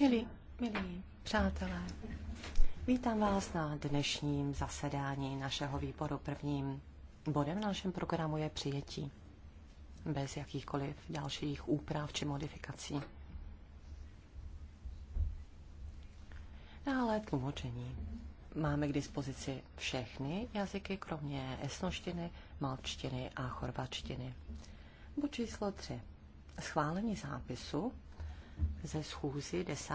Milí, milí přátelé, vítám vás na dnešním zasedání našeho výboru. Prvním bodem v našem programu je přijetí bez jakýchkoliv dalších úprav či modifikací. Dále tlumočení. Máme k dispozici všechny jazyky, kromě esnoštiny, malčtiny a chorvačtiny. Bu číslo 3 schválení zápisu ze schůzy 10.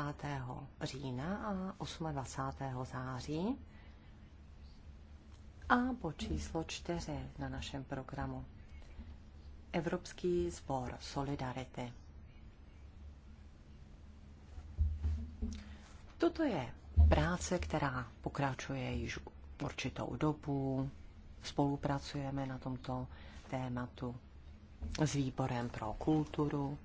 října a 28. září a bod číslo 4 na našem programu. Evropský sbor Solidarity. Toto je práce, která pokračuje již určitou dobu. Spolupracujeme na tomto tématu s výborem pro kulturu.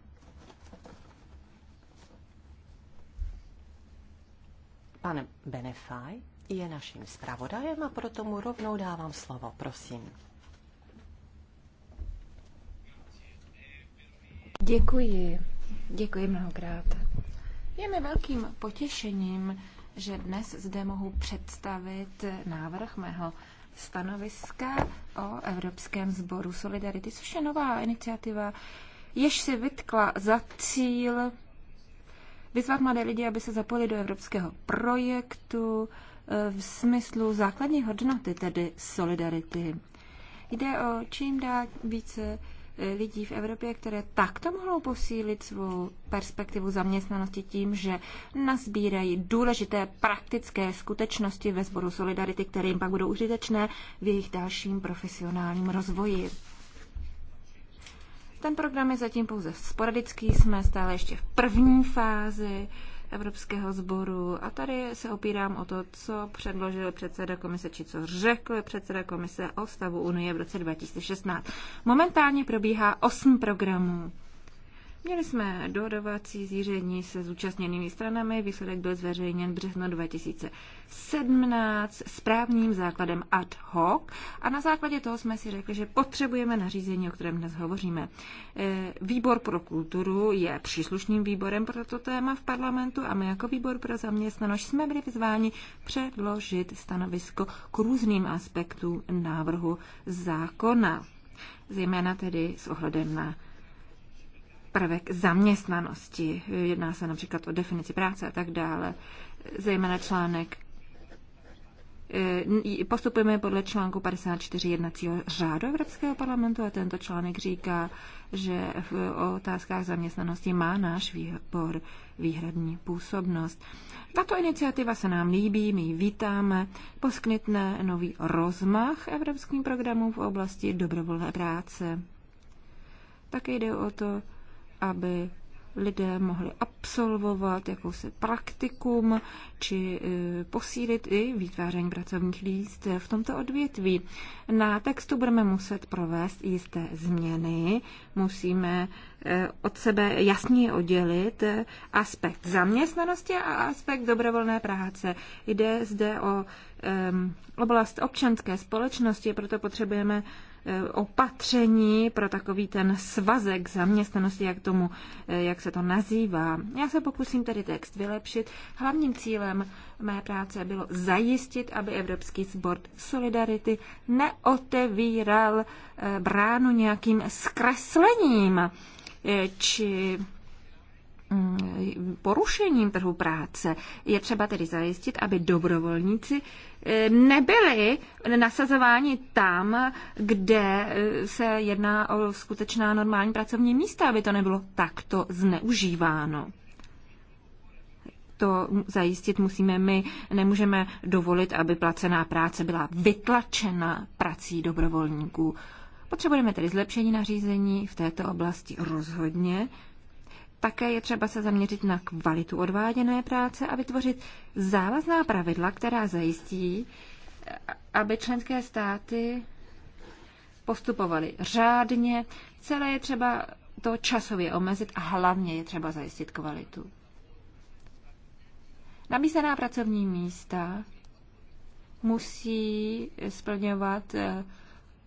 Pan Benefaj je naším zpravodajem a proto mu rovnou dávám slovo, prosím. Děkuji, děkuji mnohokrát. Je mi velkým potěšením, že dnes zde mohu představit návrh mého stanoviska o Evropském sboru Solidarity, což je nová iniciativa, jež si vytkla za cíl vyzvat mladé lidi, aby se zapojili do evropského projektu e, v smyslu základní hodnoty, tedy solidarity. Jde o čím dál více lidí v Evropě, které takto mohou posílit svou perspektivu zaměstnanosti tím, že nazbírají důležité praktické skutečnosti ve sboru Solidarity, které jim pak budou užitečné v jejich dalším profesionálním rozvoji. Ten program je zatím pouze sporadický, jsme stále ještě v první fázi. Evropského sboru. A tady se opírám o to, co předložil předseda komise, či co řekl předseda komise o stavu Unie v roce 2016. Momentálně probíhá osm programů. Měli jsme dohodovací zíření se zúčastněnými stranami, výsledek byl zveřejněn března březnu 2017 s právním základem ad hoc a na základě toho jsme si řekli, že potřebujeme nařízení, o kterém dnes hovoříme. E, výbor pro kulturu je příslušným výborem pro toto téma v parlamentu a my jako výbor pro zaměstnanost jsme byli vyzváni předložit stanovisko k různým aspektům návrhu zákona, zejména tedy s ohledem na prvek zaměstnanosti. Jedná se například o definici práce a tak dále. Zejména článek e, Postupujeme podle článku 54 jednacího řádu Evropského parlamentu a tento článek říká, že v otázkách zaměstnanosti má náš výbor výhradní působnost. Tato iniciativa se nám líbí, my ji vítáme, poskytne nový rozmach evropským programům v oblasti dobrovolné práce. Také jde o to, aby lidé mohli absolvovat jakousi praktikum či e, posílit i vytváření pracovních míst v tomto odvětví. Na textu budeme muset provést jisté změny, musíme e, od sebe jasně oddělit e, aspekt zaměstnanosti a aspekt dobrovolné práce. Jde zde o oblast občanské společnosti, proto potřebujeme Eh, opatření pro takový ten svazek zaměstnanosti, jak, tomu, eh, jak se to nazývá. Já se pokusím tedy text vylepšit. Hlavním cílem mé práce bylo zajistit, aby Evropský sbor Solidarity neotevíral eh, bránu nějakým zkreslením či Mm, porušením trhu práce. Je třeba tedy zajistit, aby dobrovolníci eh, nebyli nasazováni tam, kde eh, se jedná o skutečná normální pracovní místa, aby to nebylo takto zneužíváno to zajistit musíme my. Nemůžeme dovolit, aby placená práce byla vytlačena prací dobrovolníků. Potřebujeme tedy zlepšení nařízení v této oblasti rozhodně také je třeba se zaměřit na kvalitu odváděné práce a vytvořit závazná pravidla, která zajistí, aby členské státy postupovaly řádně. Celé je třeba to časově omezit a hlavně je třeba zajistit kvalitu. Nabízená pracovní místa musí splňovat eh,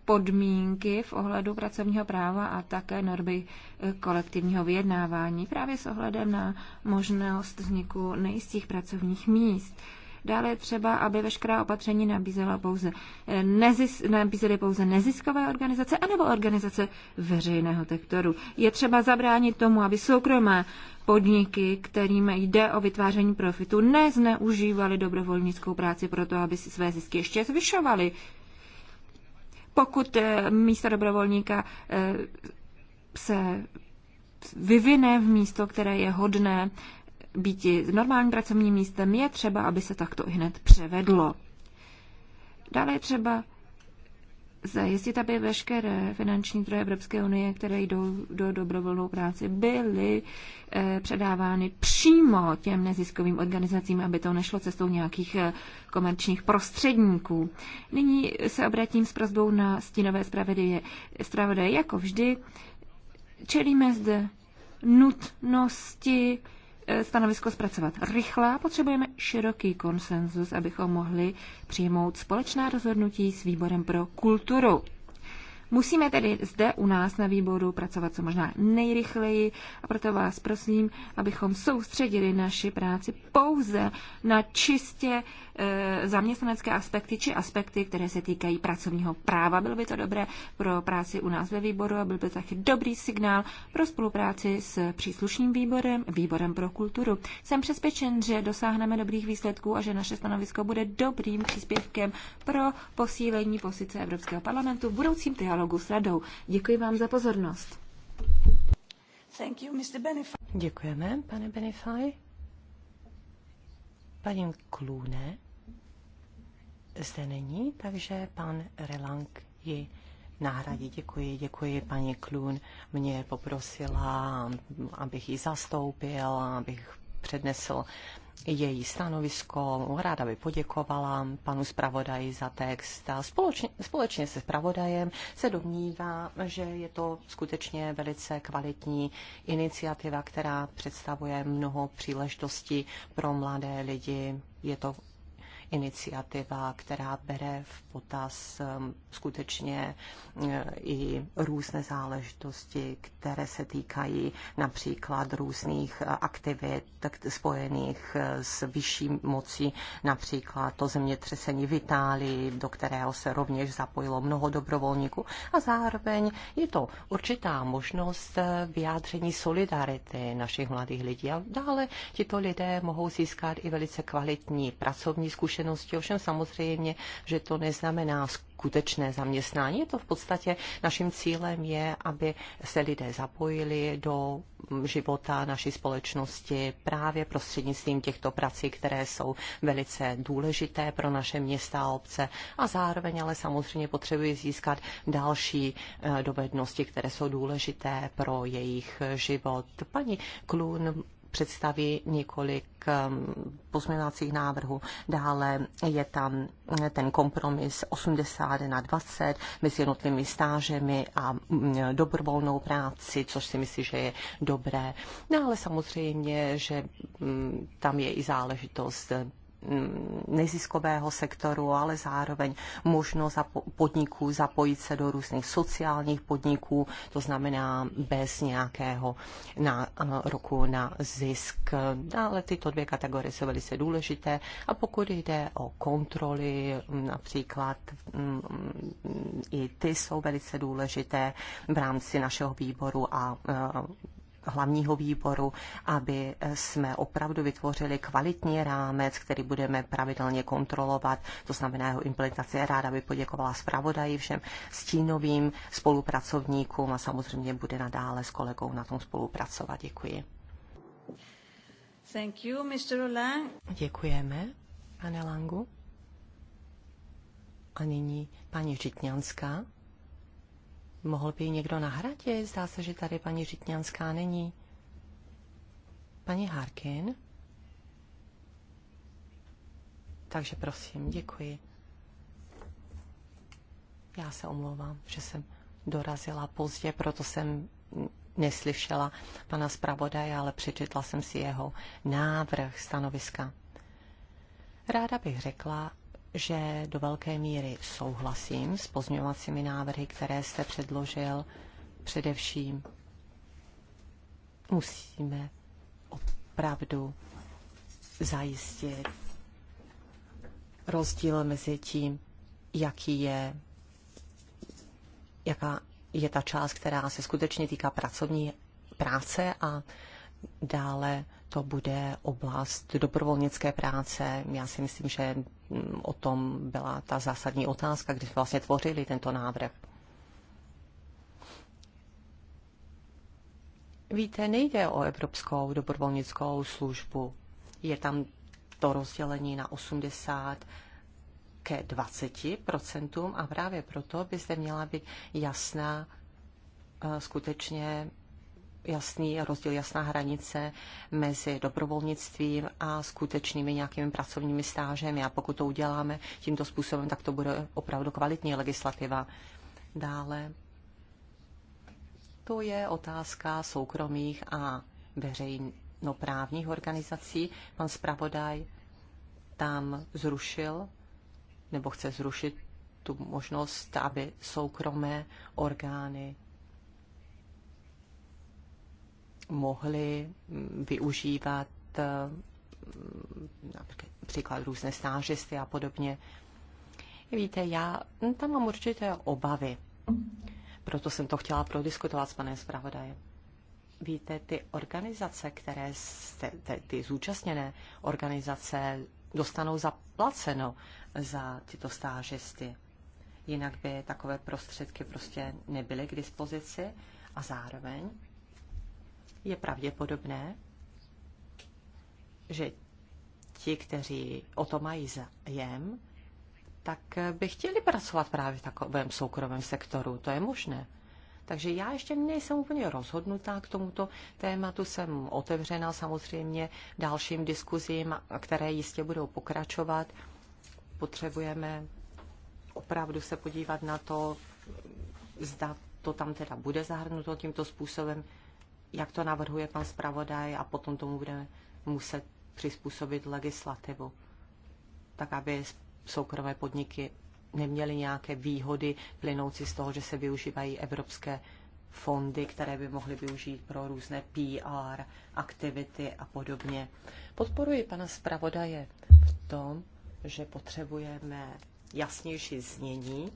podmínky v ohledu pracovního práva a také normy eh, kolektivního vyjednávání právě s ohledem na možnost vzniku nejistých pracovních míst. Dále je třeba, aby veškerá opatření nabízela pouze eh, nezis, nabízely pouze neziskové organizace anebo organizace veřejného sektoru. Je třeba zabránit tomu, aby soukromé podniky, kterým jde o vytváření profitu, nezneužívaly dobrovolnickou práci proto, aby si své zisky ještě zvyšovaly pokud eh, místo dobrovolníka eh, se vyvine v místo, které je hodné být normálním pracovním místem, je třeba, aby se takto hned převedlo. Dále je třeba zajistit, aby veškeré finanční zdroje Evropské unie, které jdou do dobrovolnou práci, byly eh, předávány přímo těm neziskovým organizacím, aby to nešlo cestou nějakých eh, komerčních prostředníků. Nyní se obratím s prozbou na stínové zpravodaje. Jako vždy čelíme zde nutnosti stanovisko zpracovat rychle. Potřebujeme široký konsenzus, abychom mohli přijmout společná rozhodnutí s výborem pro kulturu. Musíme tedy zde u nás na výboru pracovat co možná nejrychleji a proto vás prosím, abychom soustředili naši práci pouze na čistě e, zaměstnanecké aspekty či aspekty, které se týkají pracovního práva. Bylo by to dobré pro práci u nás ve výboru a byl by to taky dobrý signál pro spolupráci s příslušným výborem, výborem pro kulturu. Jsem přesvědčen, že dosáhneme dobrých výsledků a že naše stanovisko bude dobrým příspěvkem pro posílení pozice Evropského parlamentu v budoucím dialogu dialogu s radou. Děkuji vám za pozornost. Thank you, Mr. Děkujeme, pane Benefaj. Paní Klune zde není, takže pan Relang ji náhradí. Děkuji, děkuji. Paní Klun mě poprosila, abych ji zastoupil, abych přednesl její stanovisko. Ráda by poděkovala panu zpravodaji za text. A společně, společně se zpravodajem se domnívá, že je to skutečně velice kvalitní iniciativa, která představuje mnoho příležitostí pro mladé lidi. Je to iniciativa, která bere v potaz um, skutečně uh, i různé záležitosti, které se týkají například různých uh, aktivit spojených uh, s vyšší mocí, například to zemětřesení v Itálii, do kterého se rovněž zapojilo mnoho dobrovolníků a zároveň je to určitá možnost vyjádření solidarity našich mladých lidí a dále tito lidé mohou získat i velice kvalitní pracovní zkušenosti zkušenosti, ovšem samozřejmě, že to neznamená skutečné zaměstnání. Je to v podstatě naším cílem je, aby se lidé zapojili do života naší společnosti právě prostřednictvím těchto prací, které jsou velice důležité pro naše města a obce a zároveň ale samozřejmě potřebují získat další eh, dovednosti, které jsou důležité pro jejich život. Paní Klun představí několik um, pozměňovacích návrhů. Dále je tam ten kompromis 80 na 20 mezi jednotlivými stážemi a mm, dobrovolnou práci, což si myslím, že je dobré. No ale samozřejmě, že mm, tam je i záležitost Mm, neziskového sektoru, ale zároveň možnost podniků zapojit se do různých sociálních podniků, to znamená bez nějakého na, roku na zisk. Ale tyto dvě kategorie jsou velice důležité a pokud jde o kontroly, mm, například mm, i ty jsou velice důležité v rámci našeho výboru a hlavního výboru, aby jsme opravdu vytvořili kvalitní rámec, který budeme pravidelně kontrolovat, to znamená jeho implementaci. Ráda by poděkovala zpravodaji všem stínovým spolupracovníkům a samozřejmě bude nadále s kolegou na tom spolupracovat. Děkuji. Thank you, Mr. Lang. Děkujeme, pane Langu. A nyní paní Žitňanská. Mohl by ji někdo nahradit? Zdá se, že tady paní Žitňanská není. Paní Harkin? Takže prosím, děkuji. Já se omlouvám, že jsem dorazila pozdě, proto jsem neslyšela pana zpravodaje, ale přečetla jsem si jeho návrh stanoviska. Ráda bych řekla, že do velké míry souhlasím s pozměňovacími návrhy, které jste předložil. Především musíme opravdu zajistit rozdíl mezi tím, jaký je, jaká je ta část, která se skutečně týká pracovní práce a dále to bude oblast dobrovolnické práce. Já si myslím, že o tom byla ta zásadní otázka, když jsme vlastně tvořili tento návrh. Víte, nejde o Evropskou dobrovolnickou službu. Je tam to rozdělení na 80 ke 20% a právě proto by zde měla být jasná eh, skutečně jasný rozdíl, jasná hranice mezi dobrovolnictvím a skutečnými nějakými pracovními stážemi. A pokud to uděláme tímto způsobem, tak to bude opravdu kvalitní legislativa. Dále to je otázka soukromých a veřejnoprávních organizací. Pan zpravodaj tam zrušil nebo chce zrušit tu možnost, aby soukromé orgány mohli využívat eh, například různé stážisty a podobně. Víte, já hm, tam mám určité obavy. Proto jsem to chtěla prodiskutovat s panem zpravodajem. Víte, ty organizace, které jste, ty, ty zúčastněné organizace dostanou zaplaceno za tyto stážisty. Jinak by takové prostředky prostě nebyly k dispozici a zároveň je pravděpodobné, že ti, kteří o to mají zájem, tak by chtěli pracovat právě v takovém soukromém sektoru. To je možné. Takže já ještě nejsem úplně rozhodnutá k tomuto tématu, jsem otevřena samozřejmě dalším diskuzím, které jistě budou pokračovat. Potřebujeme opravdu se podívat na to, zda to tam teda bude zahrnuto tímto způsobem jak to navrhuje pan zpravodaj a potom tomu budeme muset přizpůsobit legislativu, tak aby soukromé podniky neměly nějaké výhody plynoucí z toho, že se využívají evropské fondy, které by mohly využít pro různé PR, aktivity a podobně. Podporuji pana zpravodaje v tom, že potřebujeme jasnější znění,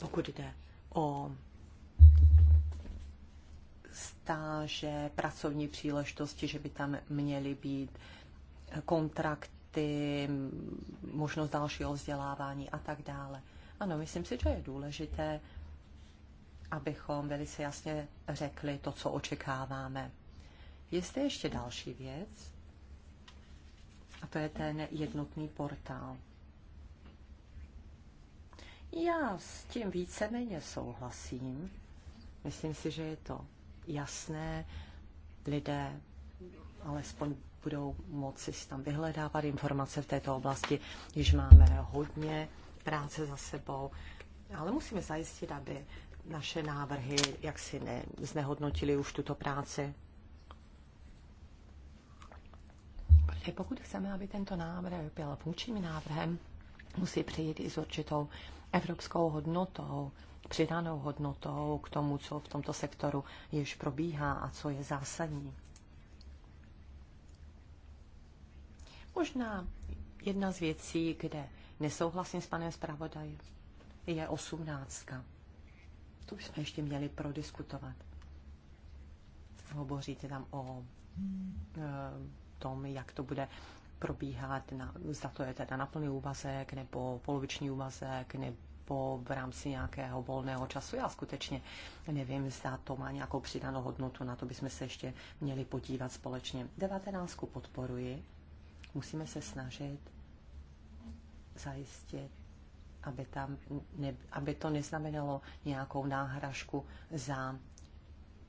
pokud jde o stáže, pracovní příležitosti, že by tam měly být kontrakty, možnost dalšího vzdělávání a tak dále. Ano, myslím si, že je důležité, abychom velice jasně řekli to, co očekáváme. Je zde ještě další věc, a to je ten jednotný portál. Já s tím víceméně souhlasím. Myslím si, že je to jasné, lidé alespoň budou moci si tam vyhledávat informace v této oblasti, když máme hodně práce za sebou, ale musíme zajistit, aby naše návrhy jaksi ne, znehodnotili už tuto práci. Protože pokud chceme, aby tento návrh byl funkčním návrhem, musí přijít i s určitou evropskou hodnotou, přidanou hodnotou k tomu, co v tomto sektoru již probíhá a co je zásadní. Možná jedna z věcí, kde nesouhlasím s panem zpravodaj je osmnáctka. To bychom ještě měli prodiskutovat. Hovoříte tam o eh, tom, jak to bude probíhat, na, zda to je teda na plný úvazek, nebo poloviční úvazek, nebo nebo v rámci nějakého volného času. Já skutečně nevím, zda to má nějakou přidanou hodnotu, na to bychom se ještě měli podívat společně. 19. podporuji. Musíme se snažit zajistit aby, tam ne, aby to neznamenalo nějakou náhražku za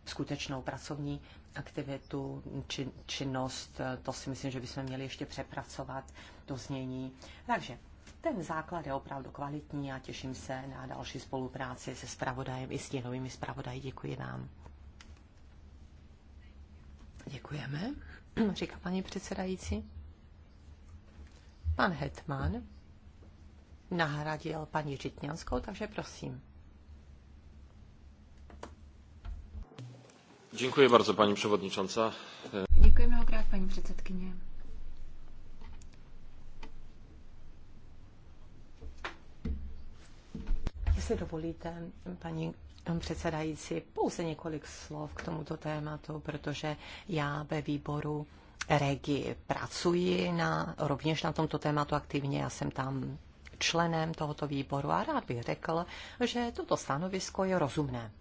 skutečnou pracovní aktivitu, či, činnost. To si myslím, že bychom měli ještě přepracovat do znění. Takže ten základ je opravdu kvalitní a těším se na další spolupráci se spravodajem i s těnovými spravodají. Děkuji vám. Děkujeme, říká paní předsedající. Pan Hetman nahradil paní Žitňanskou, takže prosím. Děkuji bardzo, paní předsedající. Děkuji mnohokrát, paní předsedkyně. Jestli dovolíte, paní předsedající, pouze několik slov k tomuto tématu, protože já ve výboru Regi pracuji na, rovněž na tomto tématu aktivně. Já jsem tam členem tohoto výboru a rád bych řekl, že toto stanovisko je rozumné.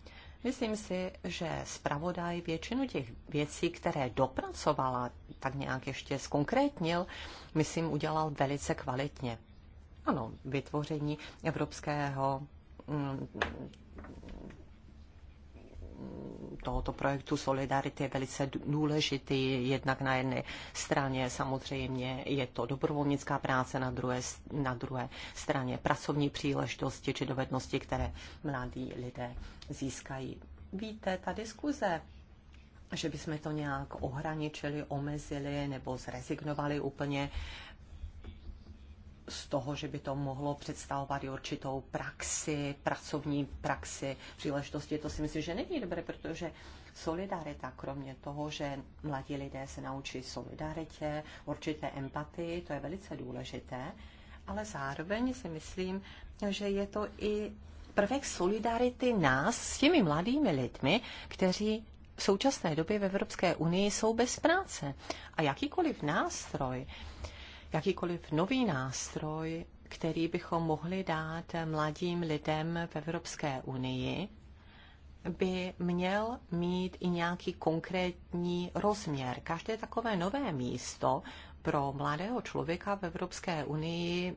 Myslím si, že zpravodaj většinu těch věcí, které dopracovala, tak nějak ještě zkonkrétnil, myslím, udělal velice kvalitně. Ano, vytvoření Evropského Mm, tohoto projektu Solidarity je velice důležitý. Jednak na jedné straně samozřejmě je to dobrovolnická práce, na druhé, na druhé straně pracovní příležitosti či dovednosti, které mladí lidé získají. Víte, ta diskuze že bychom to nějak ohraničili, omezili nebo zrezignovali úplně z toho, že by to mohlo představovat i určitou praxi, pracovní praxi, příležitosti. To si myslím, že není dobré, protože solidarita, kromě toho, že mladí lidé se naučí solidaritě, určité empatii, to je velice důležité, ale zároveň si myslím, že je to i prvek solidarity nás s těmi mladými lidmi, kteří v současné době v Evropské unii jsou bez práce. A jakýkoliv nástroj, jakýkoliv nový nástroj, který bychom mohli dát mladým lidem v Evropské unii, by měl mít i nějaký konkrétní rozměr. Každé takové nové místo pro mladého člověka v Evropské unii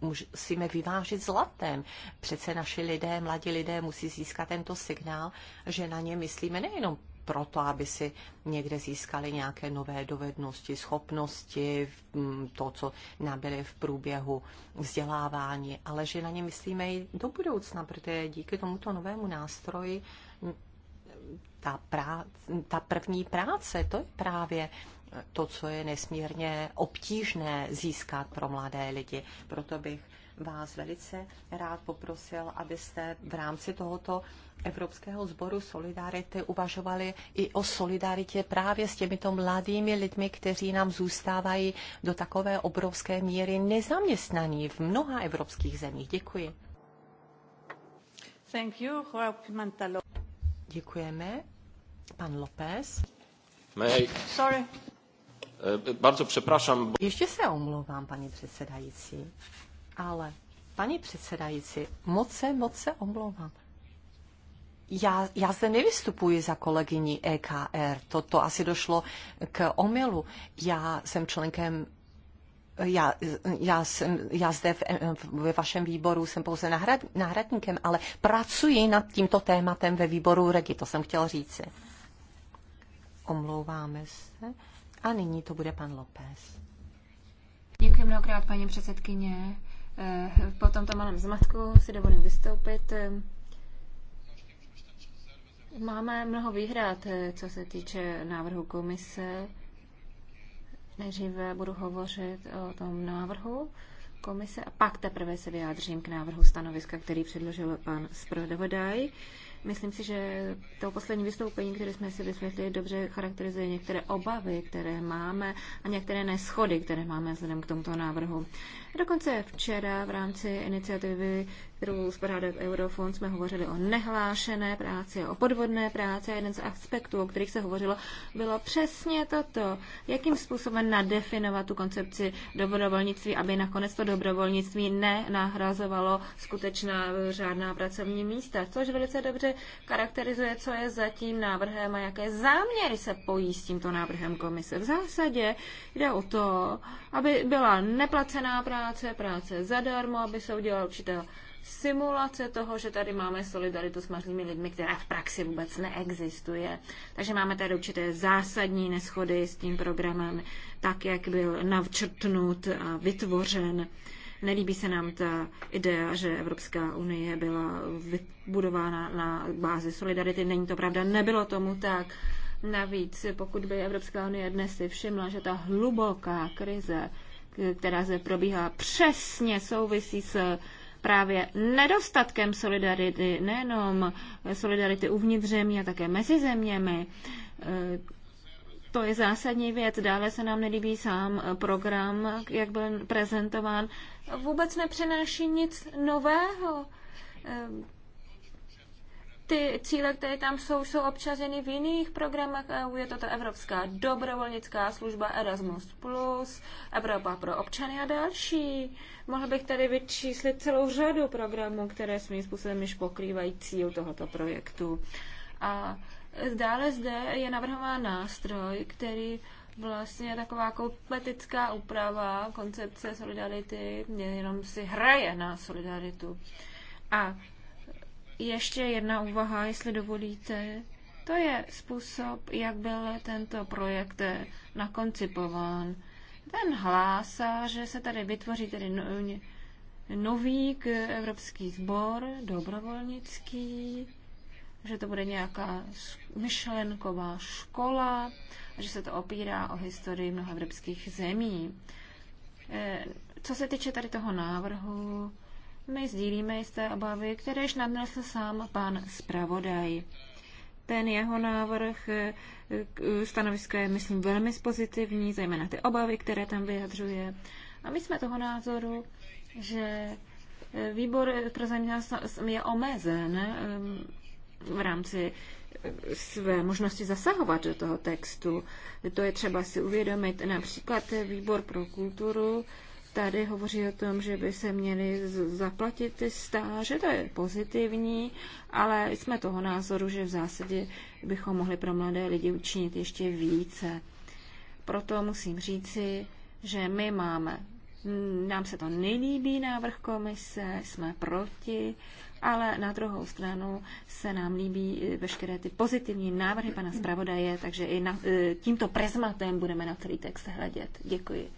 musíme vyvážit zlatem. Přece naši lidé, mladí lidé musí získat tento signál, že na ně myslíme nejenom proto, aby si někde získali nějaké nové dovednosti, schopnosti, mm, to, co nabili v průběhu vzdělávání, ale že na ně myslíme i do budoucna, protože díky tomuto novému nástroji mm, ta, prá, ta první práce, to je právě to, co je nesmírně obtížné získat pro mladé lidi. Proto bych vás velice rád poprosil, abyste v rámci tohoto Evropského sboru Solidarity uvažovali i o solidaritě právě s těmito mladými lidmi, kteří nám zůstávají do takové obrovské míry nezaměstnaní v mnoha evropských zemích. Děkuji. Thank you, Děkujeme. Pan López. May. Sorry. E, bardzo przepraszam. Bo... Ještě se omlouvám, paní předsedající. Ale, paní předsedající, moc se, moc se omlouvám. Já, já zde nevystupuji za kolegyni EKR, to, to asi došlo k omylu. Já jsem členkem já, já, jsem, já zde v, ve vašem výboru jsem pouze nahrad, nahradníkem, ale pracuji nad tímto tématem ve výboru Regi, to jsem chtěl říci. Omlouváme se. A nyní to bude pan López. Děkuji mnohokrát, paní předsedkyně. Eh, po tomto malém zmatku si dovolím vystoupit. Eh, máme mnoho výhrad, eh, co se týče návrhu komise. Nejdříve budu hovořit o tom návrhu komise a pak teprve se vyjádřím k návrhu stanoviska, který předložil pan zpravodaj. Myslím si, že to poslední vystoupení, které jsme si vysvětlili, dobře charakterizuje některé obavy, které máme a některé neschody, které máme vzhledem k tomuto návrhu. Dokonce včera v rámci iniciativy kterou uspořádal Eurofond, jsme hovořili o nehlášené práci, o podvodné práci a jeden z aspektů, o kterých se hovořilo, bylo přesně toto, jakým způsobem nadefinovat tu koncepci dobrovolnictví, aby nakonec to dobrovolnictví nenahrazovalo skutečná řádná eh, pracovní místa, což velice dobře charakterizuje, co je za tím návrhem a jaké záměry se pojí s tímto návrhem komise. V zásadě jde o to, aby byla neplacená práce, práce zadarmo, aby se udělala určitá simulace toho, že tady máme solidaritu s mařnými lidmi, která v praxi vůbec neexistuje. Takže máme tady určité zásadní neschody s tím programem, tak jak byl navčrtnut a vytvořen. Nelíbí se nám ta idea, že Evropská unie byla vybudována na bázi solidarity. Není to pravda, nebylo tomu tak. Navíc, pokud by Evropská unie dnes si všimla, že ta hluboká krize, která se probíhá, přesně souvisí s právě nedostatkem solidarity, nejenom solidarity uvnitř země, a také mezi zeměmi. E, to je zásadní věc. Dále se nám nelíbí sám program, jak byl prezentován. Vůbec nepřináší nic nového e, ty cíle, které tam jsou, jsou občaženy v jiných programech EU. Je to ta Evropská dobrovolnická služba Erasmus+, Evropa pro občany a další. Mohl bych tady vyčíslit celou řadu programů, které svým způsobem již pokrývají cíl tohoto projektu. A dále zde je navrhován nástroj, který vlastně taková kompetická úprava koncepce solidarity, jenom si hraje na solidaritu. A ještě jedna úvaha, jestli dovolíte. To je způsob, jak byl tento projekt nakoncipován. Ten hlásá, že se tady vytvoří tedy no- nový evropský sbor, dobrovolnický, že to bude nějaká myšlenková škola, a že se to opírá o historii mnoha evropských zemí. E, co se týče tady toho návrhu, my sdílíme jisté obavy, kteréž nadnesl sám pan zpravodaj. Ten jeho návrh eh, eh, stanoviska je, myslím, velmi pozitivní, zejména ty obavy, které tam vyjadřuje. A my jsme toho názoru, že eh, výbor pro zemědělství je omezen v rámci své možnosti zasahovat do toho textu. To je třeba si uvědomit. Například výbor pro kulturu tady hovoří o tom, že by se měly zaplatit ty stáže, to je pozitivní, ale jsme toho názoru, že v zásadě bychom mohli pro mladé lidi učinit ještě více. Proto musím říci, že my máme, nám se to nelíbí návrh komise, jsme proti, ale na druhou stranu se nám líbí eh, veškeré ty pozitivní návrhy pana zpravodaje, takže i na, eh, tímto prezmatem budeme na celý text hledět. Děkuji.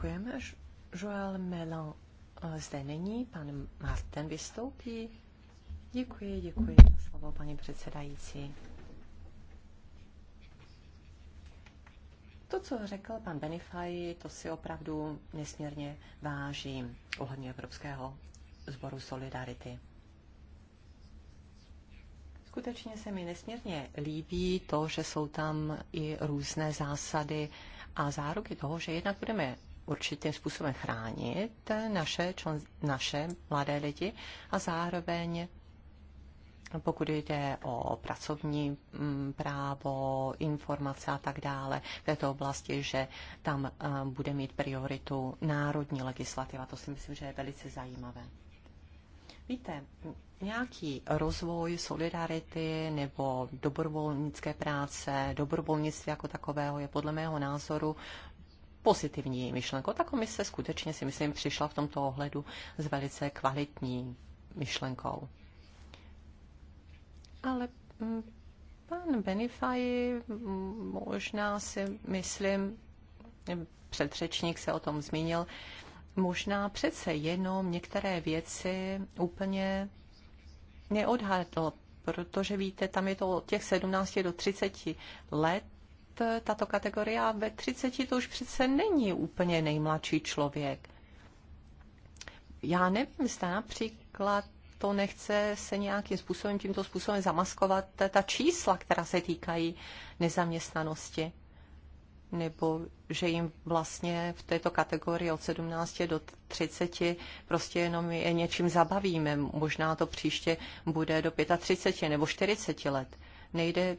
Děkujeme. Joel Melan eh, zde není, pan Martin vystoupí. Děkuji, děkuji za slovo, paní předsedající. To, co řekl pan Benifaj, to si opravdu nesmírně vážím ohledně Evropského sboru Solidarity. Skutečně se mi nesmírně líbí to, že jsou tam i různé zásady a záruky toho, že jednak budeme určitým způsobem chránit naše, člen, naše mladé lidi a zároveň pokud jde o pracovní mm, právo, informace a tak dále v této oblasti, že tam eh, bude mít prioritu národní legislativa. To si myslím, že je velice zajímavé. Víte, nějaký rozvoj solidarity nebo dobrovolnické práce, dobrovolnictví jako takového je podle mého názoru pozitivní myšlenkou. Ta komise skutečně si myslím přišla v tomto ohledu s velice kvalitní myšlenkou. Ale mm, pan Benify mm, možná si myslím, předřečník se o tom zmínil, možná přece jenom některé věci úplně neodhadl, protože víte, tam je to od těch 17 do 30 let tato kategorie a ve 30 to už přece není úplně nejmladší člověk. Já nevím, jestli například to nechce se nějakým způsobem, tímto způsobem zamaskovat ta čísla, která se týkají nezaměstnanosti. Nebo že jim vlastně v této kategorii od 17 do 30 prostě jenom je něčím zabavíme. Možná to příště bude do 35 nebo 40 let. Nejde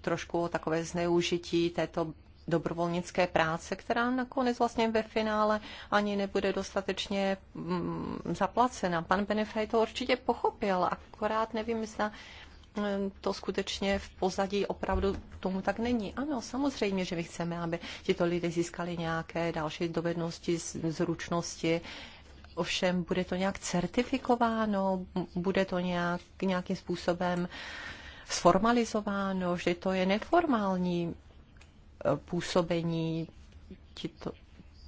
trošku takové zneužití této dobrovolnické práce, která nakonec vlastně ve finále ani nebude dostatečně mm, zaplacena. Pan Benefej to určitě pochopil, akorát nevím, zda mm, to skutečně v pozadí opravdu tomu tak není. Ano, samozřejmě, že my chceme, aby tito lidé získali nějaké další dovednosti, zručnosti, ovšem bude to nějak certifikováno, bude to nějak, nějakým způsobem uh, sformalizováno, že to je neformální eh, působení. To,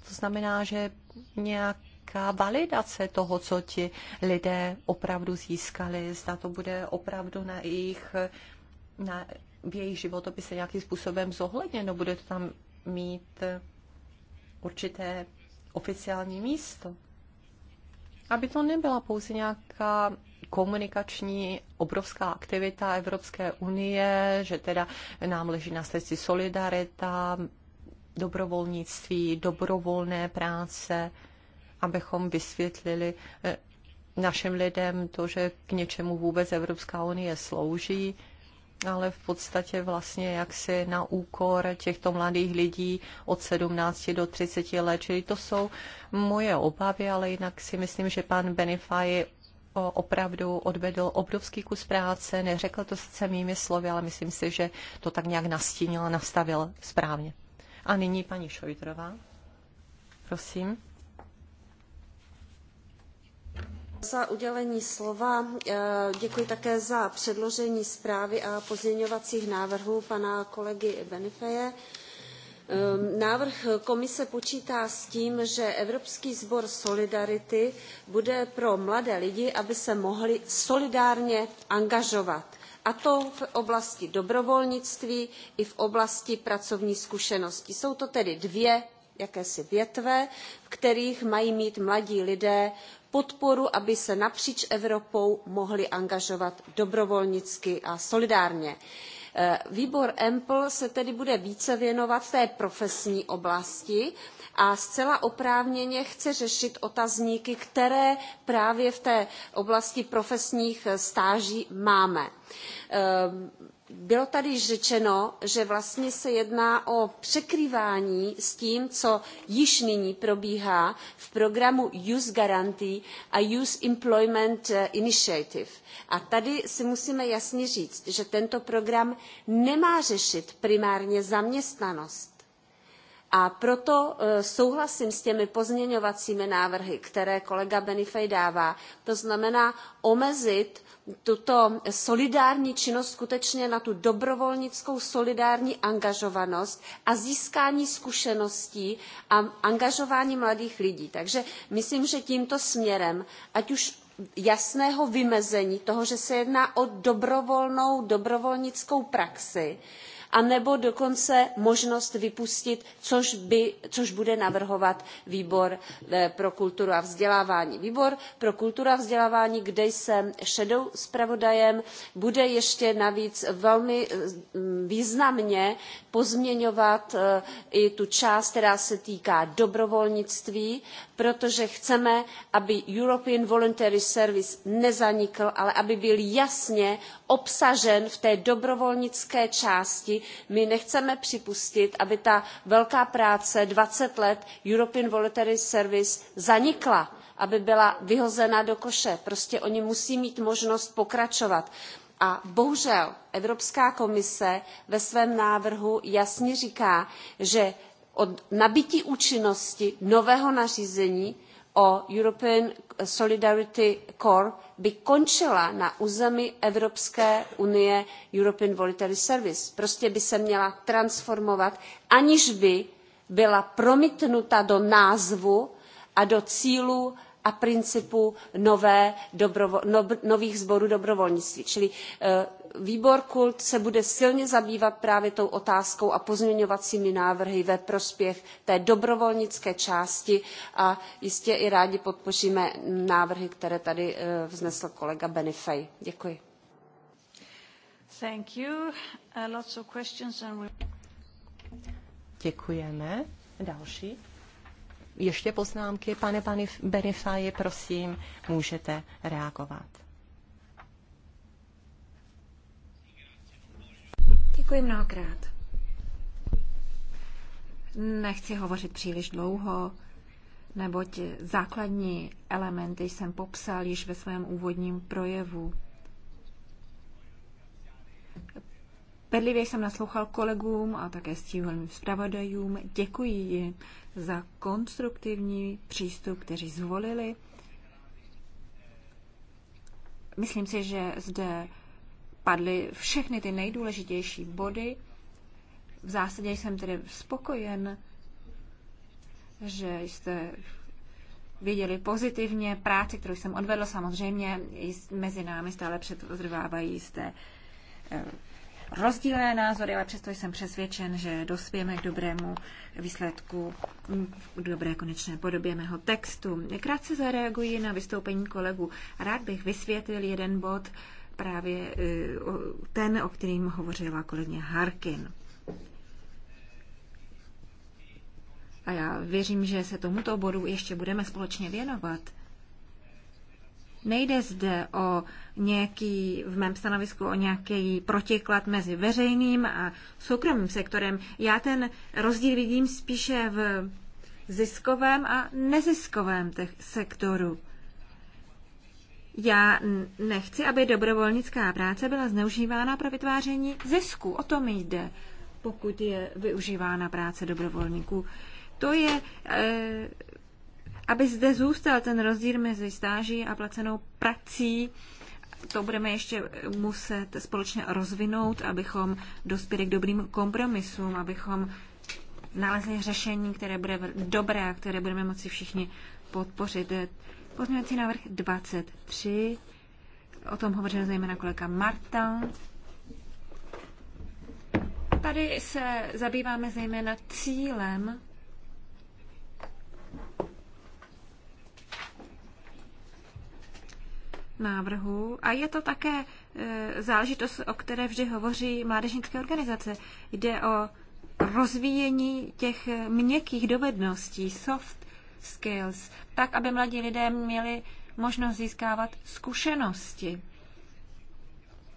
to znamená, že nějak nějaká validace toho, co ti lidé opravdu získali, zda to bude opravdu na jejich, na, v jejich životopise nějakým způsobem zohledněno, bude to tam mít eh, určité oficiální místo. Aby to nebyla pouze nějaká komunikační obrovská aktivita Evropské unie, že teda nám leží na srdci solidarita, dobrovolnictví, dobrovolné práce, abychom vysvětlili eh, našim lidem to, že k něčemu vůbec Evropská unie slouží, ale v podstatě vlastně jaksi na úkor těchto mladých lidí od 17 do 30 let. Čili to jsou moje obavy, ale jinak si myslím, že pan Benify opravdu odvedl obrovský kus práce, neřekl to sice mými slovy, ale myslím si, že to tak nějak nastínil a nastavil správně. A nyní paní Šojdrová. Prosím. za udělení slova. Eh, děkuji také za předložení zprávy a pozměňovacích návrhů pana kolegy Benifeje. Ehm, návrh komise počítá s tím, že Evropský sbor Solidarity bude pro mladé lidi, aby se mohli solidárně angažovat. A to v oblasti dobrovolnictví i v oblasti pracovní zkušenosti. Jsou to tedy dvě jakési větve, v kterých mají mít mladí lidé podporu, aby se napříč Evropou mohli angažovat dobrovolnicky a solidárně výbor empl se tedy bude více věnovat té profesní oblasti a zcela oprávněně chce řešit otazníky, které právě v té oblasti profesních stáží máme. Ehm, bylo tady již řečeno, že vlastně se jedná o překrývání s tím, co již nyní probíhá v programu Youth Guarantee a Youth Employment Initiative. A tady si musíme jasně říct, že tento program nemá řešit primárně zaměstnanost a proto e, souhlasím s těmi pozměňovacími návrhy, které kolega Benifej dává. To znamená omezit tuto solidární činnost skutečně na tu dobrovolnickou solidární angažovanost a získání zkušeností a angažování mladých lidí. Takže myslím, že tímto směrem, ať už jasného vymezení toho, že se jedná o dobrovolnou dobrovolnickou praxi, anebo dokonce možnost vypustit což, by, což bude navrhovat výbor eh, pro kulturu a vzdělávání. výbor pro kulturu a vzdělávání kde jsem shadow zpravodajem bude ještě navíc velmi eh, významně pozměňovat eh, i tu část která se týká dobrovolnictví protože chceme aby european voluntary service nezanikl ale aby byl jasně obsažen v té dobrovolnické části my nechceme připustit aby ta velká práce twenty let european voluntary service zanikla aby byla vyhozena do koše. prostě oni musí mít možnost pokračovat. a bohužel evropská komise ve svém návrhu jasně říká že od nabytí účinnosti nového nařízení o European Solidarity Corps by končila na území Evropské unie European Voluntary Service. Prostě by se měla transformovat, aniž by byla promítnuta do názvu a do cílů a principu nové, dobrovo, nových sborů dobrovolnictví. Čili eh, výbor kult se bude silně zabývat právě tou otázkou a pozměňovacími návrhy ve prospěch té dobrovolnické části a jistě i rádi podpoříme návrhy, které tady eh, vznesl kolega Benifej. Děkuji. Uh, Děkujeme. Další ještě poznámky? Pane Benifaji, prosím, můžete reagovat. Děkuji mnohokrát. Nechci hovořit příliš dlouho, neboť základní elementy jsem popsal již ve svém úvodním projevu. Pedlivě jsem naslouchal kolegům a také stíhovým zpravodajům. Děkuji jim za konstruktivní přístup, kteří zvolili. Myslím si, že zde padly všechny ty nejdůležitější body. V zásadě jsem tedy spokojen, že jste viděli pozitivně práci, kterou jsem odvedl. Samozřejmě mezi námi stále předvrvávají jste eh, rozdílné názory, ale přesto jsem přesvědčen, že dospějeme k dobrému výsledku, k dobré konečné podobě mého textu. Krátce zareaguji na vystoupení kolegu. Rád bych vysvětlil jeden bod, právě e, ten, o kterým hovořila kolegyně Harkin. A já věřím, že se tomuto bodu ještě budeme společně věnovat. Nejde zde o nějaký, v mém stanovisku o nějaký protiklad mezi veřejným a soukromým sektorem. Já ten rozdíl vidím spíše v ziskovém a neziskovém sektoru. Já nechci, aby dobrovolnická práce byla zneužívána pro vytváření zisku. O to jde, pokud je využívána práce dobrovolníků. To je, eh, aby zde zůstal ten rozdíl mezi stáží a placenou prací, to budeme ještě muset společně rozvinout, abychom dospěli k dobrým kompromisům, abychom nalezli řešení, které bude dobré a které budeme moci všichni podpořit. Pozměňovací návrh 23, o tom hovořil zejména kolega Marta. Tady se zabýváme zejména cílem návrhů a je to také e, záležitost, o které vždy hovoří mládežnické organizace. Jde o rozvíjení těch měkkých dovedností, soft skills, tak, aby mladí lidé měli možnost získávat zkušenosti.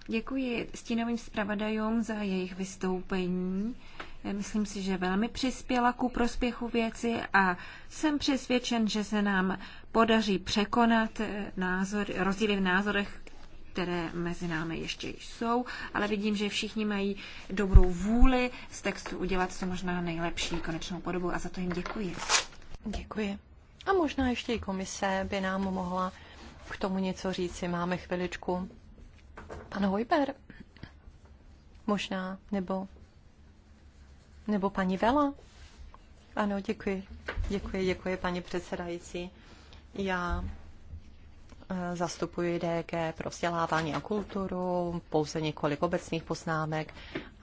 Děkuji stínovým zpravodajům za jejich vystoupení. Myslím si, že velmi přispěla ku prospěchu věci a jsem přesvědčen, že se nám podaří překonat eh, názor, rozdíly v názorech, které mezi námi ještě jsou, ale vidím, že všichni mají dobrou vůli z textu udělat co možná nejlepší konečnou podobu a za to jim děkuji. Děkuji. A možná ještě i komise by nám mohla k tomu něco říct. Máme chviličku. Pan Hojber? Možná, nebo, nebo paní Vela? Ano, děkuji. Děkuji, děkuji, paní předsedající. Já eh, zastupuji DG pro vzdělávání a kulturu, pouze několik obecných poznámek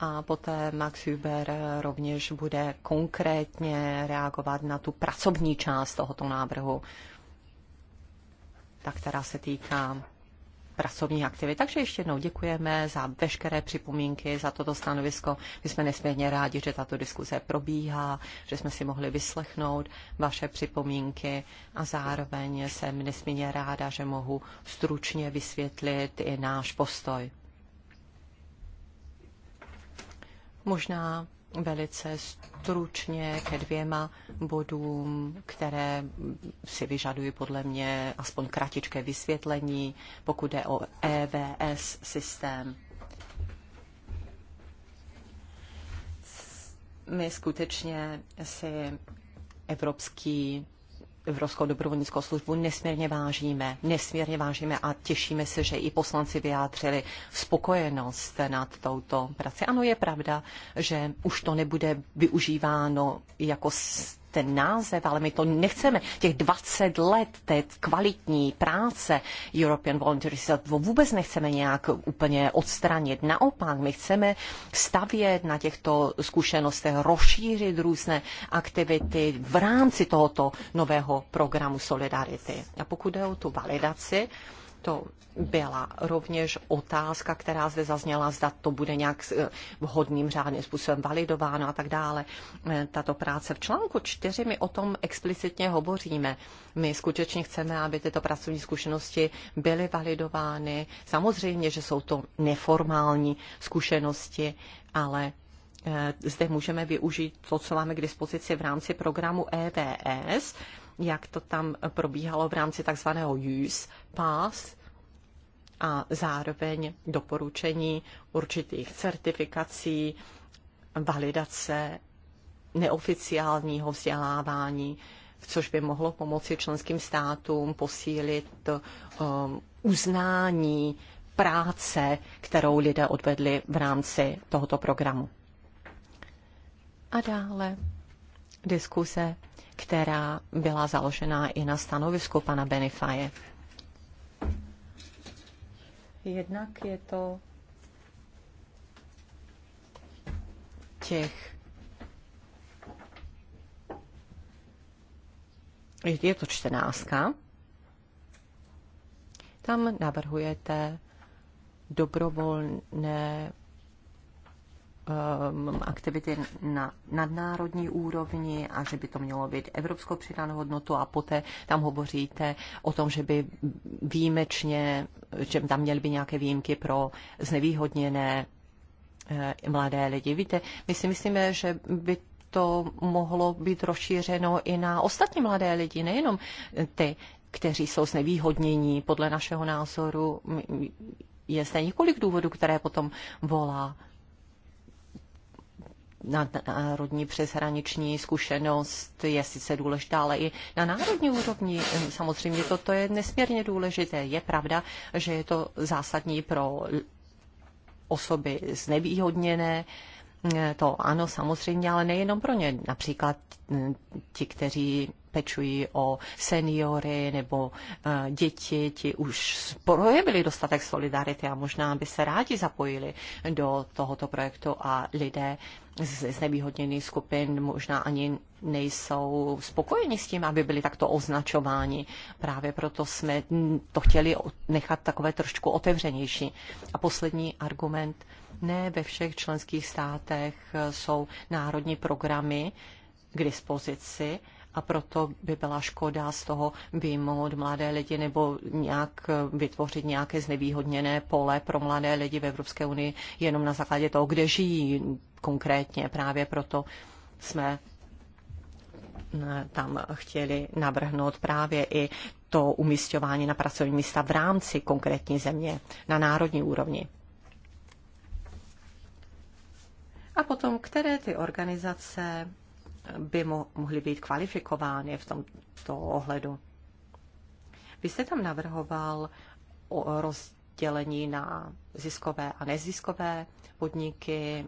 a poté Max Huber rovněž bude konkrétně reagovat na tu pracovní část tohoto návrhu, ta, která se týká pracovních aktivit. Takže ještě jednou děkujeme za veškeré připomínky, za toto stanovisko. My jsme nesmírně rádi, že tato diskuze probíhá, že jsme si mohli vyslechnout vaše připomínky a zároveň jsem nesmírně ráda, že mohu stručně vysvětlit i náš postoj. Možná velice stručně ke dvěma bodům, které si vyžadují podle mě aspoň kratičké vysvětlení, pokud jde o EVS systém. My skutečně si evropský Evropskou dobrovolnickou službu nesmírně vážíme, nesmírně vážíme a těšíme se, že i poslanci vyjádřili spokojenost nad touto prací. Ano, je pravda, že už to nebude využíváno jako ten název, ale my to nechceme. Těch 20 let té kvalitní práce European Voluntary to vůbec nechceme nějak úplně odstranit. Naopak, my chceme stavět na těchto zkušenostech, rozšířit různé aktivity v rámci tohoto nového programu Solidarity. A pokud jde o tu validaci, to byla rovněž otázka, která zde zazněla, zda to bude nějak eh, vhodným řádným způsobem validováno a tak dále. Eh, tato práce v článku 4 my o tom explicitně hovoříme. My skutečně chceme, aby tyto pracovní zkušenosti byly validovány. Samozřejmě, že jsou to neformální zkušenosti, ale eh, zde můžeme využít to, co máme k dispozici v rámci programu EVS, jak to tam probíhalo v rámci takzvaného use pass, a zároveň doporučení určitých certifikací, validace neoficiálního vzdělávání, což by mohlo pomoci členským státům posílit um, uznání práce, kterou lidé odvedli v rámci tohoto programu. A dále diskuse, která byla založená i na stanovisku pana Benifaje. Jednak je to těch je to čtrnáctka. Tam navrhujete dobrovolné um, aktivity na nadnárodní úrovni a že by to mělo být evropskou přidanou hodnotu a poté tam hovoříte o tom, že by výjimečně, že tam měly by nějaké výjimky pro znevýhodněné eh, mladé lidi. Víte, my si myslíme, že by to mohlo být rozšířeno i na ostatní mladé lidi, nejenom ty, kteří jsou znevýhodnění. Podle našeho názoru je zde několik důvodů, které potom volá nadnárodní přeshraniční zkušenost je sice důležitá, ale i na národní úrovni. Samozřejmě toto je nesmírně důležité. Je pravda, že je to zásadní pro osoby znevýhodněné, to ano, samozřejmě, ale nejenom pro ně. Například mm, ti, kteří pečují o seniory nebo eh, děti, ti už projevili dostatek solidarity a možná by se rádi zapojili do tohoto projektu a lidé z znevýhodněných skupin možná ani nejsou spokojeni s tím, aby byli takto označováni. Právě proto jsme to chtěli nechat takové trošku otevřenější. A poslední argument. Ne ve všech členských státech eh, jsou národní programy k dispozici a proto by byla škoda z toho vyjmout mladé lidi nebo nějak vytvořit nějaké znevýhodněné pole pro mladé lidi v Evropské unii jenom na základě toho, kde žijí konkrétně. Právě proto jsme eh, tam chtěli navrhnout právě i to umístování na pracovní místa v rámci konkrétní země na národní úrovni. A potom, které ty organizace by mo- mohly být kvalifikovány v tomto ohledu. Vy jste tam navrhoval o rozdělení na ziskové a neziskové podniky.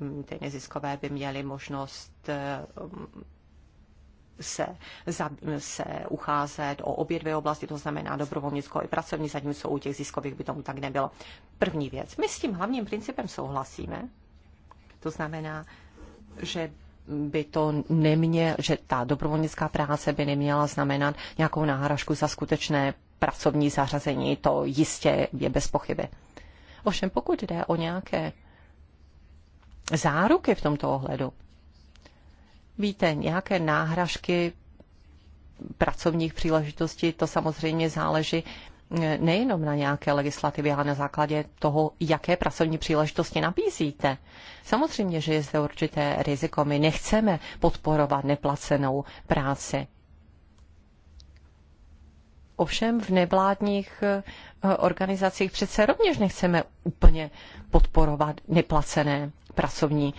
Mm, ty neziskové by měly možnost eh, mm, se, za, se ucházet o obě dvě oblasti, to znamená dobrovolnickou i pracovní, zatímco u těch ziskových by tomu tak nebylo. První věc. My s tím hlavním principem souhlasíme. To znamená, že by to neměl, že ta dobrovolnická práce by neměla znamenat nějakou náhražku za skutečné pracovní zařazení, to jistě je bez pochyby. Ovšem pokud jde o nějaké záruky v tomto ohledu, víte, nějaké náhražky pracovních příležitostí, to samozřejmě záleží nejenom na nějaké legislativě, ale na základě toho, jaké pracovní příležitosti nabízíte. Samozřejmě, že je zde určité riziko. My nechceme podporovat neplacenou práci. Ovšem v nevládních eh, organizacích přece rovněž nechceme úplně podporovat neplacené pracovní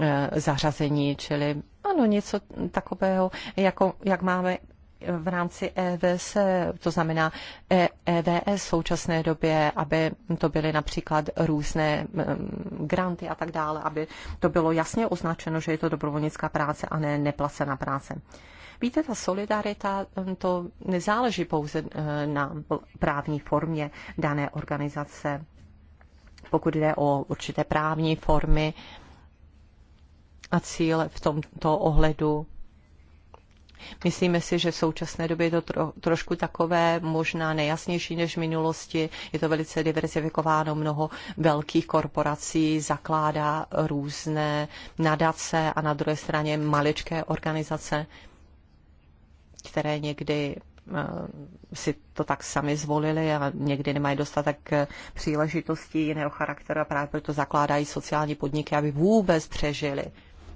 eh, zařazení, čili ano, něco takového, jako, jak máme v rámci EVS, to znamená EVS v současné době, aby to byly například různé mm, granty a tak dále, aby to bylo jasně označeno, že je to dobrovolnická práce a ne neplacená práce. Víte, ta solidarita mm, to nezáleží pouze e, na právní formě dané organizace. Pokud jde o určité právní formy a cíle v tomto ohledu, Myslíme si, že v současné době je to tro, trošku takové, možná nejasnější než v minulosti. Je to velice diverzifikováno. mnoho velkých korporací zakládá různé nadace a na druhé straně maličké organizace, které někdy eh, si to tak sami zvolili a někdy nemají dostatek eh, příležitostí jiného charakteru a právě proto zakládají sociální podniky, aby vůbec přežili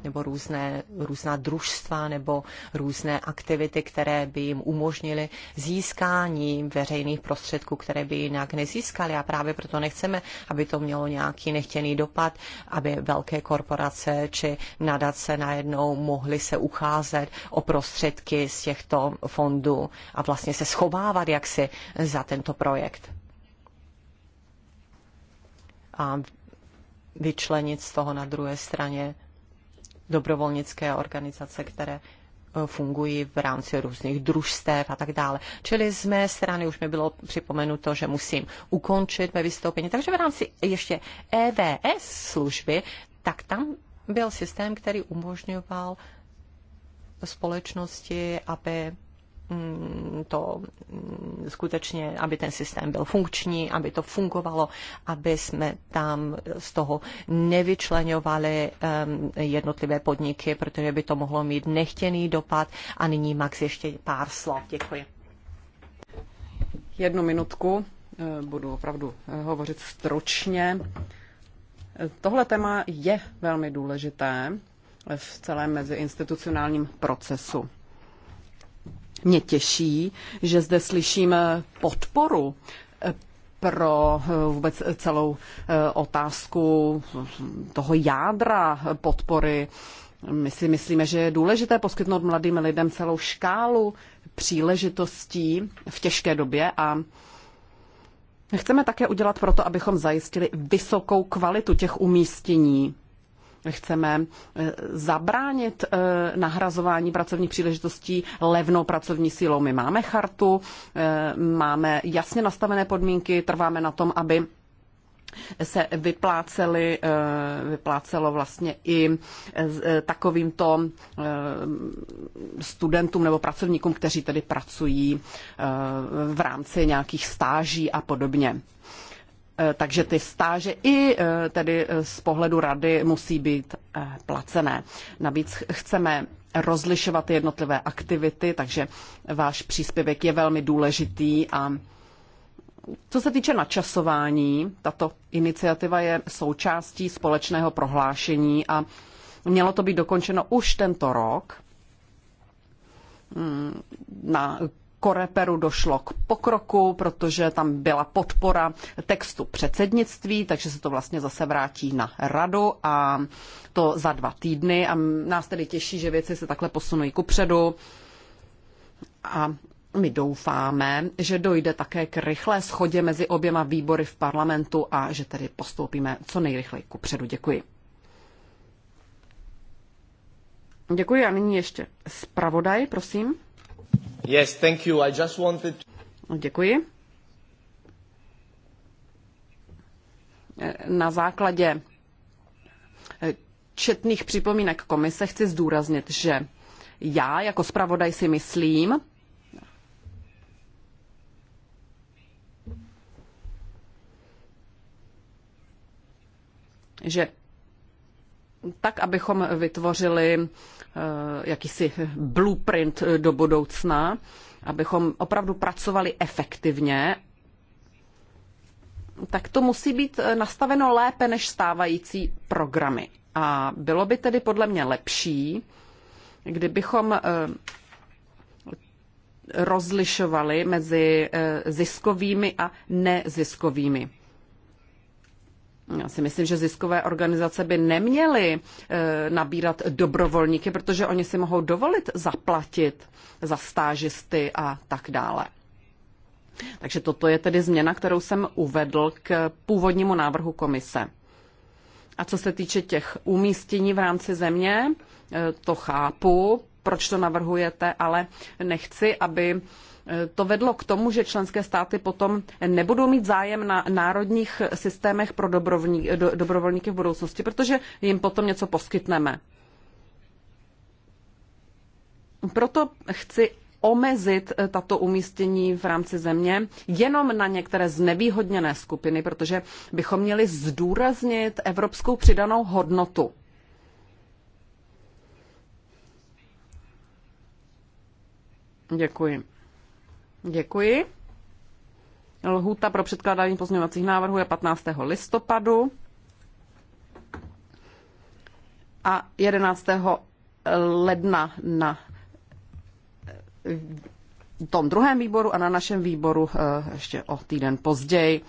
nebo různé, různá družstva nebo různé aktivity, které by jim umožnily získání veřejných prostředků, které by jinak nezískali. A právě proto nechceme, aby to mělo nějaký nechtěný dopad, aby velké korporace či nadace najednou mohly se ucházet o prostředky z těchto fondů a vlastně se schovávat jaksi za tento projekt. A vyčlenit z toho na druhé straně dobrovolnické organizace, které eh, fungují v rámci různých družstev a tak dále. Čili z mé strany už mi bylo připomenuto, že musím ukončit mé vystoupení. Takže v rámci ještě EVS služby, tak tam byl systém, který umožňoval společnosti, aby Mm, to mm, skutečně, aby ten systém byl funkční, aby to fungovalo, aby jsme tam z toho nevyčlenovali jednotlivé podniky, protože by to mohlo mít nechtěný dopad. A nyní Max ještě pár slov. Děkuji. Jednu minutku. Eh, budu opravdu eh, hovořit stručně. Tohle téma je velmi důležité v celém meziinstitucionálním procesu. Mě těší, že zde slyšíme podporu eh, pro eh, vůbec celou eh, otázku toho jádra podpory. My si myslíme, že je důležité poskytnout mladým lidem celou škálu příležitostí v těžké době a chceme také udělat proto, abychom zajistili vysokou kvalitu těch umístění Chceme eh, zabránit eh, nahrazování pracovních příležitostí levnou pracovní sílou. My máme chartu, eh, máme jasně nastavené podmínky, trváme na tom, aby se vypláceli, vyplácelo vlastně i takovýmto studentům nebo pracovníkům, kteří tedy pracují v rámci nějakých stáží a podobně. Eh, takže ty stáže i eh, tedy eh, z pohledu rady musí být placené. Navíc chceme rozlišovat jednotlivé aktivity, takže váš příspěvek je velmi důležitý a co se týče načasování, tato iniciativa je součástí společného prohlášení a mělo to být dokončeno už tento rok. Hm, na Koreperu došlo k pokroku, protože tam byla podpora textu předsednictví, takže se to vlastně zase vrátí na radu a to za dva týdny a nás tedy těší, že věci se takhle posunují kupředu a my doufáme, že dojde také k rychlé schodě mezi oběma výbory v parlamentu a že tedy postoupíme co nejrychleji kupředu. Děkuji. Děkuji a nyní ještě zpravodaj, prosím. Yes, thank you. I just wanted... No, děkuji. Na základě eh, četných připomínek komise chci zdůraznit, že já jako zpravodaj si myslím, že tak, abychom vytvořili eh, jakýsi blueprint do budoucna, abychom opravdu pracovali efektivně, tak to musí být eh, nastaveno lépe než stávající programy. A bylo by tedy podle mě lepší, kdybychom eh, rozlišovali mezi ziskovými a neziskovými já si myslím, že ziskové organizace by neměly eh, nabírat dobrovolníky, protože oni si mohou dovolit zaplatit za stážisty a tak dále. Takže toto je tedy změna, kterou jsem uvedl k původnímu návrhu komise. A co se týče těch umístění v rámci země, eh, to chápu, proč to navrhujete, ale nechci, aby to vedlo k tomu, že členské státy potom nebudou mít zájem na národních systémech pro dobrovolníky v budoucnosti, protože jim potom něco poskytneme. Proto chci omezit eh, tato umístění v rámci země jenom na některé znevýhodněné skupiny, protože bychom měli zdůraznit evropskou přidanou hodnotu. Děkuji. Děkuji. Lhůta pro předkládání pozměňovacích návrhů je 15. listopadu a 11. ledna na eh, tom druhém výboru a na našem výboru eh, ještě o týden později.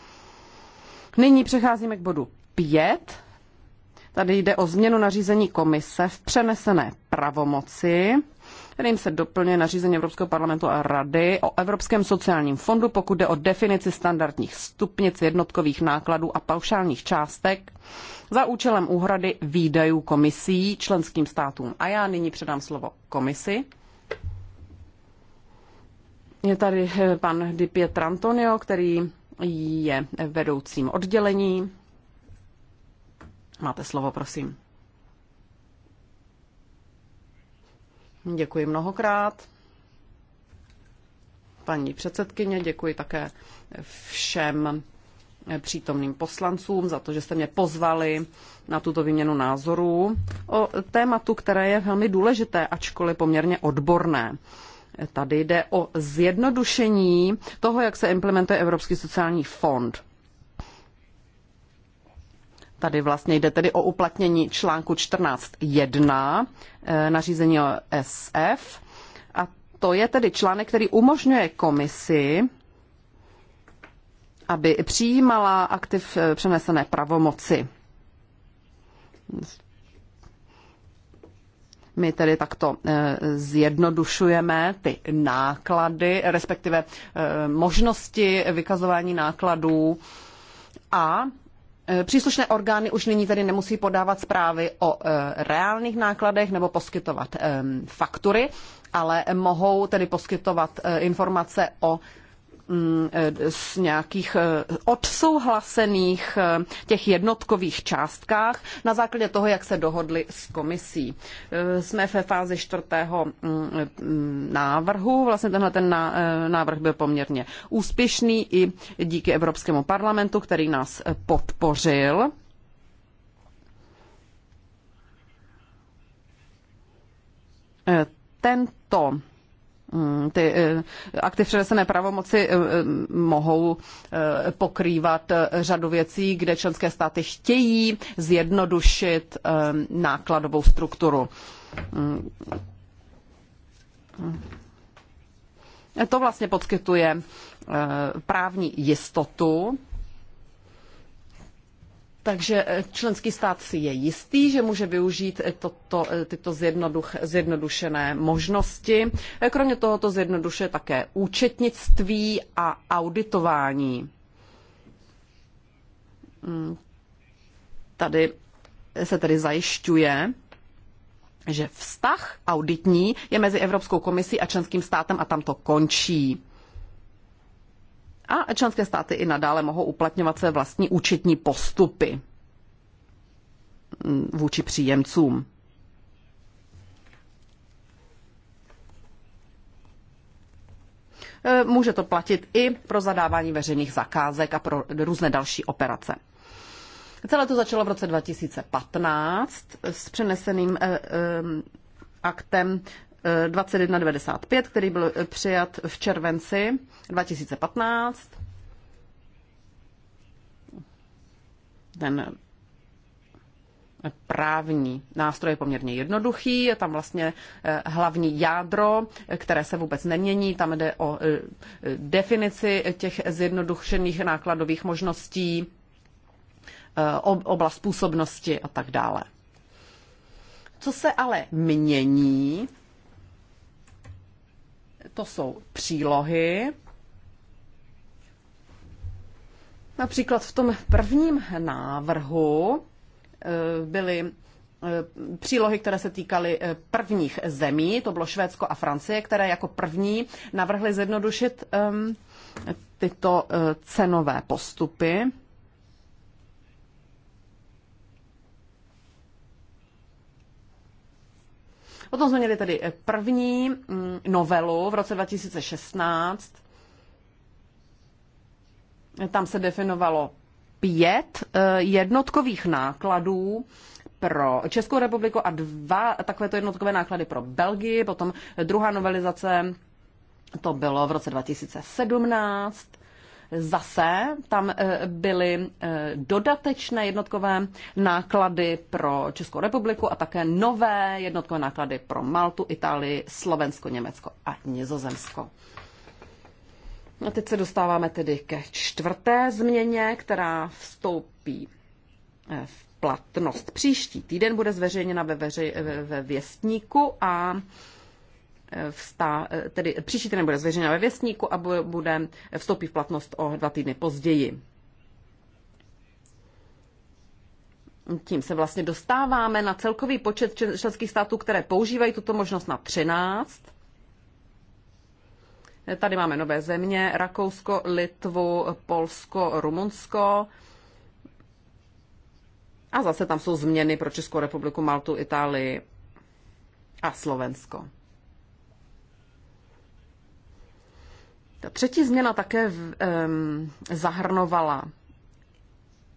Nyní přecházíme k bodu 5. Tady jde o změnu nařízení komise v přenesené pravomoci kterým se doplňuje nařízení Evropského parlamentu a Rady o Evropském sociálním fondu, pokud jde o definici standardních stupnic jednotkových nákladů a paušálních částek za účelem úhrady výdajů komisí členským státům. A já nyní předám slovo komisi. Je tady eh, pan Di Antonio, který je vedoucím oddělení. Máte slovo, prosím. Děkuji mnohokrát. Paní předsedkyně, děkuji také všem přítomným poslancům za to, že jste mě pozvali na tuto výměnu názorů o tématu, které je velmi důležité, ačkoliv poměrně odborné. Tady jde o zjednodušení toho, jak se implementuje Evropský sociální fond. Tady vlastně jde tedy o uplatnění článku 14.1 eh, nařízení o SF. A to je tedy článek, který umožňuje komisi, aby přijímala aktiv eh, přenesené pravomoci. My tedy takto eh, zjednodušujeme ty náklady, respektive možnosti vykazování nákladů a Eh, příslušné orgány už nyní tedy nemusí podávat zprávy o eh, reálných nákladech nebo poskytovat ehm, faktury, ale mohou tedy poskytovat eh, informace o z mm, eh, nějakých eh, odsouhlasených eh, těch jednotkových částkách na základě toho, jak se dohodli s komisí. Jsme ve fázi čtvrtého mm, mm, návrhu. Vlastně tenhle ten návrh byl poměrně úspěšný i díky Evropskému parlamentu, který nás podpořil. Tento Mm, ty eh, akty přenesené pravomoci eh, eh, mohou pokrývat řadu věcí, kde členské státy chtějí zjednodušit nákladovou strukturu. Mm. To vlastně poskytuje právní jistotu takže eh, členský stát si je jistý, že může využít eh, toto, eh, tyto zjednoduch, zjednodušené možnosti. Kromě toho to zjednodušuje také účetnictví a auditování. Mm. Tady se tedy zajišťuje, že vztah auditní je mezi Evropskou komisí a členským státem a tam to končí. A členské státy i nadále mohou uplatňovat své vlastní účetní postupy mm, vůči příjemcům. E, může to platit i pro zadávání veřejných zakázek a pro různé další operace. Celé to začalo v roce 2015 s přeneseným e, e, aktem 2195, který byl přijat v červenci 2015. Ten právní nástroj je poměrně jednoduchý, je tam vlastně eh, hlavní jádro, které se vůbec nemění, tam jde o eh, definici těch zjednodušených nákladových možností, eh, oblast působnosti a tak dále. Co se ale mění, to jsou přílohy. Například v tom prvním návrhu eh, byly eh, přílohy, které se týkaly eh, prvních zemí, to bylo Švédsko a Francie, které jako první navrhly zjednodušit ehm, tyto cenové postupy. Potom jsme měli tedy eh, první mm, novelu v roce 2016. Tam se definovalo pět eh, jednotkových nákladů pro Českou republiku a dva takovéto jednotkové náklady pro Belgii. Potom eh, druhá novelizace, to bylo v roce 2017. Zase tam eh, byly eh, dodatečné jednotkové náklady pro Českou republiku a také nové jednotkové náklady pro Maltu, Itálii, Slovensko, Německo a Nizozemsko. A teď se dostáváme tedy ke čtvrté změně, která vstoupí eh, v platnost. Příští týden bude zveřejněna ve, veři, ve, ve věstníku a vstá, tedy příští týden bude zveřejněna ve věstníku a bude vstoupit v platnost o dva týdny později. Tím se vlastně dostáváme na celkový počet členských států, které používají tuto možnost na 13. Tady máme nové země, Rakousko, Litvu, Polsko, Rumunsko. A zase tam jsou změny pro Českou republiku, Maltu, Itálii a Slovensko. Ta třetí změna také v, um, zahrnovala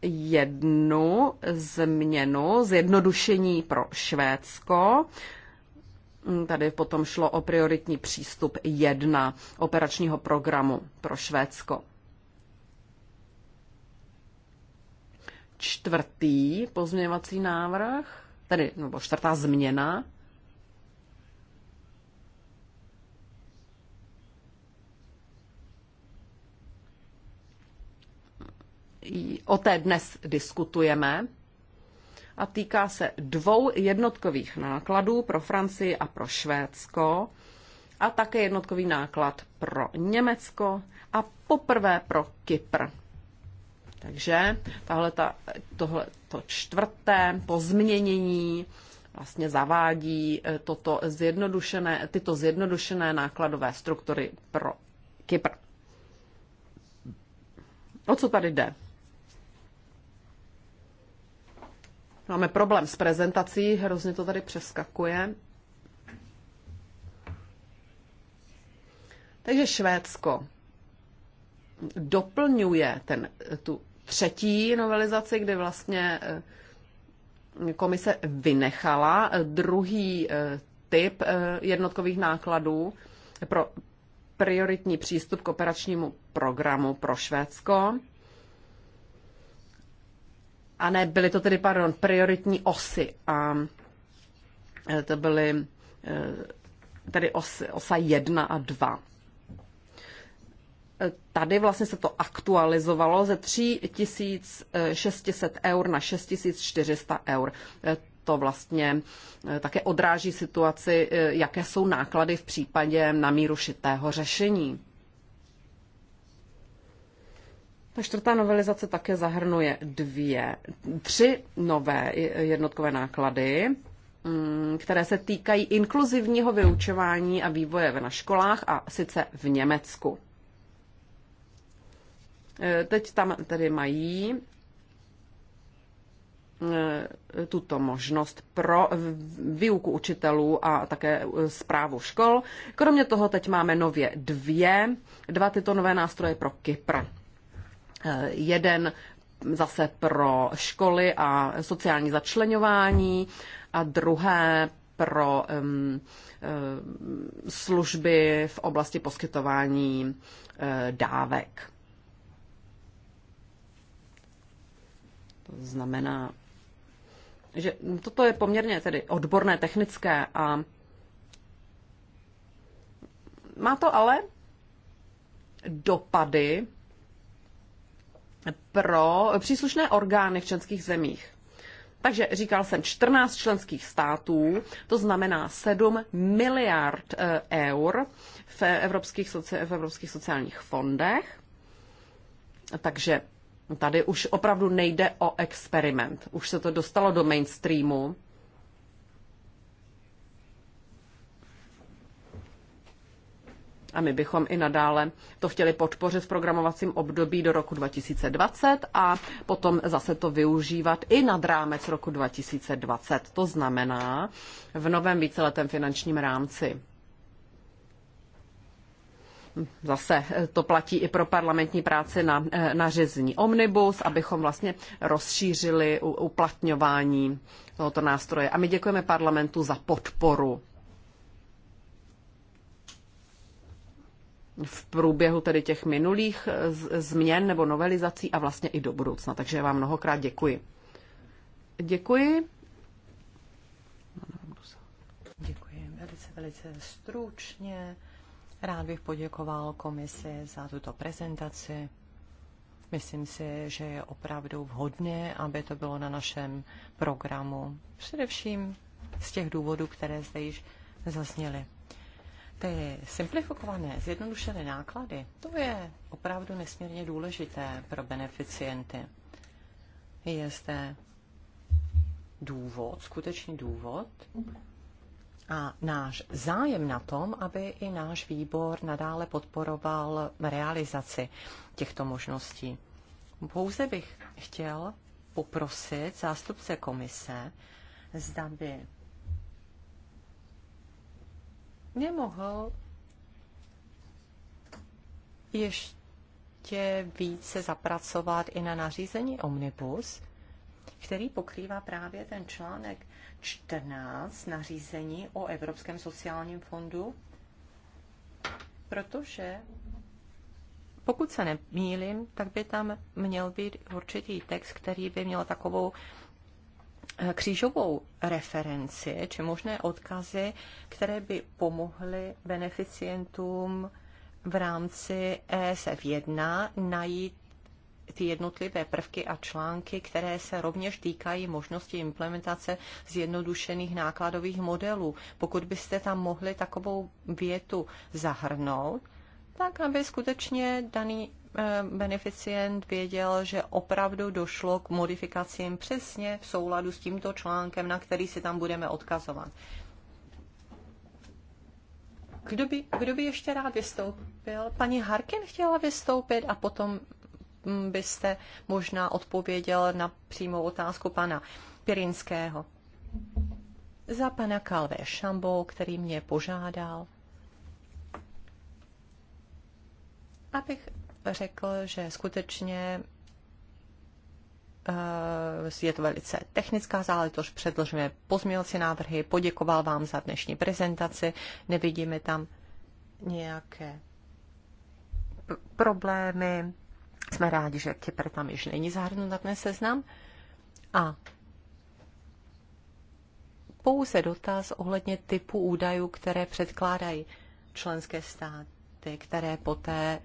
jednu změnu, zjednodušení pro Švédsko. Tady potom šlo o prioritní přístup jedna operačního programu pro Švédsko. Čtvrtý pozměňovací návrh, tedy nebo čtvrtá změna, o té dnes diskutujeme a týká se dvou jednotkových nákladů pro Francii a pro Švédsko a také jednotkový náklad pro Německo a poprvé pro Kypr. Takže tahle ta, tohle to čtvrté pozměnění vlastně zavádí eh, toto zjednodušené, tyto zjednodušené nákladové struktury pro Kypr. O co tady jde? Máme problém s prezentací, hrozně to tady přeskakuje. Takže Švédsko doplňuje ten, tu třetí novelizaci, kdy vlastně eh, komise vynechala eh, druhý eh, typ jednotkových nákladů pro prioritní přístup k operačnímu programu pro Švédsko a ne, byly to tedy, pardon, prioritní osy a e, to byly e, tedy osy, osa 1 a 2. E, tady vlastně se to aktualizovalo ze 3600 eur na 6400 eur. To vlastně také odráží situaci, jaké jsou náklady v případě namíru šitého řešení. Ta čtvrtá novelizace také zahrnuje dvě, tři nové jednotkové náklady, mm, které se týkají inkluzivního vyučování a vývoje na školách a sice v Německu. E, teď tam tedy mají e, tuto možnost pro výuku učitelů a také zprávu e, škol. Kromě toho teď máme nově dvě, dva tyto nové nástroje pro Kypr. Eh, jeden zase pro školy a sociální začlenování a druhé pro um, služby v oblasti poskytování uh, dávek. To znamená, že toto je poměrně tedy odborné, technické a má to ale dopady pro příslušné orgány v členských zemích. Takže říkal jsem 14 členských států, to znamená 7 miliard eh, eur v evropských, v evropských sociálních fondech. Takže tady už opravdu nejde o experiment. Už se to dostalo do mainstreamu. a my bychom i nadále to chtěli podpořit v programovacím období do roku 2020 a potom zase to využívat i nad rámec roku 2020. To znamená v novém víceletém finančním rámci. Hm, zase eh, to platí i pro parlamentní práci na, eh, na řezní omnibus, abychom vlastně rozšířili uplatňování tohoto nástroje. A my děkujeme parlamentu za podporu v průběhu tedy těch minulých eh, změn nebo novelizací a vlastně i do budoucna. Takže vám mnohokrát děkuji. Děkuji. Děkuji velice, velice stručně. Rád bych poděkoval komisi za tuto prezentaci. Myslím si, že je opravdu vhodné, aby to bylo na našem programu. Především z těch důvodů, které zde již zazněly ty simplifikované, zjednodušené náklady, to je opravdu nesmírně důležité pro beneficienty. Je zde důvod, skutečný důvod a náš zájem na tom, aby i náš výbor nadále podporoval realizaci těchto možností. Pouze bych chtěl poprosit zástupce komise, zda by nemohl ještě více zapracovat i na nařízení Omnibus, který pokrývá právě ten článek 14 nařízení o Evropském sociálním fondu, protože pokud se nemýlím, tak by tam měl být určitý text, který by měl takovou Eh, křížovou referenci či možné odkazy, které by pomohly beneficientům v rámci ESF1 najít ty jednotlivé prvky a články, které se rovněž týkají možnosti implementace zjednodušených nákladových modelů. Pokud byste tam mohli takovou větu zahrnout, tak aby skutečně daný Eh, beneficient věděl, že opravdu došlo k modifikacím přesně v souladu s tímto článkem, na který si tam budeme odkazovat. Kdo by, kdo by ještě rád vystoupil? Paní Harkin chtěla vystoupit a potom mm, byste možná odpověděl na přímou otázku pana Pirinského. Za pana Kalvé Šambo, který mě požádal, abych řekl, že skutečně eh, je to velice technická záležitost, předložíme pozměňovací návrhy, poděkoval vám za dnešní prezentaci, nevidíme tam nějaké problémy, jsme rádi, že Kypr tam již není zahrnut na ten seznam a pouze dotaz ohledně typu údajů, které předkládají členské státy, které poté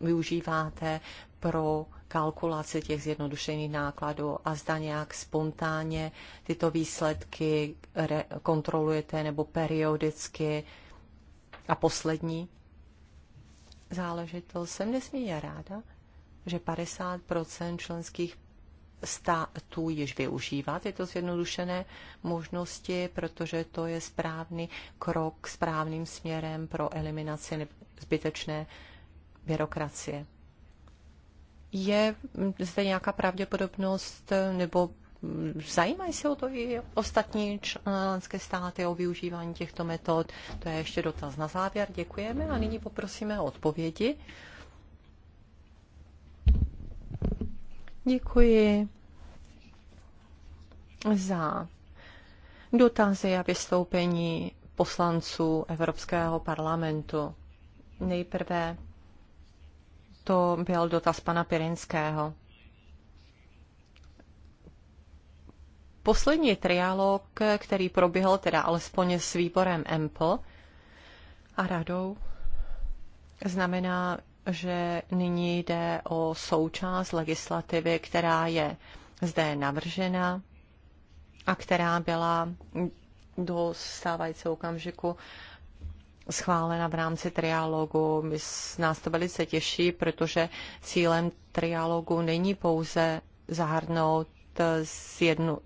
využíváte pro kalkulaci těch zjednodušených nákladů a zda nějak spontánně tyto výsledky kontrolujete nebo periodicky. A poslední záležitost. Jsem nesmírně ráda, že 50 členských států již využívá tyto zjednodušené možnosti, protože to je správný krok správným směrem pro eliminaci zbytečné byrokracie. Je zde nějaká pravděpodobnost, nebo mm, zajímají se o to i ostatní členské státy o využívání těchto metod? To je ještě dotaz na závěr. Děkujeme a nyní poprosíme o odpovědi. Děkuji za dotazy a vystoupení poslanců Evropského parlamentu. Nejprve to byl dotaz pana Pirinského. Poslední trialog, který proběhl teda alespoň s výborem EMPL a radou, znamená, že nyní jde o součást legislativy, která je zde navržena a která byla do stávajícího okamžiku schválena v rámci triálogu. My nás to velice těší, protože cílem triálogu není pouze zahrnout eh, jednu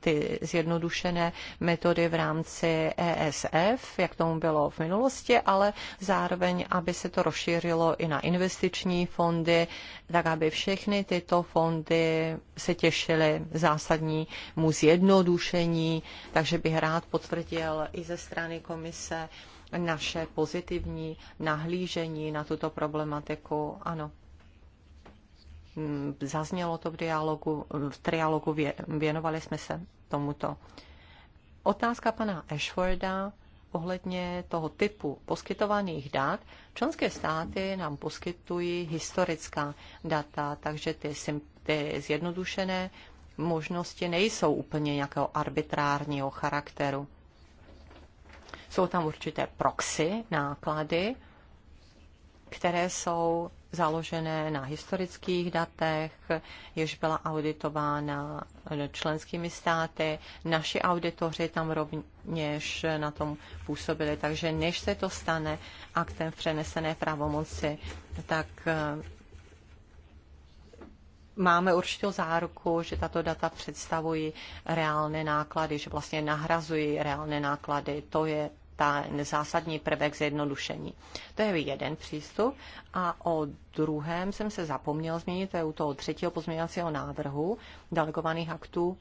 ty zjednodušené metody v rámci ESF, jak tomu bylo v minulosti, ale zároveň, aby se to rozšířilo i na investiční fondy, tak aby všechny tyto fondy se těšily zásadnímu zjednodušení. Takže bych rád potvrdil i ze strany komise naše pozitivní nahlížení na tuto problematiku. Ano, mm, zaznělo to v dialogu, v trialogu, věnovali jsme se tomuto. Otázka pana Ashforda ohledně toho typu poskytovaných dat. Členské státy nám poskytují historická data, takže ty, ty zjednodušené možnosti nejsou úplně nějakého arbitrárního charakteru. Jsou tam určité proxy náklady, které jsou založené na historických datech, jež byla auditována členskými státy. Naši auditoři tam rovněž na tom působili, takže než se to stane aktem v přenesené pravomoci, tak eh, máme určitou záruku, že tato data představují reálné náklady, že vlastně nahrazují reálné náklady. To je ten zásadní prvek zjednodušení. To je jeden přístup. A o druhém jsem se zapomněl změnit, to je u toho třetího pozměňovacího návrhu delegovaných aktů,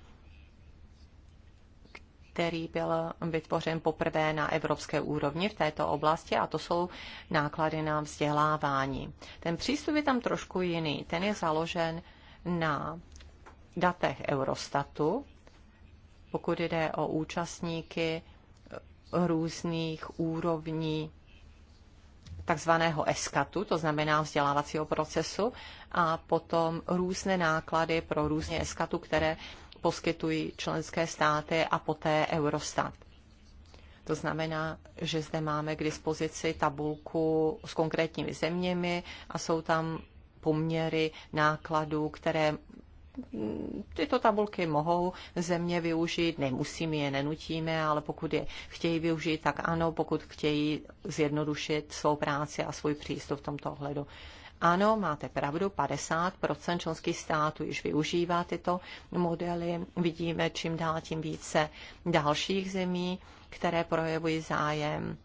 který byl vytvořen poprvé na evropské úrovni v této oblasti a to jsou náklady na vzdělávání. Ten přístup je tam trošku jiný. Ten je založen na datech Eurostatu, pokud jde o účastníky různých úrovní takzvaného eskatu, to znamená vzdělávacího procesu, a potom různé náklady pro různé eskatu, které poskytují členské státy a poté Eurostat. To znamená, že zde máme k dispozici tabulku s konkrétními zeměmi a jsou tam poměry nákladů, které tyto tabulky mohou země využít, nemusíme je, nenutíme, ale pokud je chtějí využít, tak ano, pokud chtějí zjednodušit svou práci a svůj přístup v tomto ohledu. Ano, máte pravdu, 50% členských států již využívá tyto modely. Vidíme čím dál tím více dalších zemí, které projevují zájem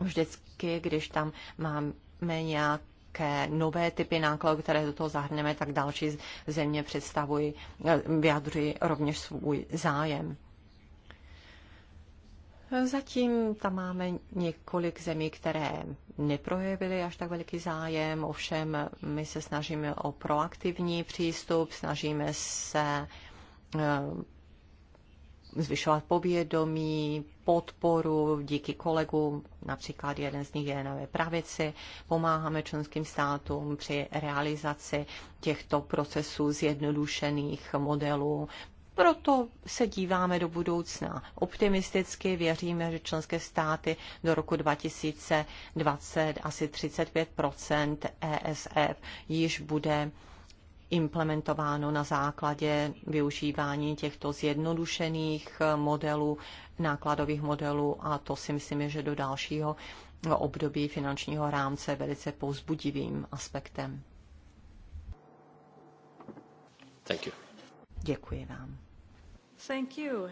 vždycky, když tam máme nějak nějaké nové typy nákladů, které do toho zahrneme, tak další země představují, eh, vyjadřují rovněž svůj zájem. Zatím tam máme několik zemí, které neprojevily až tak veliký zájem, ovšem my se snažíme o proaktivní přístup, snažíme se eh, zvyšovat povědomí, podporu díky kolegům, například jeden z nich je na pravici, pomáháme členským státům při realizaci těchto procesů zjednodušených modelů, proto se díváme do budoucna. Optimisticky věříme, že členské státy do roku 2020 asi 35 ESF již bude implementováno na základě využívání těchto zjednodušených modelů, nákladových modelů a to si myslím, že do dalšího období finančního rámce velice pouzbudivým aspektem. Thank you. Děkuji vám. Thank you. Um...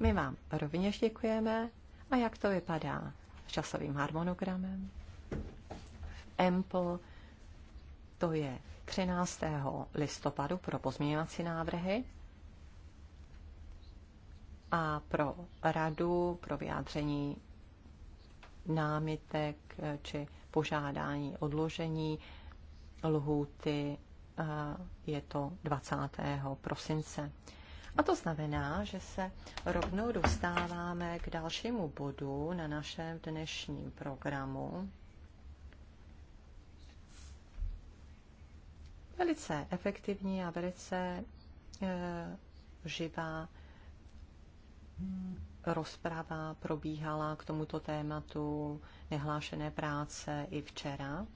My vám rovněž děkujeme. A jak to vypadá s časovým harmonogramem? V Ample to je 13. listopadu pro pozměňovací návrhy a pro radu, pro vyjádření námitek či požádání odložení lhůty je to 20. prosince. A to znamená, že se rovnou dostáváme k dalšímu bodu na našem dnešním programu, velice efektivní a velice eh, živá rozprava probíhala k tomuto tématu nehlášené práce i včera.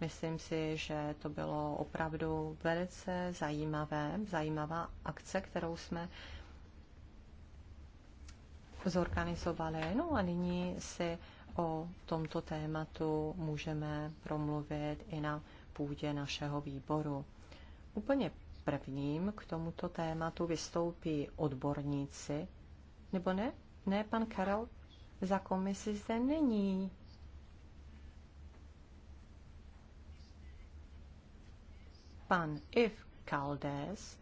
Myslím si, že to bylo opravdu velice zajímavé, zajímavá akce, kterou jsme zorganizovali. No a nyní si o tomto tématu můžeme promluvit i na půdě našeho výboru. Úplně prvním k tomuto tématu vystoupí odborníci, nebo ne? Ne, pan Karel za komisi zde není. Pan Yves Caldes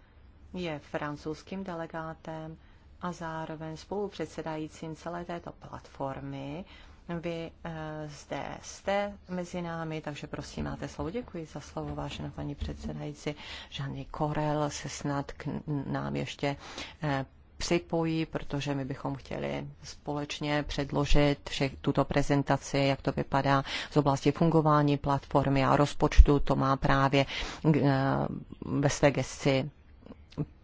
je francouzským delegátem a zároveň spolupředsedajícím celé této platformy vy eh, zde jste mezi námi, takže prosím, máte slovo. Děkuji za slovo, vážená paní předsedající. Žádný Korel se snad k nám ještě eh, připojí, protože my bychom chtěli společně předložit všech, tuto prezentaci, jak to vypadá z oblasti fungování platformy a rozpočtu. To má právě eh, ve své gesci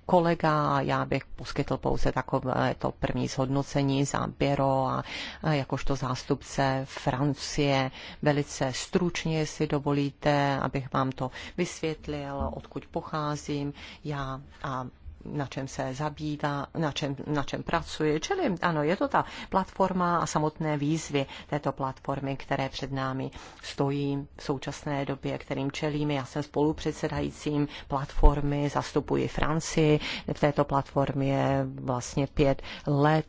kolega a já bych poskytl pouze takové to první zhodnocení za Biro a jakožto zástupce Francie velice stručně, jestli dovolíte, abych vám to vysvětlil, odkud pocházím já a na čem se zabývá, na čem, na čem pracuje. Čili ano, je to ta platforma a samotné výzvy této platformy, které před námi stojí v současné době, kterým čelíme. Já jsem spolupředsedajícím platformy, zastupuji Francii v této platformě vlastně pět let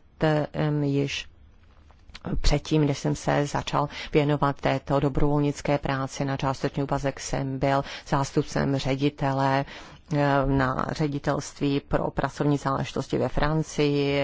již Předtím, než jsem se začal věnovat této dobrovolnické práci na částečný úvazek, jsem byl zástupcem ředitele Eh, na ředitelství pro pracovní záležitosti ve Francii.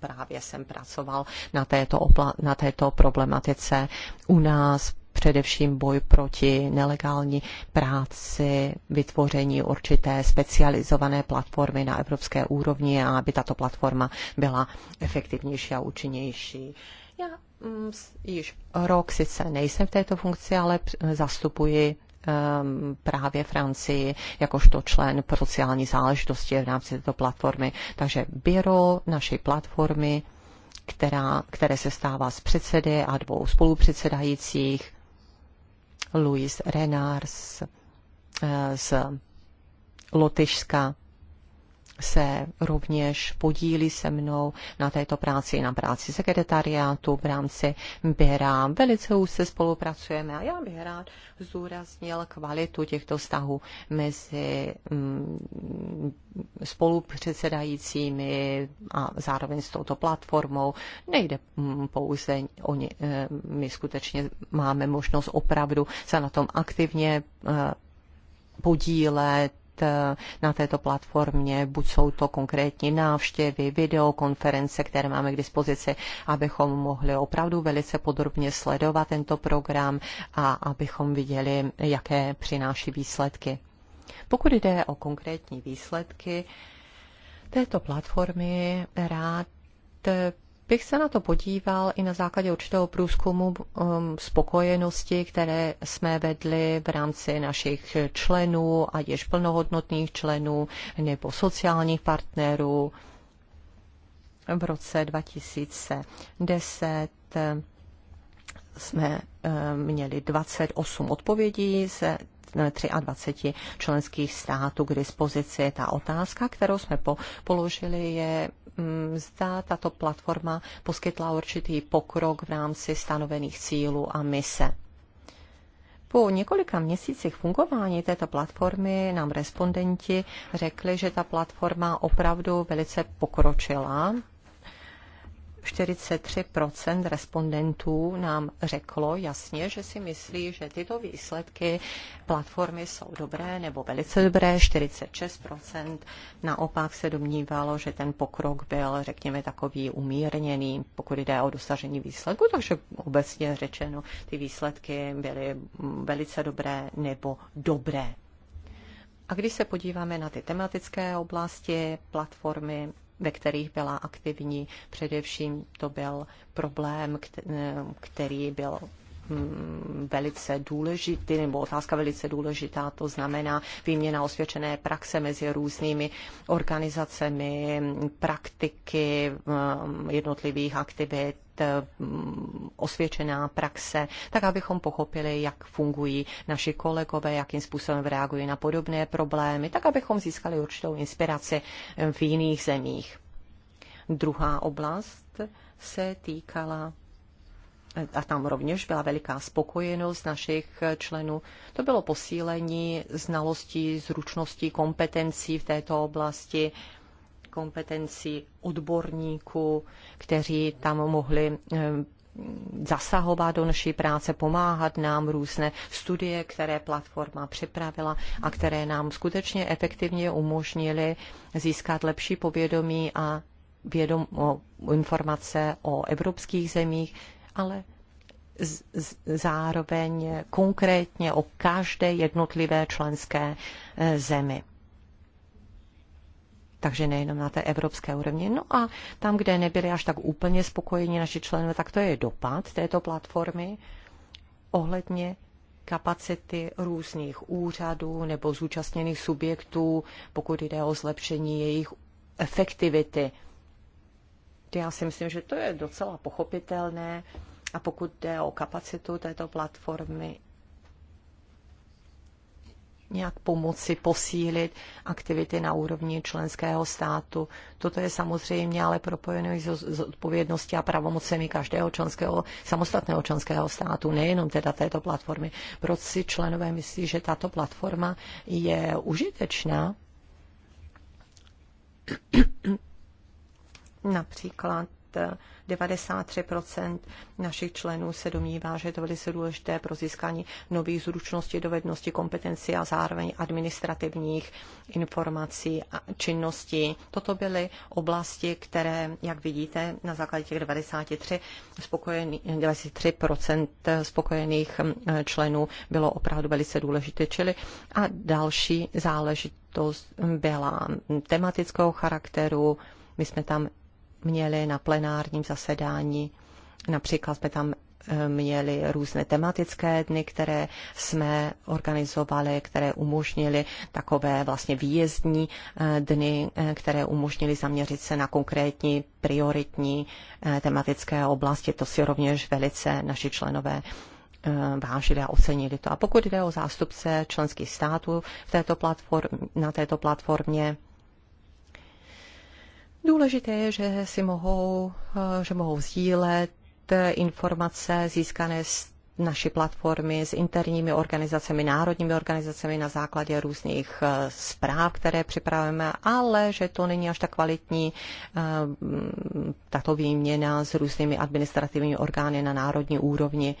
Právě jsem pracoval na této, opla- na této problematice u nás především boj proti nelegální práci, vytvoření určité specializované platformy na evropské úrovni a aby tato platforma byla efektivnější a účinnější. Já mm, již rok sice nejsem v této funkci, ale zastupuji Um, právě Francii jakožto člen pro sociální záležitosti v rámci této platformy. Takže byro naší platformy, která, které se stává z předsedy a dvou spolupředsedajících, Louis Renars uh, z Lotyšska se rovněž podílí se mnou na této práci, na práci sekretariátu v rámci Běra. Velice se spolupracujeme a já bych rád zdůraznil kvalitu těchto vztahů mezi mm, spolupředsedajícími a zároveň s touto platformou. Nejde mm, pouze o ně, eh, my skutečně máme možnost opravdu se na tom aktivně eh, podílet Eh, na této platformě, buď jsou to konkrétní návštěvy, videokonference, které máme k dispozici, abychom mohli opravdu velice podrobně sledovat tento program a abychom viděli, jaké přináší výsledky. Pokud jde o konkrétní výsledky této platformy, rád bych se na to podíval i na základě určitého průzkumu um, spokojenosti, které jsme vedli v rámci našich členů, ať již plnohodnotných členů nebo sociálních partnerů. V roce 2010 eh, jsme eh, měli 28 odpovědí ze eh, 23 členských států k dispozici. Ta otázka, kterou jsme položili, je Mm, zda tato platforma poskytla určitý pokrok v rámci stanovených cílů a mise. Po několika měsících fungování této platformy nám respondenti řekli, že ta platforma opravdu velice pokročila 43% respondentů nám řeklo jasně, že si myslí, že tyto výsledky platformy jsou dobré nebo velice dobré. 46% naopak se domnívalo, že ten pokrok byl, řekněme, takový umírněný, pokud jde o dosažení výsledku, takže obecně řečeno ty výsledky byly velice dobré nebo dobré. A když se podíváme na ty tematické oblasti platformy, ve kterých byla aktivní. Především to byl problém, který byl Hm, velice důležitý, nebo otázka velice důležitá, to znamená výměna osvědčené praxe mezi různými organizacemi, praktiky hm, jednotlivých aktivit, hm, osvědčená praxe, tak abychom pochopili, jak fungují naši kolegové, jakým způsobem reagují na podobné problémy, tak abychom získali určitou inspiraci v jiných zemích. Druhá oblast se týkala a tam rovněž byla veliká spokojenost našich členů. To bylo posílení znalostí, zručností, kompetencí v této oblasti, kompetencí odborníků, kteří tam mohli eh, zasahovat do naší práce, pomáhat nám různé studie, které platforma připravila a které nám skutečně efektivně umožnily získat lepší povědomí a vědom o informace o evropských zemích, ale zároveň konkrétně o každé jednotlivé členské e, zemi. Takže nejenom na té evropské úrovni. No a tam, kde nebyli až tak úplně spokojeni naši členové, tak to je dopad této platformy ohledně kapacity různých úřadů nebo zúčastněných subjektů, pokud jde o zlepšení jejich efektivity já si myslím, že to je docela pochopitelné. A pokud jde o kapacitu této platformy, nějak pomoci posílit aktivity na úrovni členského státu. Toto je samozřejmě ale propojeno i s odpovědností a pravomocemi každého členského, samostatného členského státu, nejenom teda této platformy. Proč si členové myslí, že tato platforma je užitečná? Například 93% eh, našich členů se domnívá, že je to velice důležité pro získání nových zručností, dovedností, kompetencí a zároveň administrativních informací a činností. Toto byly oblasti, které, jak vidíte, na základě těch 93 spokojený, 93% spokojených hm, členů bylo opravdu velice důležité. Čili a další záležitost byla hm, tematického charakteru. My jsme tam měli na plenárním zasedání. Například jsme tam eh, měli různé tematické dny, které jsme organizovali, které umožnili takové vlastně výjezdní eh, dny, eh, které umožnili zaměřit se na konkrétní prioritní tematické oblasti. To si rovněž velice naši členové vážili a ocenili to. A pokud jde o zástupce členských států v této platform, na této platformě, Důležité je, že si mohou, eh, že mohou sdílet eh, informace získané z naší platformy s interními organizacemi, národními organizacemi na základě různých eh, zpráv, které připravujeme, ale že to není až tak kvalitní tato výměna s různými administrativními orgány na národní úrovni.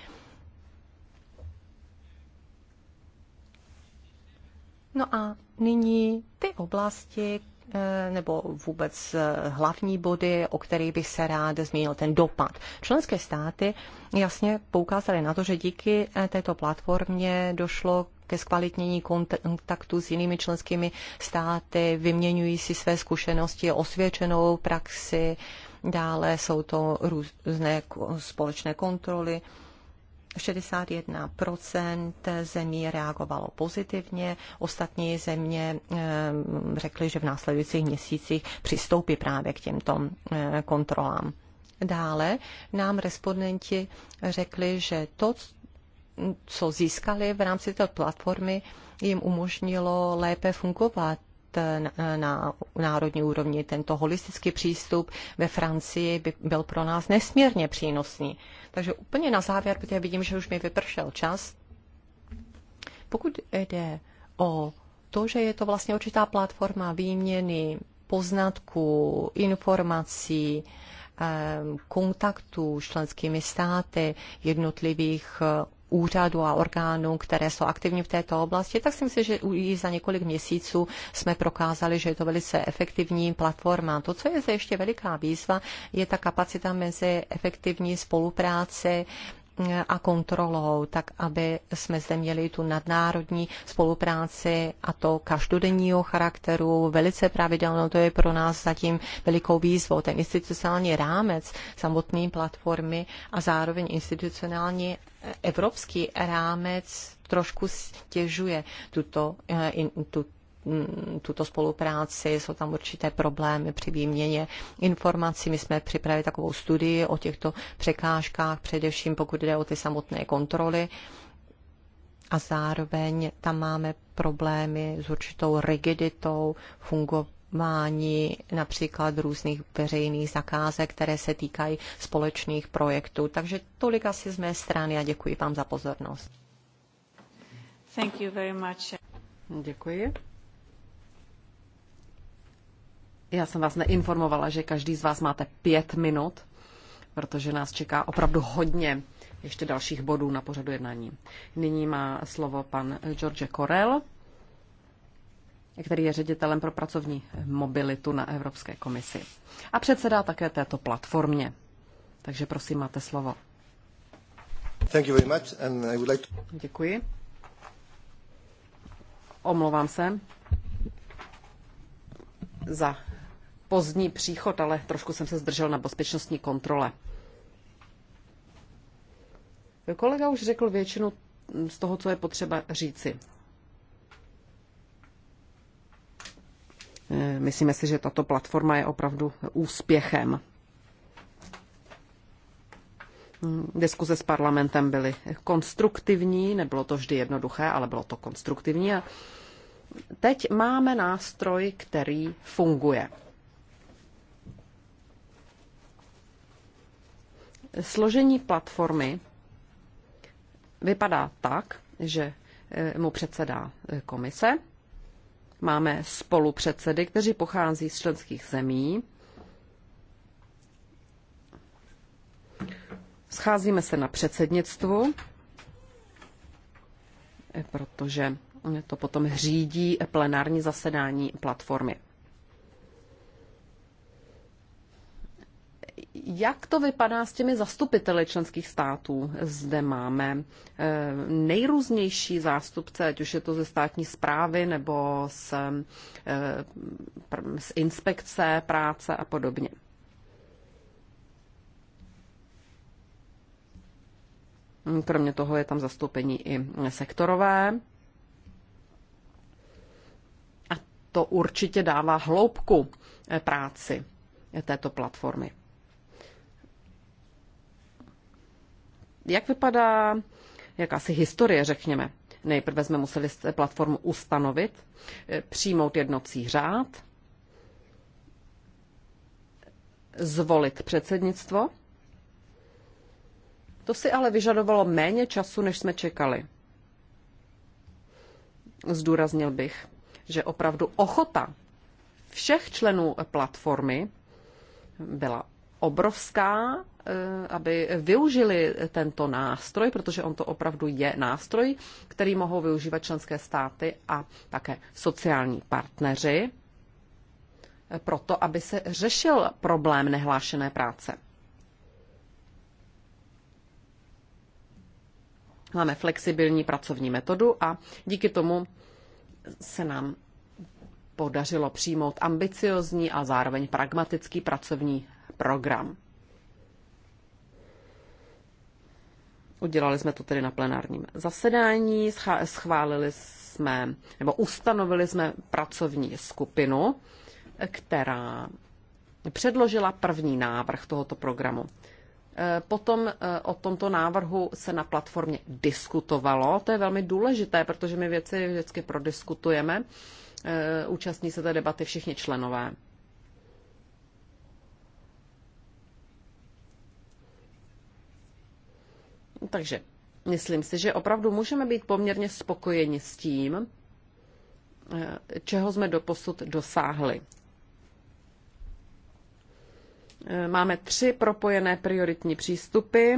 No a nyní ty oblasti, Eh, nebo vůbec eh, hlavní body, o kterých bych se rád zmínil, ten dopad. Členské státy jasně poukázaly na to, že díky eh, této platformě došlo ke zkvalitnění kontaktu s jinými členskými státy, vyměňují si své zkušenosti, osvědčenou praxi, dále jsou to různé společné kontroly, 61% zemí reagovalo pozitivně, ostatní země eh, řekly, že v následujících měsících přistoupí právě k těmto eh, kontrolám. Dále nám respondenti řekli, že to, co získali v rámci této platformy, jim umožnilo lépe fungovat na, na národní úrovni. Tento holistický přístup ve Francii by byl pro nás nesmírně přínosný. Takže úplně na závěr, protože vidím, že už mi vypršel čas. Pokud jde o to, že je to vlastně určitá platforma výměny poznatků, informací, eh, kontaktů s členskými státy jednotlivých úřadů a orgánů, které jsou aktivní v této oblasti, tak si myslím, že už za několik měsíců jsme prokázali, že je to velice efektivní platforma. To, co je zde ještě veliká výzva, je ta kapacita mezi efektivní spolupráci a kontrolou, tak aby jsme zde měli tu nadnárodní spolupráci a to každodenního charakteru, velice pravidelnou, to je pro nás zatím velikou výzvou. Ten institucionální rámec samotné platformy a zároveň institucionální eh, evropský rámec trošku stěžuje tuto, eh, tuto Mm, tuto spolupráci, jsou tam určité problémy při výměně informací. My jsme připravili takovou studii o těchto překážkách, především pokud jde o ty samotné kontroly. A zároveň tam máme problémy s určitou rigiditou fungování například různých veřejných zakázek, které se týkají společných projektů. Takže tolik asi z mé strany a děkuji vám za pozornost. Thank you very much. Děkuji. Já jsem vás neinformovala, že každý z vás máte pět minut, protože nás čeká opravdu hodně ještě dalších bodů na pořadu jednání. Nyní má slovo pan George Korel, který je ředitelem pro pracovní mobilitu na Evropské komisi a předsedá také této platformě. Takže prosím, máte slovo. Thank you very much and I would like to... Děkuji. Omlouvám se za pozdní příchod, ale trošku jsem se zdržel na bezpečnostní kontrole. Kolega už řekl většinu z toho, co je potřeba říci. Eh, myslíme si, že tato platforma je opravdu úspěchem. Hmm, diskuze s parlamentem byly konstruktivní, nebylo to vždy jednoduché, ale bylo to konstruktivní. A teď máme nástroj, který funguje. Složení platformy vypadá tak, že eh, mu předsedá eh, komise. Máme spolupředsedy, kteří pochází z členských zemí. Scházíme se na předsednictvu, eh, protože to potom řídí plenární zasedání platformy. Jak to vypadá s těmi zastupiteli členských států? Zde máme eh, nejrůznější zástupce, ať už je to ze státní zprávy nebo z, eh, z inspekce práce a podobně. Hm, kromě toho je tam zastoupení i sektorové. A to určitě dává hloubku eh, práci této platformy. Jak vypadá jakási historie, řekněme? Nejprve jsme museli platformu ustanovit, eh, přijmout jednocí řád, zvolit předsednictvo. To si ale vyžadovalo méně času, než jsme čekali. Zdůraznil bych, že opravdu ochota všech členů platformy byla obrovská Eh, aby využili tento nástroj, protože on to opravdu je nástroj, který mohou využívat členské státy a také sociální partneři, eh, proto aby se řešil problém nehlášené práce. Máme flexibilní pracovní metodu a díky tomu se nám podařilo přijmout ambiciozní a zároveň pragmatický pracovní program. Udělali jsme to tedy na plenárním zasedání, schválili jsme, nebo ustanovili jsme pracovní skupinu, která předložila první návrh tohoto programu. E, potom e, o tomto návrhu se na platformě diskutovalo. To je velmi důležité, protože my věci vždycky prodiskutujeme. E, účastní se té debaty všichni členové. Takže myslím si, že opravdu můžeme být poměrně spokojeni s tím, eh, čeho jsme doposud dosáhli. Eh, máme tři propojené prioritní přístupy,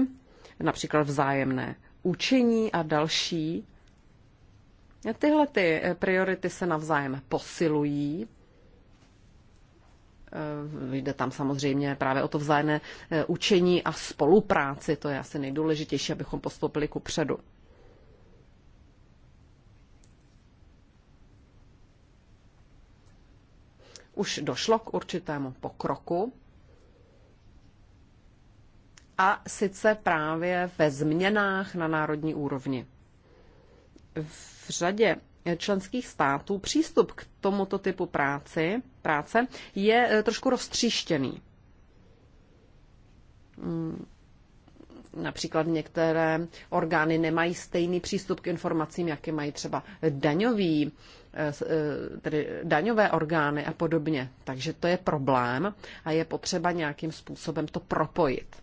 například vzájemné učení a další. Tyhle ty eh, priority se navzájem posilují Eh, jde tam samozřejmě právě o to vzájemné eh, učení a spolupráci. To je asi nejdůležitější, abychom postoupili ku předu. Už došlo k určitému pokroku. A sice právě ve změnách na národní úrovni. V řadě členských států přístup k tomuto typu práci, práce je eh, trošku roztříštěný. Mm, například některé orgány nemají stejný přístup k informacím, jaké mají třeba daňový, eh, eh, tedy daňové orgány a podobně. Takže to je problém a je potřeba nějakým způsobem to propojit.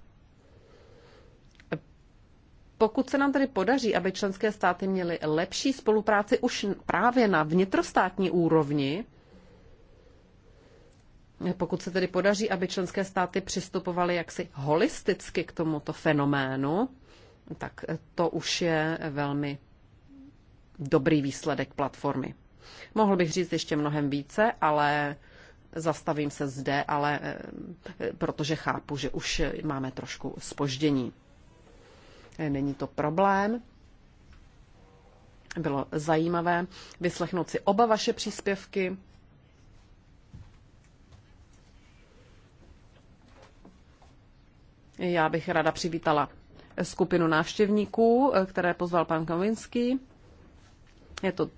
Pokud se nám tedy podaří, aby členské státy měly lepší spolupráci už právě na vnitrostátní úrovni, pokud se tedy podaří, aby členské státy přistupovaly jaksi holisticky k tomuto fenoménu, tak to už je velmi dobrý výsledek platformy. Mohl bych říct ještě mnohem více, ale zastavím se zde, ale eh, protože chápu, že už máme trošku spoždění. Eh, není to problém. Bylo zajímavé vyslechnout si oba vaše příspěvky. Já bych ráda přivítala skupinu návštěvníků, eh, které pozval pan Kavinský. Je to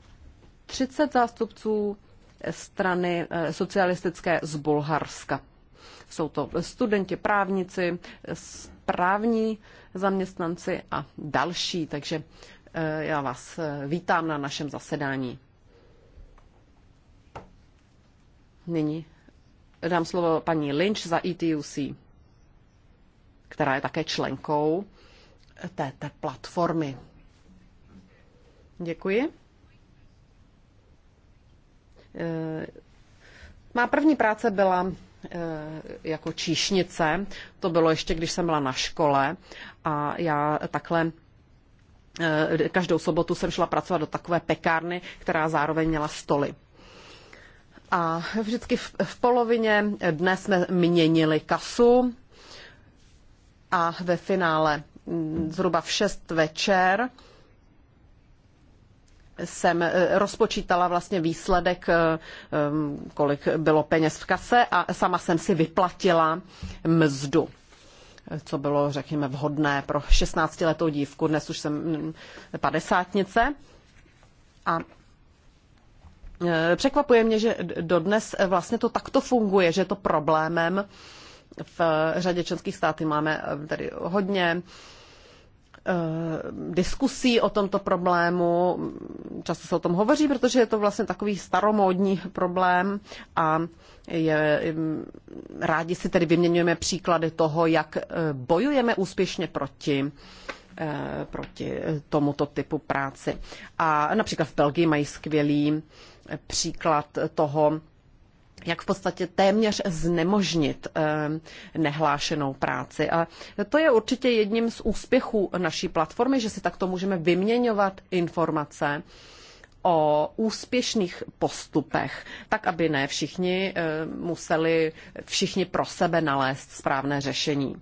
30 zástupců eh, strany socialistické z Bulharska. Jsou to studenti, právníci, právní zaměstnanci a další. Takže eh, já vás eh, vítám na našem zasedání. Nyní dám slovo paní Lynch za ETUC, která je také členkou této platformy. Děkuji. Eh, má první práce byla Eh, jako číšnice. To bylo ještě, když jsem byla na škole a já takhle eh, každou sobotu jsem šla pracovat do takové pekárny, která zároveň měla stoly. A vždycky v, v polovině dne jsme měnili kasu a ve finále mm, zhruba v 6 večer jsem eh, rozpočítala vlastně výsledek, eh, kolik bylo peněz v kase a sama jsem si vyplatila mzdu eh, co bylo, řekněme, vhodné pro 16-letou dívku. Dnes už jsem mm, padesátnice. A překvapuje mě, že dodnes vlastně to takto funguje, že je to problémem v řadě členských států máme tady hodně Eh, diskusí o tomto problému. Často se o tom hovoří, protože je to vlastně takový staromódní problém a je, rádi si tedy vyměňujeme příklady toho, jak eh, bojujeme úspěšně proti eh, proti tomuto typu práci. A například v Belgii mají skvělý příklad toho, jak v podstatě téměř znemožnit eh, nehlášenou práci. A to je určitě jedním z úspěchů naší platformy, že si takto můžeme vyměňovat informace o úspěšných postupech, tak aby ne všichni eh, museli všichni pro sebe nalézt správné řešení.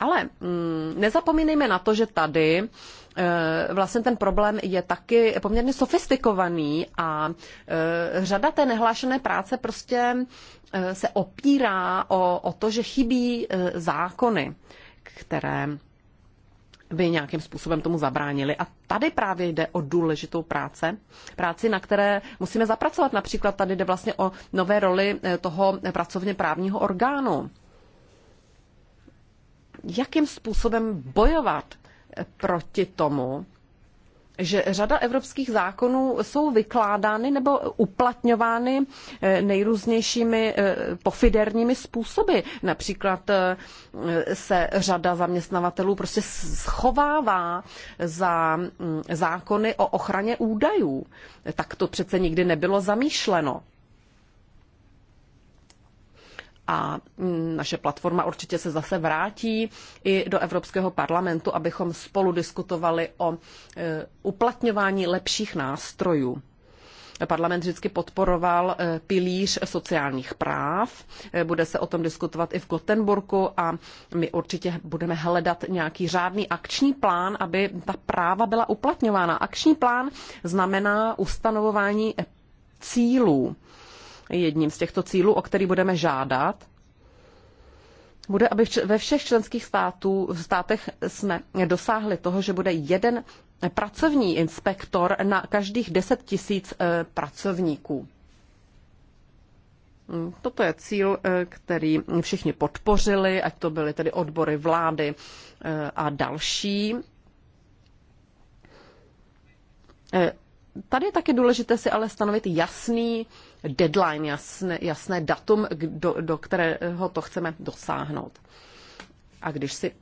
Ale mm, nezapomínejme na to, že tady Eh, vlastně ten problém je taky poměrně sofistikovaný a eh, řada té nehlášené práce prostě eh, se opírá o, o to, že chybí zákony, které by nějakým způsobem tomu zabránili. A tady právě jde o důležitou práce, práci, na které musíme zapracovat. Například tady jde vlastně o nové roli toho pracovně právního orgánu. Jakým způsobem bojovat proti tomu, že řada evropských zákonů jsou vykládány nebo uplatňovány eh, nejrůznějšími eh, pofiderními způsoby. Například eh, se řada zaměstnavatelů prostě schovává za mm, zákony o ochraně údajů. Tak to přece nikdy nebylo zamýšleno a mm, naše platforma určitě se zase vrátí i do Evropského parlamentu, abychom spolu diskutovali o e, uplatňování lepších nástrojů. Parlament vždycky podporoval e, pilíř sociálních práv. E, bude se o tom diskutovat i v Gotenburku a my určitě budeme hledat nějaký řádný akční plán, aby ta práva byla uplatňována. Akční plán znamená ustanovování cílů jedním z těchto cílů, o který budeme žádat, bude, aby ve všech členských států, státech jsme dosáhli toho, že bude jeden pracovní inspektor na každých 10 tisíc eh, pracovníků. Hm, toto je cíl, eh, který všichni podpořili, ať to byly tedy odbory vlády eh, a další. Tady je také důležité si ale stanovit jasný deadline, jasné, jasné datum, do, do kterého to chceme dosáhnout. A když si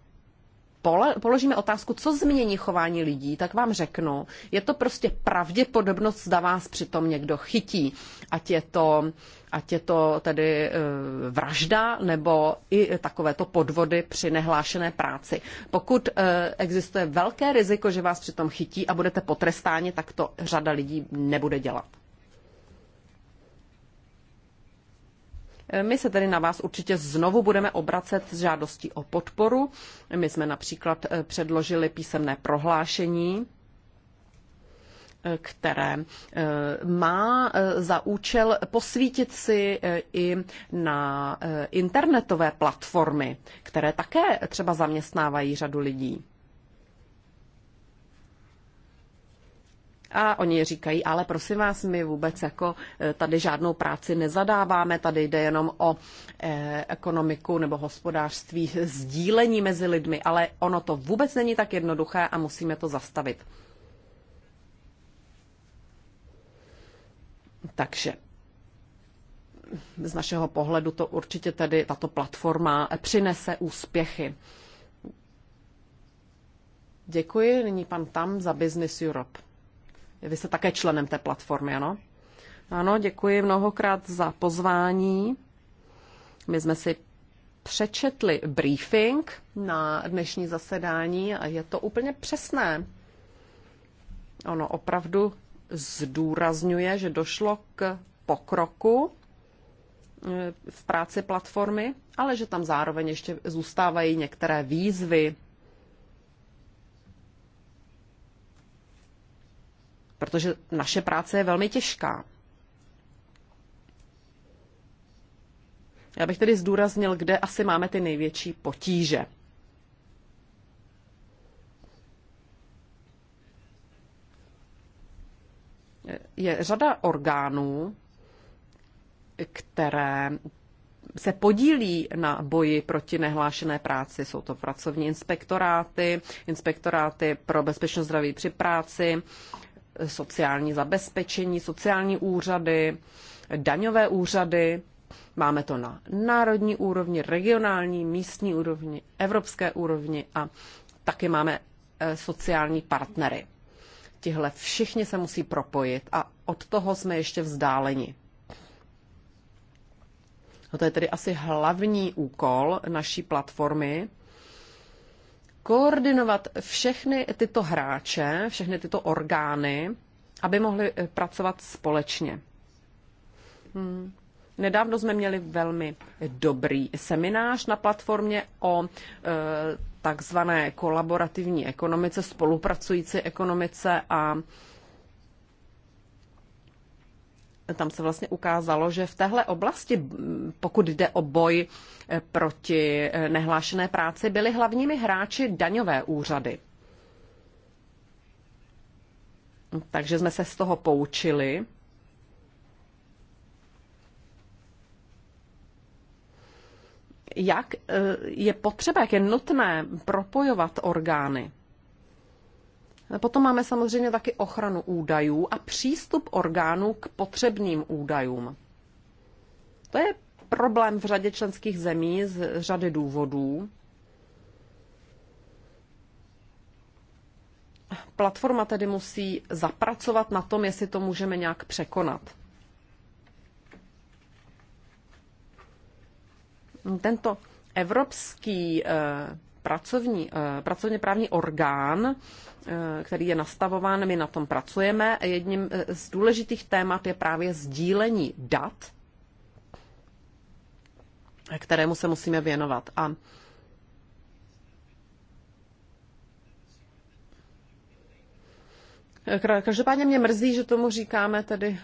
položíme otázku, co změní chování lidí, tak vám řeknu, je to prostě pravděpodobnost, zda vás přitom někdo chytí. Ať je to, ať je to tedy e, vražda nebo i takovéto podvody při nehlášené práci. Pokud e, existuje velké riziko, že vás přitom chytí a budete potrestáni, tak to řada lidí nebude dělat. Eh, my se tedy na vás určitě znovu budeme obracet s žádostí o podporu. My jsme například eh, předložili písemné prohlášení, eh, které má za účel posvítit si i na internetové platformy, které také třeba zaměstnávají řadu lidí. A oni říkají, ale prosím vás, my vůbec jako eh, tady žádnou práci nezadáváme, tady jde jenom o eh, ekonomiku nebo hospodářství sdílení mezi lidmi, ale ono to vůbec není tak jednoduché a musíme to zastavit. Takže z našeho pohledu to určitě tedy tato platforma přinese úspěchy. Děkuji. Nyní pan Tam za Business Europe. Vy jste také členem té platformy, ano? Ano, děkuji mnohokrát za pozvání. My jsme si přečetli briefing na dnešní zasedání a je to úplně přesné. Ono opravdu zdůrazňuje, že došlo k pokroku eh, v práci platformy, ale že tam zároveň ještě zůstávají některé výzvy, protože naše práce je velmi těžká. Já bych tedy zdůraznil, kde asi máme ty největší potíže. Je řada orgánů, které se podílí na boji proti nehlášené práci. Jsou to pracovní inspektoráty, inspektoráty pro bezpečnost zdraví při práci, sociální zabezpečení, sociální úřady, daňové úřady. Máme to na národní úrovni, regionální, místní úrovni, evropské úrovni a taky máme eh, sociální partnery. Tihle všichni se musí propojit a od toho jsme ještě vzdáleni. No to je tedy asi hlavní úkol naší platformy, koordinovat všechny tyto hráče, všechny tyto orgány, aby mohli eh, pracovat společně. Hmm. Nedávno jsme měli velmi dobrý seminář na platformě o e, takzvané kolaborativní ekonomice, spolupracující ekonomice a tam se vlastně ukázalo, že v téhle oblasti, pokud jde o boj e, proti e, nehlášené práci, byly hlavními hráči daňové úřady. Takže jsme se z toho poučili. Jak e, je potřeba, jak je nutné propojovat orgány. Potom máme samozřejmě taky ochranu údajů a přístup orgánů k potřebným údajům. To je problém v řadě členských zemí z řady důvodů. Platforma tedy musí zapracovat na tom, jestli to můžeme nějak překonat. Tento evropský eh, pracovní, eh, pracovně právní orgán, eh, který je nastavován, my na tom pracujeme. Jedním eh, z důležitých témat je právě sdílení dat, kterému se musíme věnovat. A Každopádně mě mrzí, že tomu říkáme tedy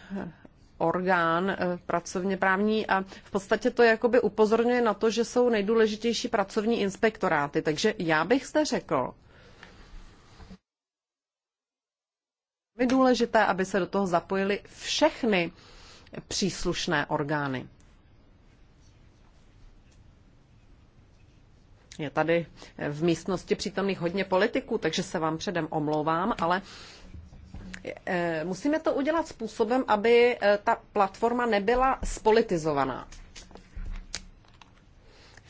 orgán eh, pracovně právní a v podstatě to jakoby upozorňuje na to, že jsou nejdůležitější pracovní inspektoráty. Takže já bych zde řekl, je důležité, aby se do toho zapojili všechny příslušné orgány. Je tady v místnosti přítomných hodně politiků, takže se vám předem omlouvám, ale Eh, musíme to udělat způsobem, aby eh, ta platforma nebyla spolitizovaná.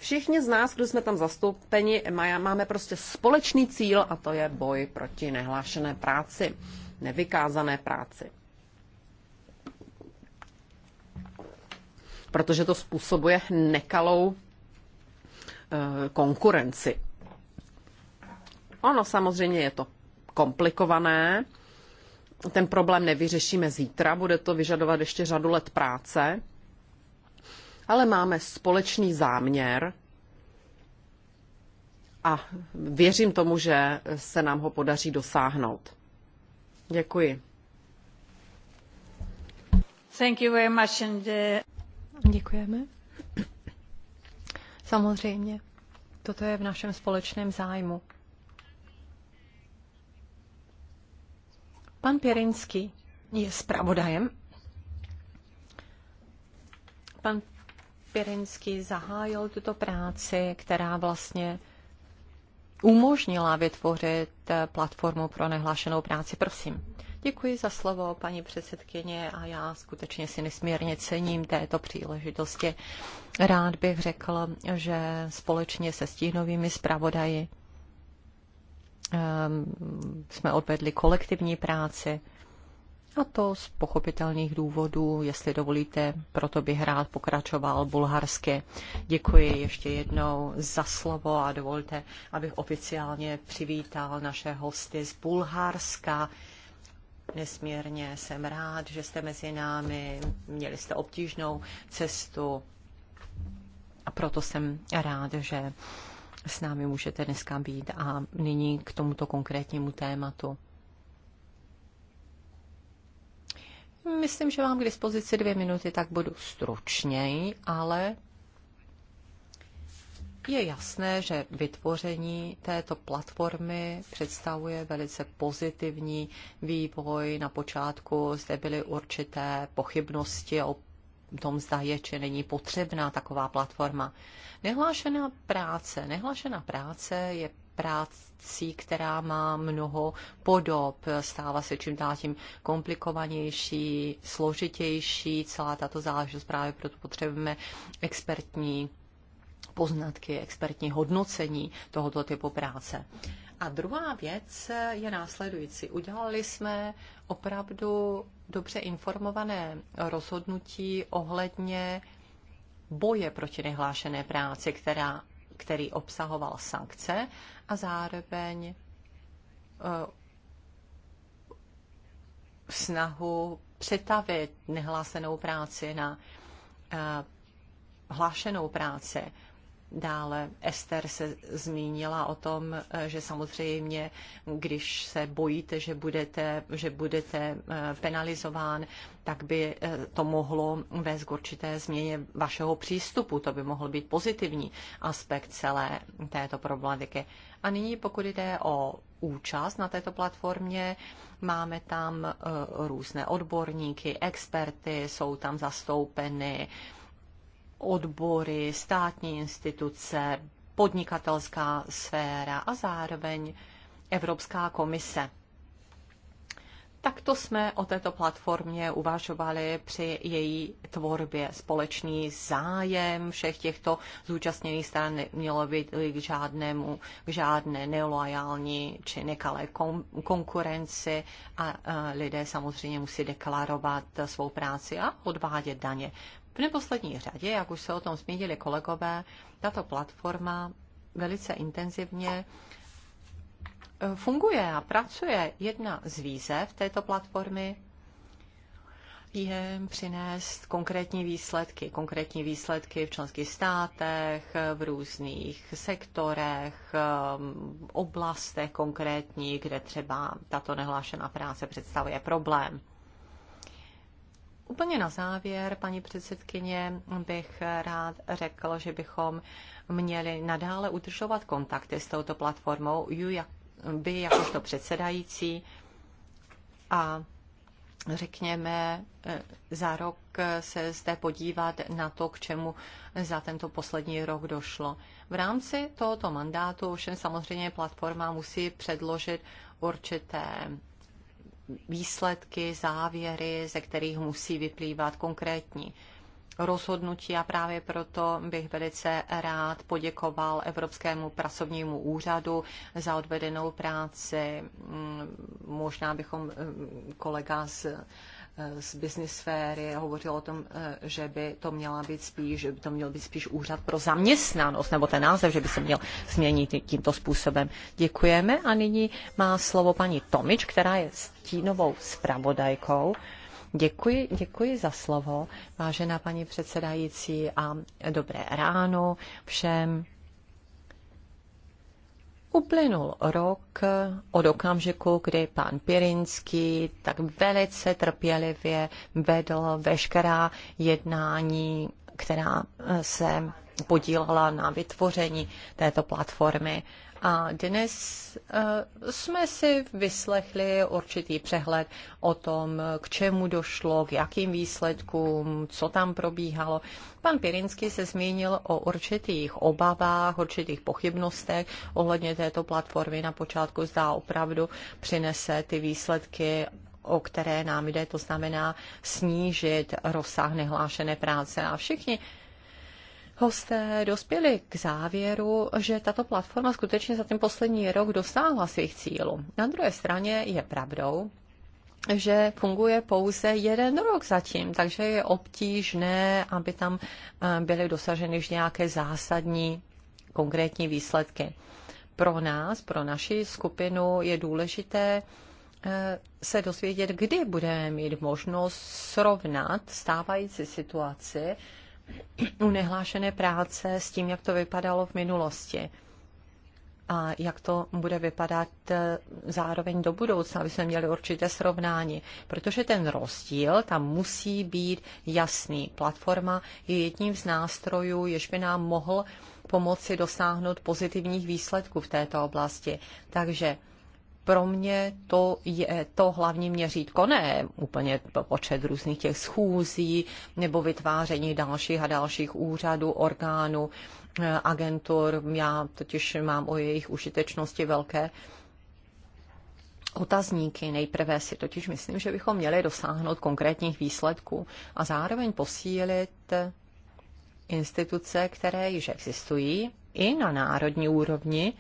Všichni z nás, kdo jsme tam zastoupeni, máme prostě společný cíl a to je boj proti nehlášené práci, nevykázané práci. Protože to způsobuje nekalou eh, konkurenci. Ono samozřejmě je to komplikované, ten problém nevyřešíme zítra, bude to vyžadovat ještě řadu let práce, ale máme společný záměr a věřím tomu, že se nám ho podaří dosáhnout. Děkuji. Thank you very much and, uh... Děkujeme. Samozřejmě, toto je v našem společném zájmu. Pan Pěrinský je zpravodajem. Pan Pěrinský zahájil tuto práci, která vlastně umožnila vytvořit eh, platformu pro nehlášenou práci. Prosím. Děkuji za slovo, paní předsedkyně, a já skutečně si nesmírně cením této příležitosti. Rád bych řekl, že společně se stínovými zpravodaji Ehm, jsme odvedli kolektivní práci. A to z pochopitelných důvodů, jestli dovolíte, proto bych rád pokračoval bulharsky. Děkuji ještě jednou za slovo a dovolte, abych oficiálně přivítal naše hosty z Bulharska. Nesmírně jsem rád, že jste mezi námi, měli jste obtížnou cestu a proto jsem rád, že s námi můžete dneska být. A nyní k tomuto konkrétnímu tématu. Myslím, že mám k dispozici dvě minuty, tak budu stručněji, ale je jasné, že vytvoření této platformy představuje velice pozitivní vývoj. Na počátku zde byly určité pochybnosti o tom, zda je či není potřebná taková platforma. Nehlášená práce. Nehlášená práce je práci, která má mnoho podob, stává se čím dál tím komplikovanější, složitější, celá tato záležitost právě proto potřebujeme expertní poznatky, expertní hodnocení tohoto typu práce. A druhá věc je následující. Udělali jsme opravdu dobře informované rozhodnutí ohledně boje proti nehlášené práci, která, který obsahoval sankce a zároveň uh, snahu přetavit nehlášenou práci na uh, hlášenou práci. Dále Ester se zmínila o tom, že samozřejmě, když se bojíte, že budete, že budete eh, penalizován, tak by eh, to mohlo vést k určité změně vašeho přístupu. To by mohl být pozitivní aspekt celé této problematiky. A nyní, pokud jde o účast na této platformě, máme tam eh, různé odborníky, experty, jsou tam zastoupeny odbory, státní instituce, podnikatelská sféra a zároveň Evropská komise. Takto jsme o této platformě uvažovali při její tvorbě. Společný zájem všech těchto zúčastněných stran mělo být k žádnému, k žádné neloajální či nekalé kon, konkurenci a, a lidé samozřejmě musí deklarovat svou práci a odvádět daně. V neposlední řadě, jak už se o tom zmínili kolegové, tato platforma velice intenzivně eh, funguje a pracuje. Jedna z výzev této platformy je přinést konkrétní výsledky. Konkrétní výsledky v členských státech, v různých sektorech, eh, oblastech konkrétních, kde třeba tato nehlášená práce představuje problém. Úplně na závěr, paní předsedkyně, bych rád řekl, že bychom měli nadále udržovat kontakty s touto platformou, vy jakožto předsedající a řekněme, e, za rok se zde podívat na to, k čemu za tento poslední rok došlo. V rámci tohoto mandátu ovšem samozřejmě platforma musí předložit určité výsledky, závěry, ze kterých musí vyplývat konkrétní rozhodnutí a právě proto bych velice rád poděkoval Evropskému pracovnímu úřadu za odvedenou práci. Mm, možná bychom mm, kolega z z business sféry, hovořil o tom, eh, že by to měla být spíš, že by to měl být spíš úřad pro zaměstnanost, nebo ten název, že by se měl změnit tímto způsobem. Děkujeme a nyní má slovo paní Tomič, která je stínovou zpravodajkou. Děkuji, děkuji za slovo, vážená paní předsedající a dobré ráno všem. Uplynul rok od okamžiku, kdy pan Pirinský tak velice trpělivě vedl veškerá jednání, která se podílala na vytvoření této platformy a dnes eh, jsme si vyslechli určitý přehled o tom, k čemu došlo, k jakým výsledkům, co tam probíhalo. Pan Pirinsky se zmínil o určitých obavách, určitých pochybnostech ohledně této platformy. Na počátku zdá opravdu přinese ty výsledky o které nám jde, to znamená snížit rozsah nehlášené práce. A všichni hosté dospěli k závěru, že tato platforma skutečně za ten poslední rok dosáhla svých cílů. Na druhé straně je pravdou, že funguje pouze jeden rok zatím, takže je obtížné, aby tam eh, byly dosaženy už nějaké zásadní konkrétní výsledky. Pro nás, pro naši skupinu je důležité eh, se dozvědět, kdy budeme mít možnost srovnat stávající situaci u nehlášené práce s tím, jak to vypadalo v minulosti a jak to bude vypadat eh, zároveň do budoucna, aby jsme měli určité srovnání. Protože ten rozdíl tam musí být jasný. Platforma je jedním z nástrojů, jež by nám mohl pomoci dosáhnout pozitivních výsledků v této oblasti. Takže pro mě to je to hlavní měřítko, ne úplně počet různých těch schůzí nebo vytváření dalších a dalších úřadů, orgánů, eh, agentur. Já totiž mám o jejich užitečnosti velké otazníky. Nejprve si totiž myslím, že bychom měli dosáhnout konkrétních výsledků a zároveň posílit instituce, které již existují i na národní úrovni,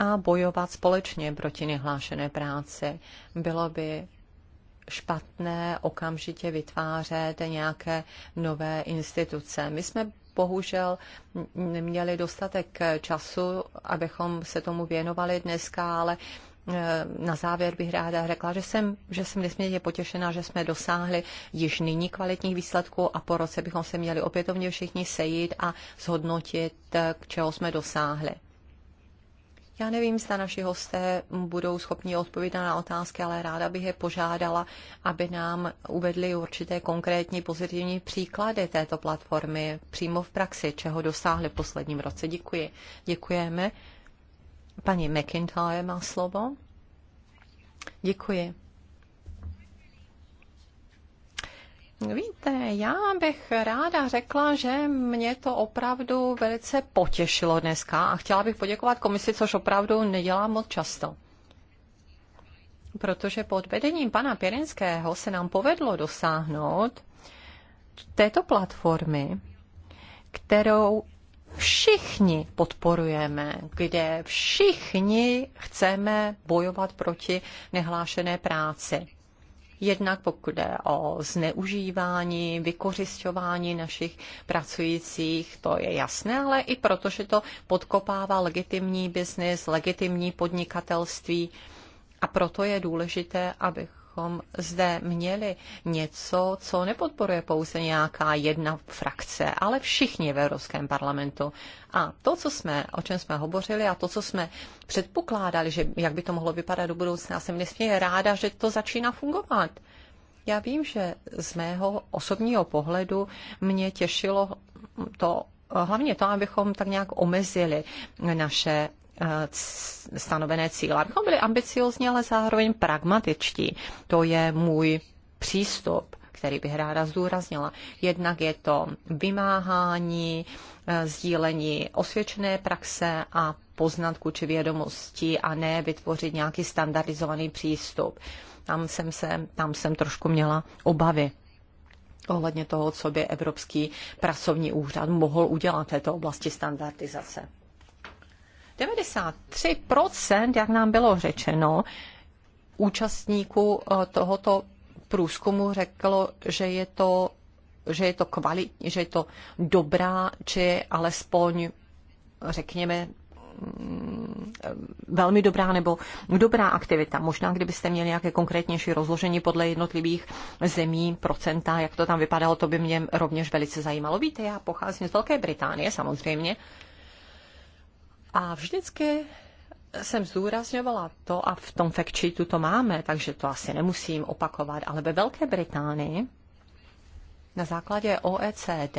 a bojovat společně proti nehlášené práci. Bylo by špatné okamžitě vytvářet nějaké nové instituce. My jsme bohužel neměli dostatek času, abychom se tomu věnovali dneska, ale eh, na závěr bych ráda řekla, že jsem, že jsem nesmírně potěšená, že jsme dosáhli již nyní kvalitních výsledků a po roce bychom se měli opětovně všichni sejít a zhodnotit, eh, k čeho jsme dosáhli. Já nevím, zda naši hosté budou schopni odpovědět na otázky, ale ráda bych je požádala, aby nám uvedli určité konkrétní pozitivní příklady této platformy přímo v praxi, čeho dosáhli v posledním roce. Děkuji. Děkujeme. Paní McIntyre má slovo. Děkuji. Víte, já bych ráda řekla, že mě to opravdu velice potěšilo dneska a chtěla bych poděkovat komisi, což opravdu nedělám moc často. Protože pod vedením pana Pěrinského se nám povedlo dosáhnout této platformy, kterou všichni podporujeme, kde všichni chceme bojovat proti nehlášené práci. Jednak pokud jde o zneužívání, vykořišťování našich pracujících, to je jasné, ale i protože to podkopává legitimní biznis, legitimní podnikatelství. A proto je důležité, abych bychom zde měli něco, co nepodporuje pouze nějaká jedna frakce, ale všichni v Evropském parlamentu. A to, co jsme, o čem jsme hovořili a to, co jsme předpokládali, že jak by to mohlo vypadat do budoucna, já jsem nesmírně ráda, že to začíná fungovat. Já vím, že z mého osobního pohledu mě těšilo to hlavně to, abychom tak nějak omezili naše Eh, stanovené cíle. Abychom byli ambiciozní, ale zároveň pragmatičtí. To je můj přístup který bych ráda zdůraznila. Jednak je to vymáhání, eh, sdílení osvědčené praxe a poznatku či vědomosti a ne vytvořit nějaký standardizovaný přístup. Tam jsem, se, tam jsem trošku měla obavy ohledně toho, co by Evropský pracovní úřad mohl udělat v této oblasti standardizace. 93%, jak nám bylo řečeno, účastníků eh, tohoto průzkumu řeklo, že je to že je to kvalitní, že je to dobrá, či alespoň, řekněme, mm, velmi dobrá nebo dobrá aktivita. Možná, kdybyste měli nějaké konkrétnější rozložení podle jednotlivých zemí, procenta, jak to tam vypadalo, to by mě rovněž velice zajímalo. Víte, já pocházím z Velké Británie samozřejmě a vždycky jsem zdůrazňovala to, a v tom fact sheetu to máme, takže to asi nemusím opakovat, ale ve Velké Británii na základě OECD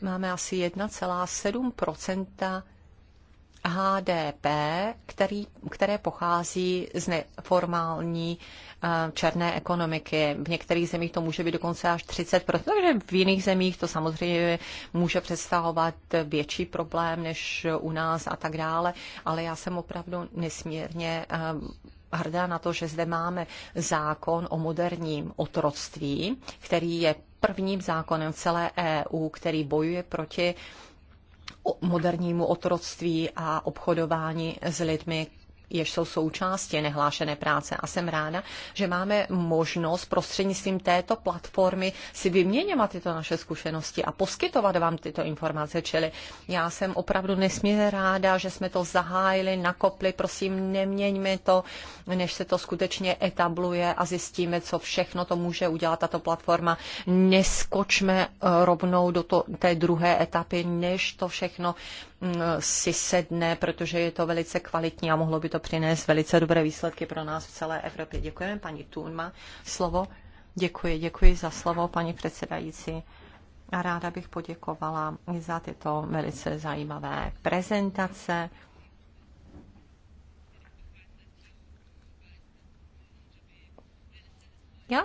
máme asi 1,7 HDP, který, které pochází z neformální eh, černé ekonomiky. V některých zemích to může být dokonce až 30%, takže v jiných zemích to samozřejmě může představovat větší problém než u nás a tak dále, ale já jsem opravdu nesmírně eh, hrdá na to, že zde máme zákon o moderním otroctví, který je prvním zákonem celé EU, který bojuje proti modernímu otroctví a obchodování s lidmi, jež jsou součástí nehlášené práce. A jsem ráda, že máme možnost prostřednictvím této platformy si vyměňovat tyto naše zkušenosti a poskytovat vám tyto informace. Čili já jsem opravdu nesmírně ráda, že jsme to zahájili, nakopli. Prosím, neměňme to, než se to skutečně etabluje a zjistíme, co všechno to může udělat tato platforma. Neskočme rovnou do to, té druhé etapy, než to všechno Mm, si sedne, protože je to velice kvalitní a mohlo by to přinést velice dobré výsledky pro nás v celé Evropě. Děkujeme, paní Tun slovo. Děkuji, děkuji za slovo, paní předsedající. A ráda bych poděkovala za tyto velice zajímavé prezentace. Já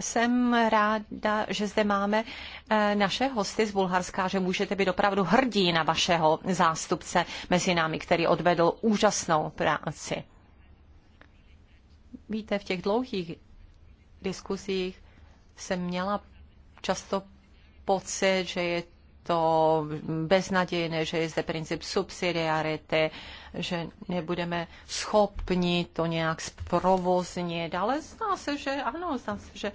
jsem ráda, že zde máme eh, naše hosty z Bulharska, že můžete být opravdu hrdí na vašeho zástupce mezi námi, který odvedl úžasnou práci. Víte, v těch dlouhých diskuzích jsem měla často pocit, že je to beznadějné, že je zde princip subsidiarity, že nebudeme schopni to nějak zprovoznit, ale zdá se, že ano, zdá se, že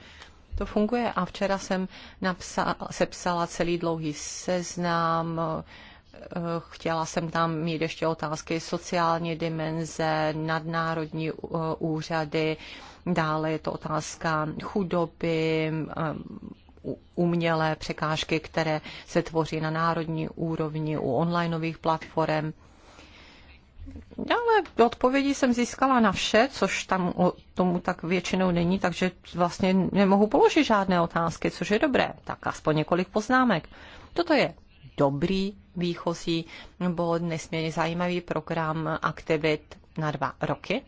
to funguje. A včera jsem napsala, sepsala celý dlouhý seznam, chtěla jsem tam mít ještě otázky sociální dimenze, nadnárodní uh, úřady, dále je to otázka chudoby, um, umělé překážky, které se tvoří na národní úrovni u onlineových platform. Ale odpovědi jsem získala na vše, což tam o tomu tak většinou není, takže vlastně nemohu položit žádné otázky, což je dobré. Tak aspoň několik poznámek. Toto je dobrý výchozí nebo nesmírně zajímavý program aktivit na dva roky.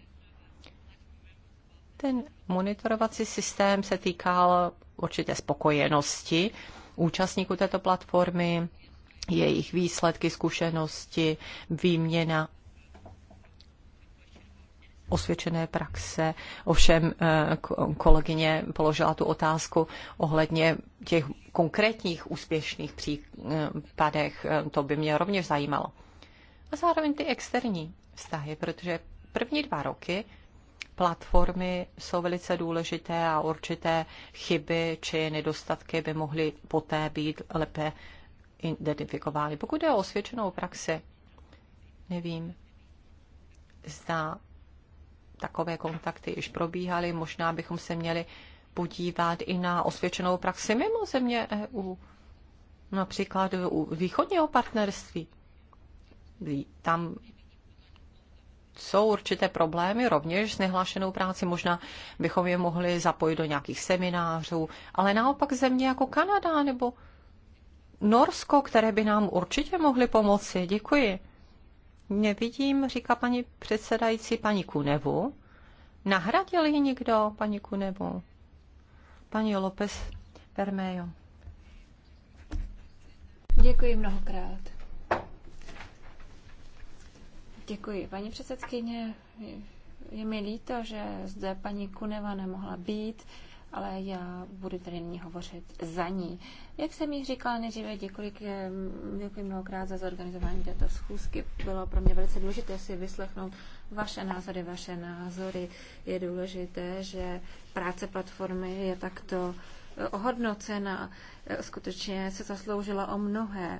Ten monitorovací systém se týkal určité spokojenosti účastníků této platformy, jejich výsledky, zkušenosti, výměna osvědčené praxe. Ovšem eh, kolegyně položila tu otázku ohledně těch konkrétních úspěšných případech. Eh, to by mě rovněž zajímalo. A zároveň ty externí vztahy, protože první dva roky platformy jsou velice důležité a určité chyby či nedostatky by mohly poté být lépe identifikovány. Pokud je o osvědčenou praxi, nevím, zda takové kontakty již probíhaly, možná bychom se měli podívat i na osvědčenou praxi mimo země EU, například u východního partnerství. Tam jsou určité problémy rovněž s nehlášenou práci. Možná bychom je mohli zapojit do nějakých seminářů, ale naopak země jako Kanada nebo Norsko, které by nám určitě mohly pomoci. Děkuji. Nevidím, říká paní předsedající, paní Kunevu. Nahradil ji někdo, paní Kunevu? Paní López Vermejo. Děkuji mnohokrát. Děkuji, paní předsedkyně. Je mi líto, že zde paní Kuneva nemohla být, ale já budu tady nyní hovořit za ní. Jak jsem jí říkala nejdříve, děkuji, ehm, děkuji mnohokrát za zorganizování této schůzky. Bylo pro mě velice důležité si vyslechnout vaše názory, vaše názory. Je důležité, že práce platformy je takto eh, ohodnocena. Eh, skutečně se zasloužila o mnohé.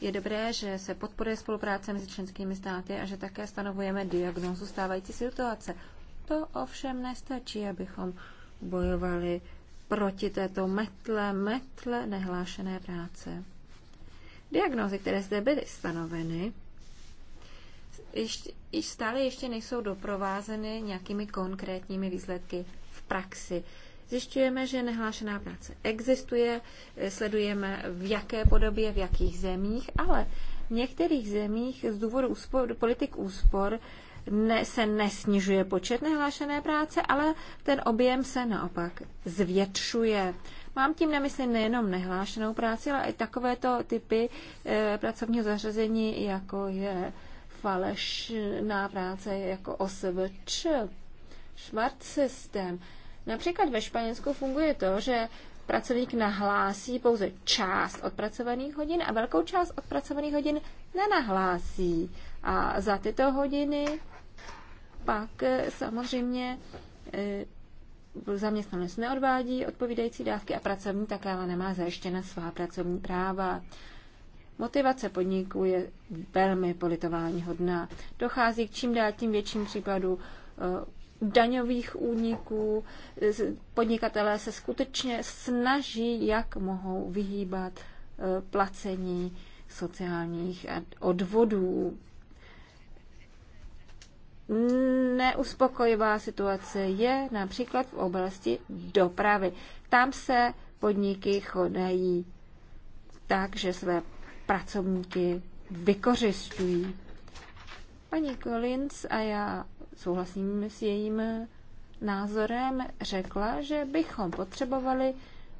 Je dobré, že se podporuje spolupráce mezi členskými státy a že také stanovujeme diagnózu stávající situace. To ovšem nestačí, abychom bojovali proti této metle, metle nehlášené práce. Diagnózy, které zde byly stanoveny, ještě, stále ještě nejsou doprovázeny nějakými konkrétními výsledky v praxi. Zjišťujeme, že nehlášená práce existuje, sledujeme v jaké podobě, v jakých zemích, ale v některých zemích z důvodu úspor, politik úspor ne, se nesnižuje počet nehlášené práce, ale ten objem se naopak zvětšuje. Mám tím na mysli nejenom nehlášenou práci, ale i takovéto typy e, pracovního zařazení, jako je falešná práce, jako OSVČ, švart systém. Například ve Španělsku funguje to, že pracovník nahlásí pouze část odpracovaných hodin a velkou část odpracovaných hodin nenahlásí. A za tyto hodiny pak eh, samozřejmě eh, zaměstnanec neodvádí odpovídající dávky a pracovní také ale nemá zajištěna svá pracovní práva. Motivace podniků je velmi politování hodná. Dochází k čím dál tím větším případu eh, daňových úniků. Podnikatelé se skutečně snaží, jak mohou vyhýbat e, placení sociálních e, odvodů. Neuspokojivá situace je například v oblasti dopravy. Tam se podniky chodají tak, že své pracovníky vykořišťují. Paní Collins a já souhlasím s jejím názorem, řekla, že bychom potřebovali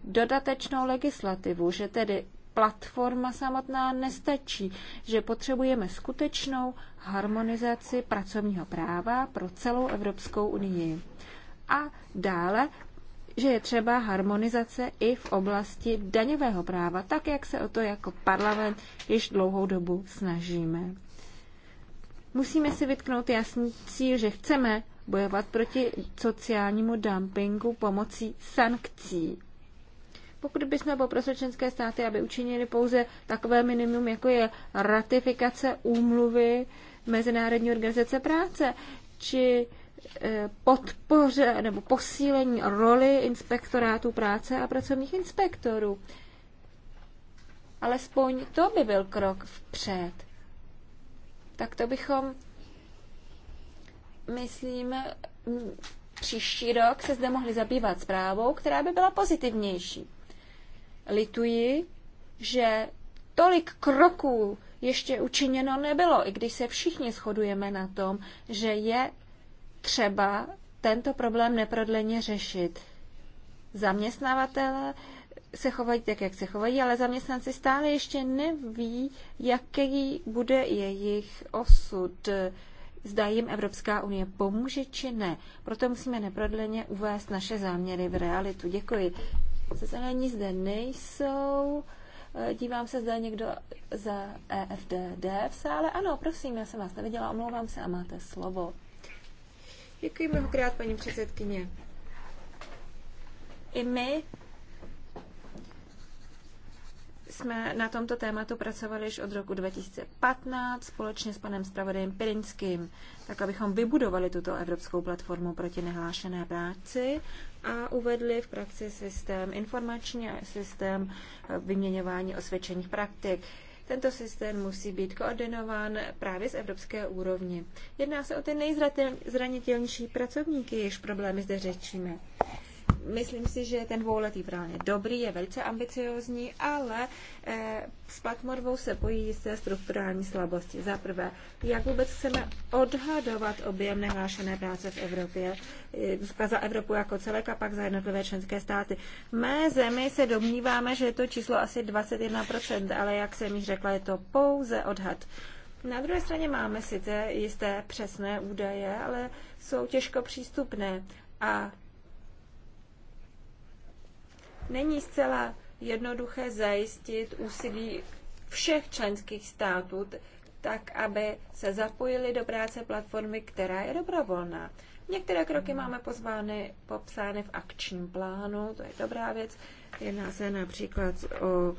dodatečnou legislativu, že tedy platforma samotná nestačí, že potřebujeme skutečnou harmonizaci pracovního práva pro celou Evropskou unii. A dále, že je třeba harmonizace i v oblasti daňového práva, tak jak se o to jako parlament již dlouhou dobu snažíme. Musíme si vytknout jasný cíl, že chceme bojovat proti sociálnímu dumpingu pomocí sankcí. Pokud bychom poprosili členské státy, aby učinili pouze takové minimum, jako je ratifikace úmluvy Mezinárodní organizace práce, či eh, podpoře nebo posílení roli inspektorátu práce a pracovních inspektorů. Alespoň to by byl krok vpřed tak to bychom, myslím, příští rok se zde mohli zabývat zprávou, která by byla pozitivnější. Lituji, že tolik kroků ještě učiněno nebylo, i když se všichni shodujeme na tom, že je třeba tento problém neprodleně řešit. Zaměstnavatele se chovají tak, jak se chovají, ale zaměstnanci stále ještě neví, jaký bude jejich osud. Zda jim Evropská unie pomůže či ne. Proto musíme neprodleně uvést naše záměry v realitu. Děkuji. Sezelení zde nejsou. Eh, dívám se, zda někdo za EFDD v sále. Ano, prosím, já jsem vás neviděla, omlouvám se a máte slovo. Děkuji mnohokrát, paní předsedkyně. I my jsme na tomto tématu pracovali už od roku 2015 společně s panem stravodem Pirinským, tak abychom vybudovali tuto evropskou platformu proti nehlášené práci a uvedli v praxi systém informační a systém eh, vyměňování osvědčených praktik. Tento systém musí být koordinován právě z evropské úrovni. Jedná se o ty nejzranitelnější pracovníky, jež problémy zde řečíme myslím si, že ten dvouletý plán je dobrý, je velice ambiciozní, ale eh, s platformou se pojí jisté strukturální slabosti. Za prvé, jak vůbec chceme odhadovat objem nehlášené práce v Evropě, eh, za Evropu jako celek a pak za jednotlivé členské státy. V mé zemi se domníváme, že je to číslo asi 21%, ale jak jsem již řekla, je to pouze odhad. Na druhé straně máme sice jisté přesné údaje, ale jsou těžko přístupné. A není zcela jednoduché zajistit úsilí všech členských států, tak aby se zapojili do práce platformy, která je dobrovolná. Některé kroky mhm. máme pozvány, popsány v akčním plánu, to je dobrá věc. Jedná se například o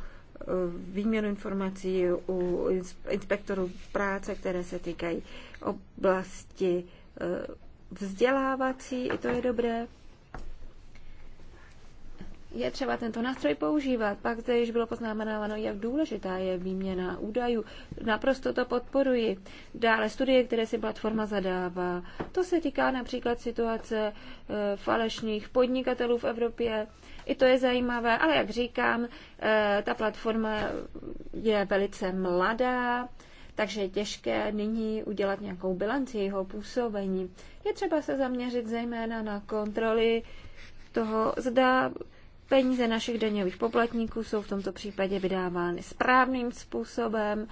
výměnu informací u inspektorů práce, které se týkají oblasti e, vzdělávací, i to je dobré je třeba tento nástroj používat. Pak zde již bylo poznamenáno, jak důležitá je výměna údajů. Naprosto to podporuji. Dále studie, které si platforma zadává. To se týká například situace e, falešných podnikatelů v Evropě. I to je zajímavé, ale jak říkám, e, ta platforma je velice mladá, takže je těžké nyní udělat nějakou bilanci jeho působení. Je třeba se zaměřit zejména na kontroly toho, zda Peníze našich daňových poplatníků jsou v tomto případě vydávány správným způsobem.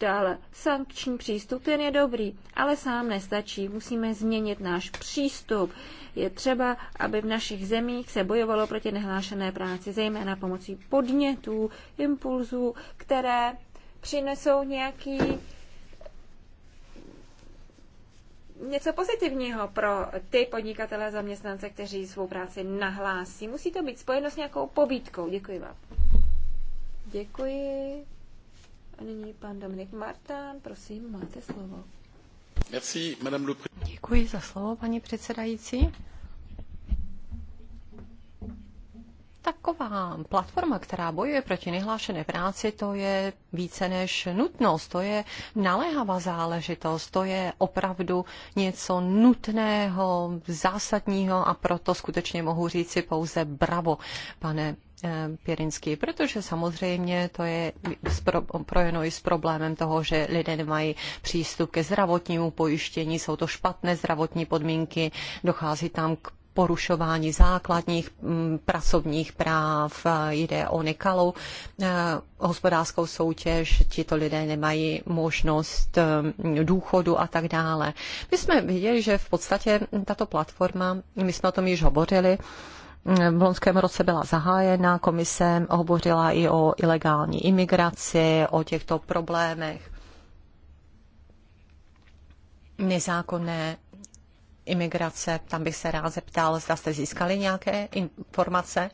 Dále sankční přístup, ten je dobrý, ale sám nestačí. Musíme změnit náš přístup. Je třeba, aby v našich zemích se bojovalo proti nehlášené práci, zejména pomocí podnětů, impulzů, které přinesou nějaký něco pozitivního pro ty podnikatele a zaměstnance, kteří svou práci nahlásí. Musí to být spojeno s nějakou pobídkou. Děkuji vám. Děkuji. A nyní pan Dominik Martán, prosím, máte slovo. Děkuji za slovo, paní předsedající. Taková platforma, která bojuje proti nehlášené práci, to je více než nutnost, to je naléhavá záležitost, to je opravdu něco nutného, zásadního a proto skutečně mohu říci pouze bravo, pane eh, Pěrinský, protože samozřejmě to je projeno i s problémem toho, že lidé nemají přístup ke zdravotnímu pojištění, jsou to špatné zdravotní podmínky, dochází tam k porušování základních mm, pracovních práv, jde o nekalou eh, hospodářskou soutěž, tito lidé nemají možnost eh, důchodu a tak dále. My jsme viděli, že v podstatě tato platforma, my jsme o tom již hovořili, mm, v loňském roce byla zahájena komise, hovořila i o ilegální imigraci, o těchto problémech nezákonné imigrace. Tam bych se rád zeptal, zda jste získali nějaké informace.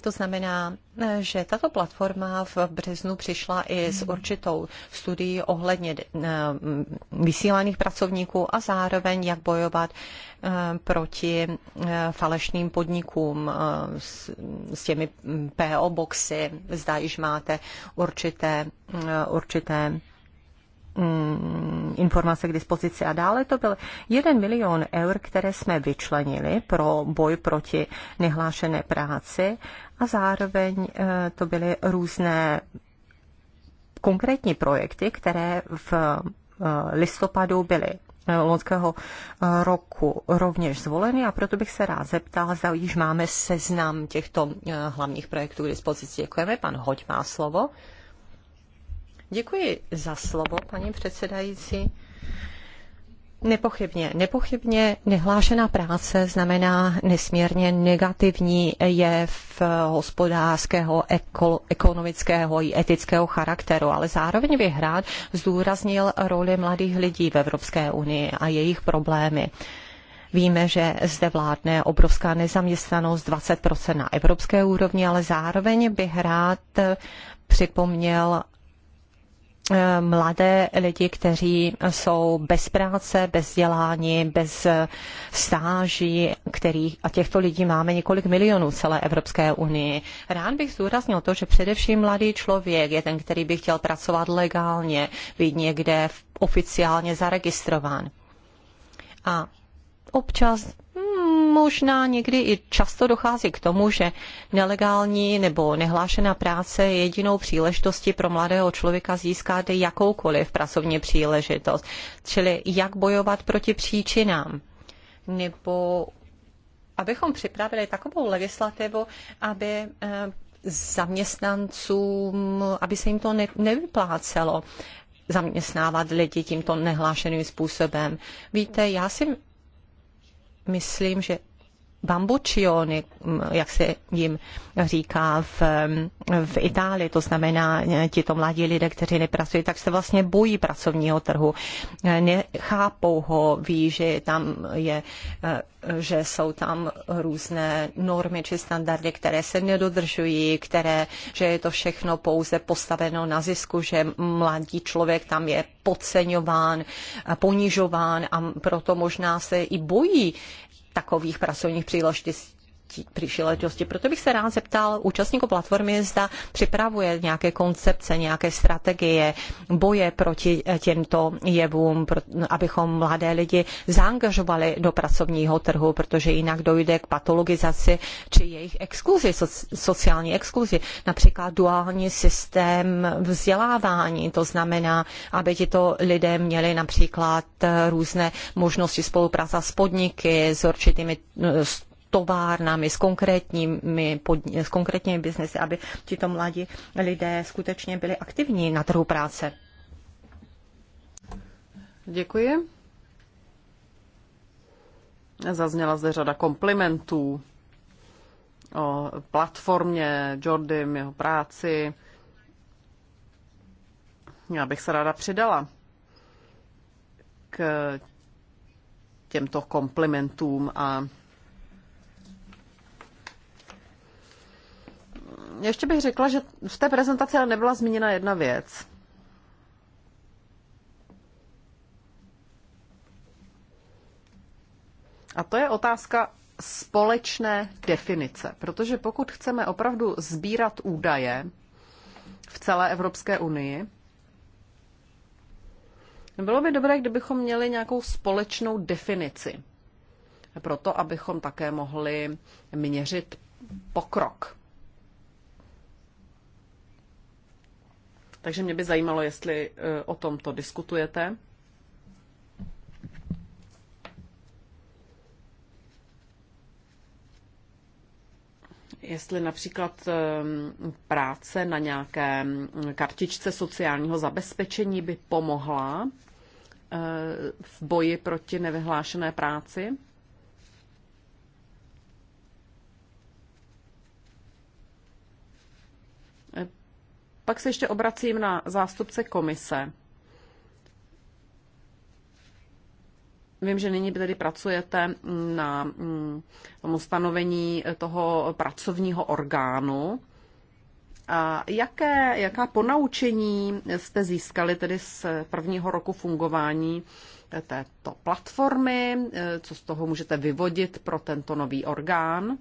To znamená, že tato platforma v březnu přišla i s mhm. určitou studií ohledně eh, vysílaných pracovníků a zároveň, jak bojovat eh, proti eh, falešným podnikům s těmi mm, PO boxy. Zda již máte určité, určité Mm, informace k dispozici. A dále to byl 1 milion eur, které jsme vyčlenili pro boj proti nehlášené práci a zároveň eh, to byly různé konkrétní projekty, které v eh, listopadu byly eh, loňského roku rovněž zvoleny a proto bych se rád zeptala, zda již máme seznam těchto hlavních projektů k dispozici. Děkujeme, pan Hoď má slovo. Děkuji za slovo, paní předsedající. Nepochybně, nepochybně nehlášená práce znamená nesmírně negativní jev hospodářského, ekonomického i etického charakteru, ale zároveň bych rád zdůraznil roli mladých lidí v Evropské unii a jejich problémy. Víme, že zde vládne obrovská nezaměstnanost 20% na evropské úrovni, ale zároveň bych rád připomněl mladé lidi, kteří jsou bez práce, bez vzdělání, bez stáží, kterých, a těchto lidí máme několik milionů v celé Evropské unii. Rád bych zdůraznil to, že především mladý člověk je ten, který by chtěl pracovat legálně, být někde oficiálně zaregistrován. A občas možná někdy i často dochází k tomu, že nelegální nebo nehlášená práce je jedinou příležitostí pro mladého člověka získat jakoukoliv pracovní příležitost. Čili jak bojovat proti příčinám nebo abychom připravili takovou legislativu, aby eh, zaměstnancům, aby se jim to ne, nevyplácelo zaměstnávat lidi tímto nehlášeným způsobem. Víte, já si myslím, že bambučiony, mm, jak se jim říká v, v Itálii, to znamená eh, to mladí lidé, kteří nepracují, tak se vlastně bojí pracovního trhu, eh, nechápou ho, ví, že tam je, eh, že jsou tam různé normy či standardy, které se nedodržují, které, že je to všechno pouze postaveno na zisku, že mladý člověk tam je podceňován, ponižován a proto možná se i bojí takových pracovních příležitostí příležitosti. Proto bych se rád zeptal účastníků platformy, zda připravuje nějaké koncepce, nějaké strategie boje proti eh, těmto jevům, abychom mladé lidi zaangažovali do pracovního trhu, protože jinak dojde k patologizaci či jejich exkluzi, sociální exkluzi. Například duální systém vzdělávání, to znamená, aby tito lidé měli například eh, různé možnosti spolupráce s podniky, s určitými eh, továrnami, s konkrétními, s konkrétními biznesy, aby tito mladí lidé skutečně byli aktivní na trhu práce. Děkuji. Zazněla zde řada komplimentů o platformě Jordym, jeho práci. Já bych se ráda přidala k těmto komplimentům a ještě bych řekla, že v té prezentaci ale nebyla zmíněna jedna věc. A to je otázka společné definice, protože pokud chceme opravdu sbírat údaje v celé Evropské unii, bylo by dobré, kdybychom měli nějakou společnou definici. Proto, abychom také mohli měřit pokrok. Takže mě by zajímalo, jestli e, o tom to diskutujete. Jestli například e, práce na nějaké kartičce sociálního zabezpečení by pomohla e, v boji proti nevyhlášené práci. Pak se ještě obracím na zástupce komise. Vím, že nyní tedy pracujete na mm, tomu stanovení toho pracovního orgánu. A jaké, jaká ponaučení jste získali tedy z prvního roku fungování této platformy? Co z toho můžete vyvodit pro tento nový orgán?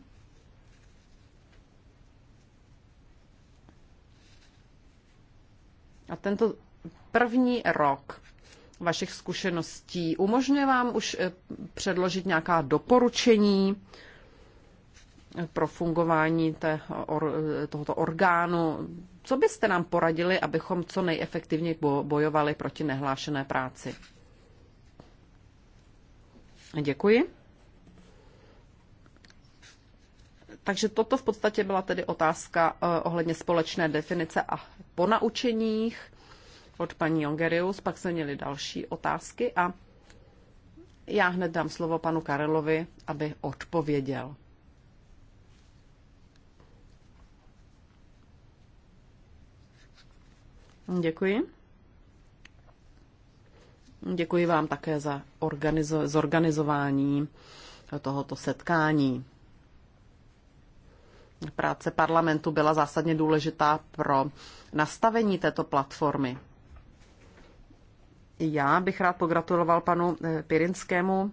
A tento první rok vašich zkušeností umožňuje vám už eh, předložit nějaká doporučení eh, pro fungování té, or, eh, tohoto orgánu. Co byste nám poradili, abychom co nejefektivněji bojovali proti nehlášené práci? Děkuji. Takže toto v podstatě byla tedy otázka eh, ohledně společné definice a po naučeních od paní Jongerius. Pak se měly další otázky a já hned dám slovo panu Karelovi, aby odpověděl. Děkuji. Děkuji vám také za zorganizování tohoto setkání. Práce parlamentu byla zásadně důležitá pro nastavení této platformy. Já bych rád pogratuloval panu eh, Pirinskému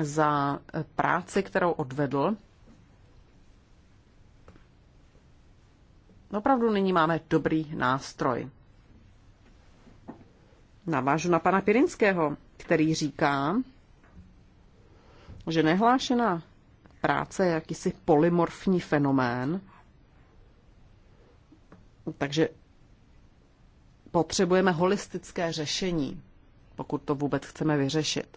za eh, práci, kterou odvedl. Opravdu nyní máme dobrý nástroj. Navážu na pana Pirinského, který říká, že nehlášená práce je jakýsi polymorfní fenomén. Takže potřebujeme holistické řešení, pokud to vůbec chceme vyřešit.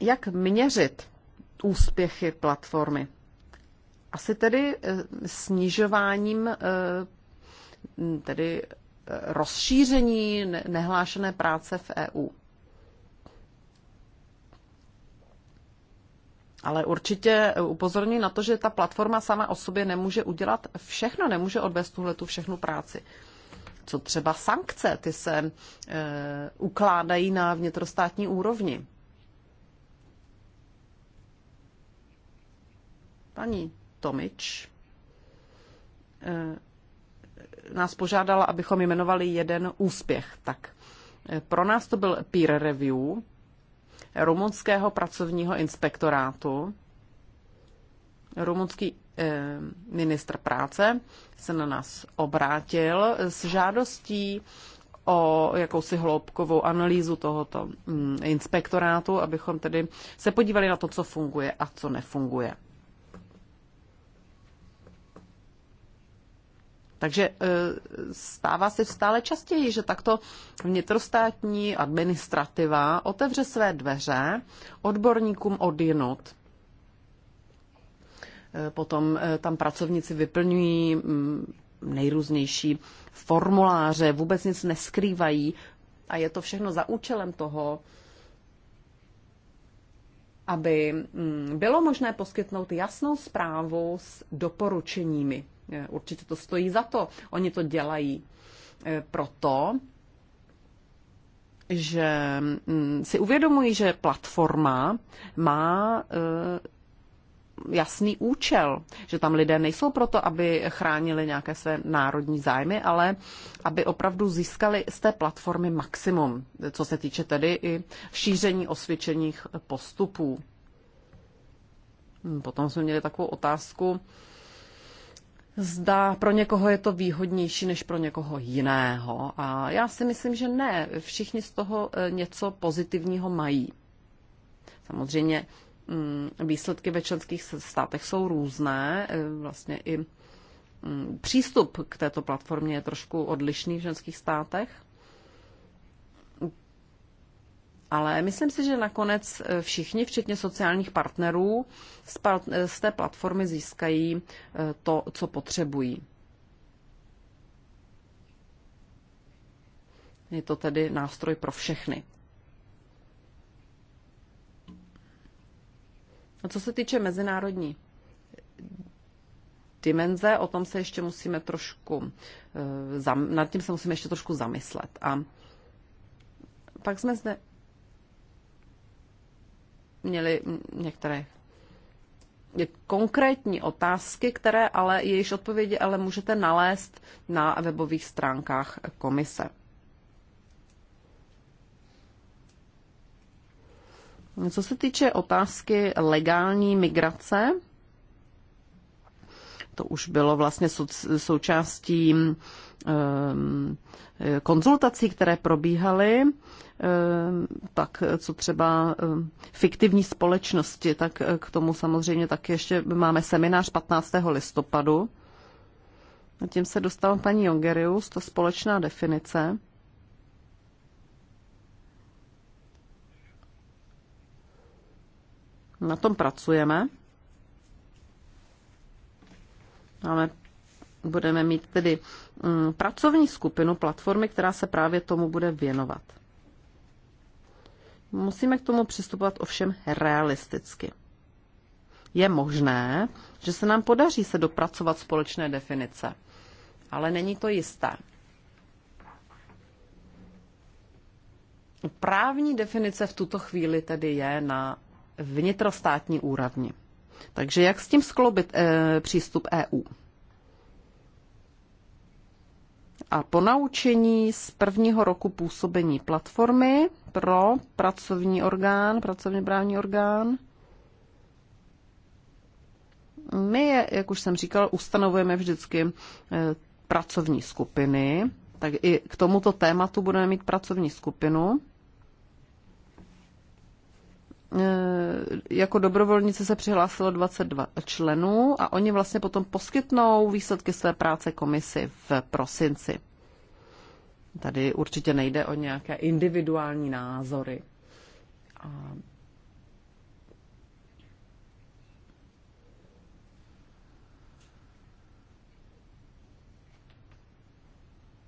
Jak měřit úspěchy platformy? Asi tedy eh, snižováním eh, tedy rozšíření nehlášené práce v EU. Ale určitě upozorní na to, že ta platforma sama o sobě nemůže udělat všechno, nemůže odvést tuhle tu všechnu práci. Co třeba sankce, ty se e, ukládají na vnitrostátní úrovni. Paní Tomič e, nás požádala, abychom jmenovali jeden úspěch. Tak eh, pro nás to byl peer review rumunského pracovního inspektorátu. Rumunský eh, ministr práce se na nás obrátil s žádostí o jakousi hloubkovou analýzu tohoto mm, inspektorátu, abychom tedy se podívali na to, co funguje a co nefunguje. Takže e, stává se stále častěji, že takto vnitrostátní administrativa otevře své dveře odborníkům jinot. E, potom e, tam pracovníci vyplňují mm, nejrůznější formuláře, vůbec nic neskrývají a je to všechno za účelem toho, aby mm, bylo možné poskytnout jasnou zprávu s doporučeními E, určitě to stojí za to. Oni to dělají e, proto, že mm, si uvědomují, že platforma má e, jasný účel, že tam lidé nejsou proto, aby chránili nějaké své národní zájmy, ale aby opravdu získali z té platformy maximum, co se týče tedy i šíření osvědčených postupů. Hmm, potom jsme měli takovou otázku, zda pro někoho je to výhodnější než pro někoho jiného. A já si myslím, že ne. Všichni z toho e, něco pozitivního mají. Samozřejmě mm, výsledky ve členských státech jsou různé. E, vlastně i mm, přístup k této platformě je trošku odlišný v ženských státech. Ale myslím si, že nakonec eh, všichni, včetně sociálních partnerů, z eh, té platformy získají eh, to, co potřebují. Je to tedy nástroj pro všechny. A co se týče mezinárodní dimenze, o tom se ještě musíme trošku, nad tím se musíme ještě trošku zamyslet. A pak jsme zde měli některé konkrétní otázky, které ale jejíž odpovědi ale můžete nalézt na webových stránkách komise. Co se týče otázky legální migrace, to už bylo vlastně součástí eh, konzultací, které probíhaly, eh, tak co třeba eh, fiktivní společnosti, tak k tomu samozřejmě taky ještě máme seminář 15. listopadu. A tím se dostala paní Jongerius, to společná definice. Na tom pracujeme. Máme, budeme mít tedy mm, pracovní skupinu platformy, která se právě tomu bude věnovat. Musíme k tomu přistupovat ovšem realisticky. Je možné, že se nám podaří se dopracovat společné definice, ale není to jisté. Právní definice v tuto chvíli tedy je na vnitrostátní úrovni. Takže jak s tím skloubit eh, e, přístup EU? A po naučení z prvního roku působení platformy pro pracovní orgán, pracovně právní orgán, my, je, jak už jsem říkal, ustanovujeme vždycky eh, pracovní skupiny, tak i k tomuto tématu budeme mít pracovní skupinu. E, jako dobrovolnice se přihlásilo 22 členů a oni vlastně potom poskytnou výsledky své práce komisi v prosinci. Tady určitě nejde o nějaké individuální názory. A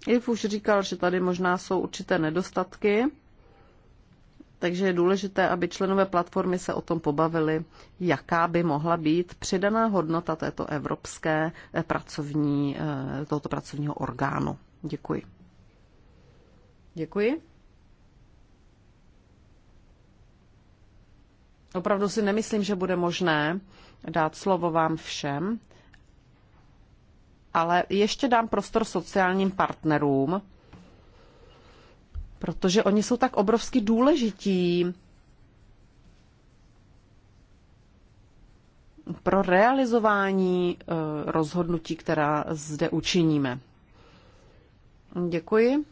Iv už říkal, že tady možná jsou určité nedostatky takže je důležité, aby členové platformy se o tom pobavili, jaká by mohla být přidaná hodnota této evropské eh, pracovní, eh, tohoto pracovního orgánu. Děkuji. Děkuji. Opravdu si nemyslím, že bude možné dát slovo vám všem, ale ještě dám prostor sociálním partnerům protože oni jsou tak obrovsky důležití pro realizování eh, rozhodnutí, která zde učiníme. Děkuji.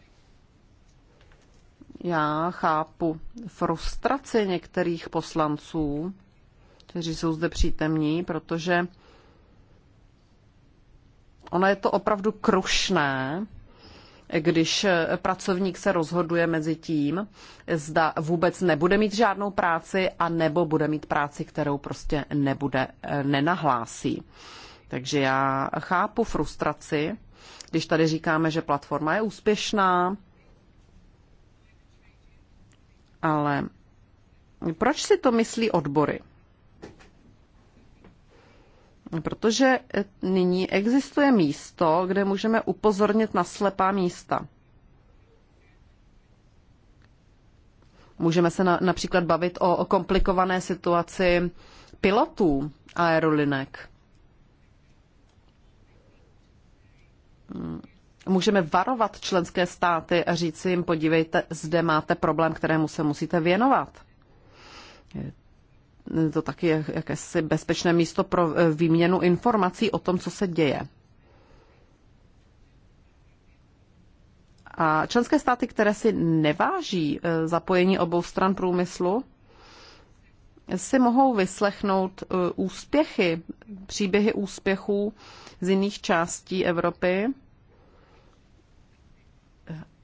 Já chápu frustraci některých poslanců, kteří jsou zde přítomní, protože ono je to opravdu krušné, když pracovník se rozhoduje mezi tím, zda vůbec nebude mít žádnou práci, a nebo bude mít práci, kterou prostě nebude, eh, nenahlásí. Takže já chápu frustraci, když tady říkáme, že platforma je úspěšná, ale proč si to myslí odbory? protože eh, nyní existuje místo, kde můžeme upozornit na slepá místa. Můžeme se na, například bavit o, o komplikované situaci pilotů aerolinek. Hmm. Můžeme varovat členské státy a říci jim, podívejte, zde máte problém, kterému se musíte věnovat to taky je jakési bezpečné místo pro eh, výměnu informací o tom, co se děje. A členské státy, které si neváží eh, zapojení obou stran průmyslu, si mohou vyslechnout eh, úspěchy, příběhy úspěchů z jiných částí Evropy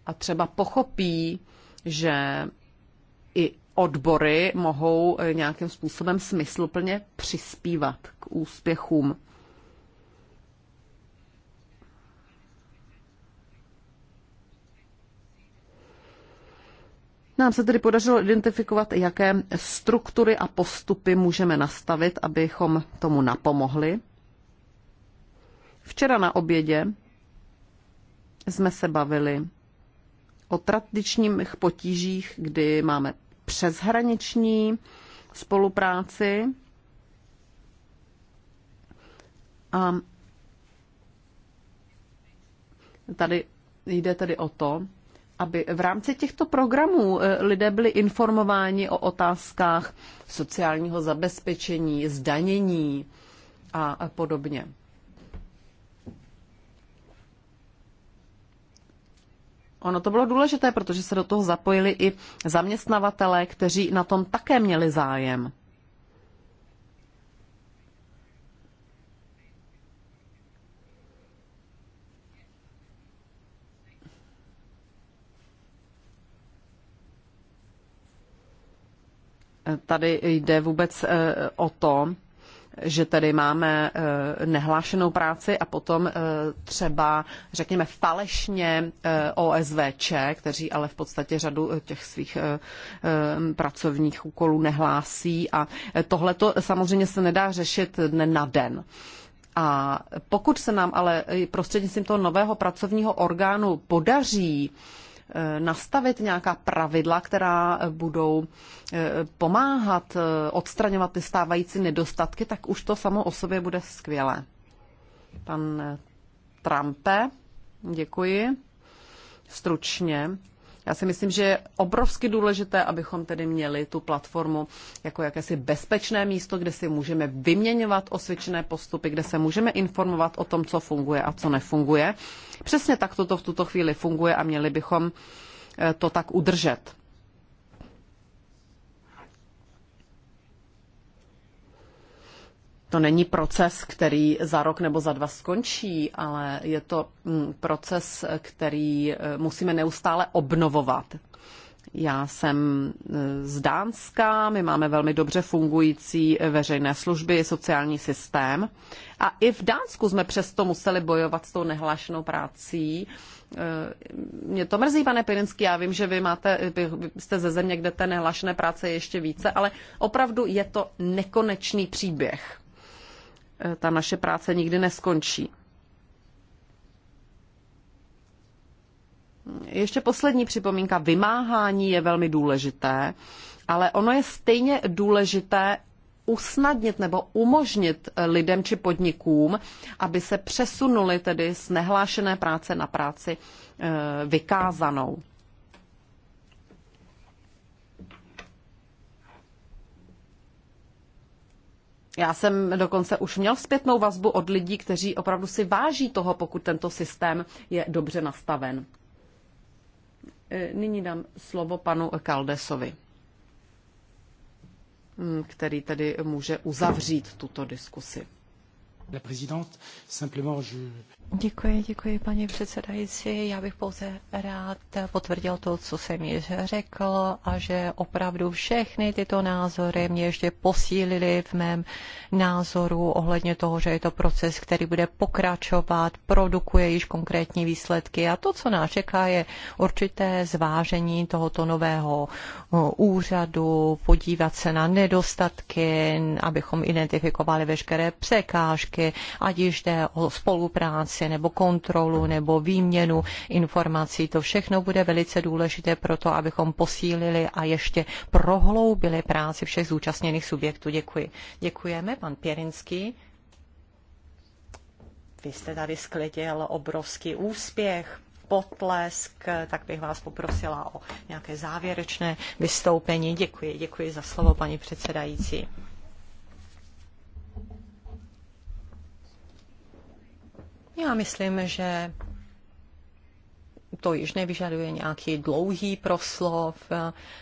a třeba pochopí, že i odbory mohou eh, nějakým způsobem smysluplně přispívat k úspěchům. Nám se tedy podařilo identifikovat, jaké struktury a postupy můžeme nastavit, abychom tomu napomohli. Včera na obědě jsme se bavili o tradičních potížích, kdy máme přeshraniční spolupráci. A tady jde tedy o to, aby v rámci těchto programů eh, lidé byli informováni o otázkách sociálního zabezpečení, zdanění a podobně. Ono to bylo důležité, protože se do toho zapojili i zaměstnavatele, kteří na tom také měli zájem. Tady jde vůbec eh, o to, že tady máme eh, nehlášenou práci a potom eh, třeba, řekněme, falešně eh, OSVČ, kteří ale v podstatě řadu těch svých pracovních úkolů nehlásí a tohle to samozřejmě se nedá řešit dne na den. A pokud se nám ale prostřednictvím toho nového pracovního orgánu podaří uh, Eh, nastavit nějaká pravidla, která eh, budou eh, pomáhat odstraňovat ty stávající nedostatky, tak už to samo o sobě bude skvělé. Pan Trumpe, děkuji. Stručně. Já si myslím, že je obrovsky důležité, abychom tedy měli tu platformu jako jakési bezpečné místo, kde si můžeme vyměňovat osvědčené postupy, kde se můžeme informovat o tom, co funguje a co nefunguje. Přesně tak toto v tuto chvíli funguje a měli bychom eh, to tak udržet. to není proces, který za rok nebo za dva skončí, ale je to mm, proces, který eh, musíme neustále obnovovat. Já jsem eh, z Dánska, my máme velmi dobře fungující eh, veřejné služby, sociální systém. A i v Dánsku jsme přesto museli bojovat s tou nehlášenou prací. Mě to mrzí, pane Pirinský, já vím, že vy, máte, vy jste ze země, kde té nehlášené práce je ještě více, ale opravdu je to nekonečný příběh. Eh, ta naše práce nikdy neskončí. Ještě poslední připomínka. Vymáhání je velmi důležité, ale ono je stejně důležité usnadnit nebo umožnit eh, lidem či podnikům, aby se přesunuli tedy z nehlášené práce na práci eh, vykázanou. Já jsem dokonce už měl zpětnou vazbu od lidí, kteří opravdu si váží toho, pokud tento systém je dobře nastaven. E, nyní dám slovo panu Kaldesovi, který tedy může uzavřít tuto diskusi. Děkuji, děkuji, paní předsedající. Já bych pouze rád potvrdil to, co jsem již řekl a že opravdu všechny tyto názory mě ještě posílily v mém názoru ohledně toho, že je to proces, který bude pokračovat, produkuje již konkrétní výsledky a to, co nás čeká, je určité zvážení tohoto nového uh, úřadu, podívat se na nedostatky, abychom identifikovali veškeré překážky, politiky, ať již jde o spolupráci nebo kontrolu nebo výměnu informací. To všechno bude velice důležité pro to, abychom posílili a ještě prohloubili práci všech zúčastněných subjektů. Děkuji. Děkujeme, pan Pěrinský. Vy jste tady skliděl obrovský úspěch potlesk, tak bych vás poprosila o nějaké závěrečné vystoupení. Děkuji, děkuji za slovo, paní předsedající. Já myslím, že to již nevyžaduje nějaký dlouhý proslov.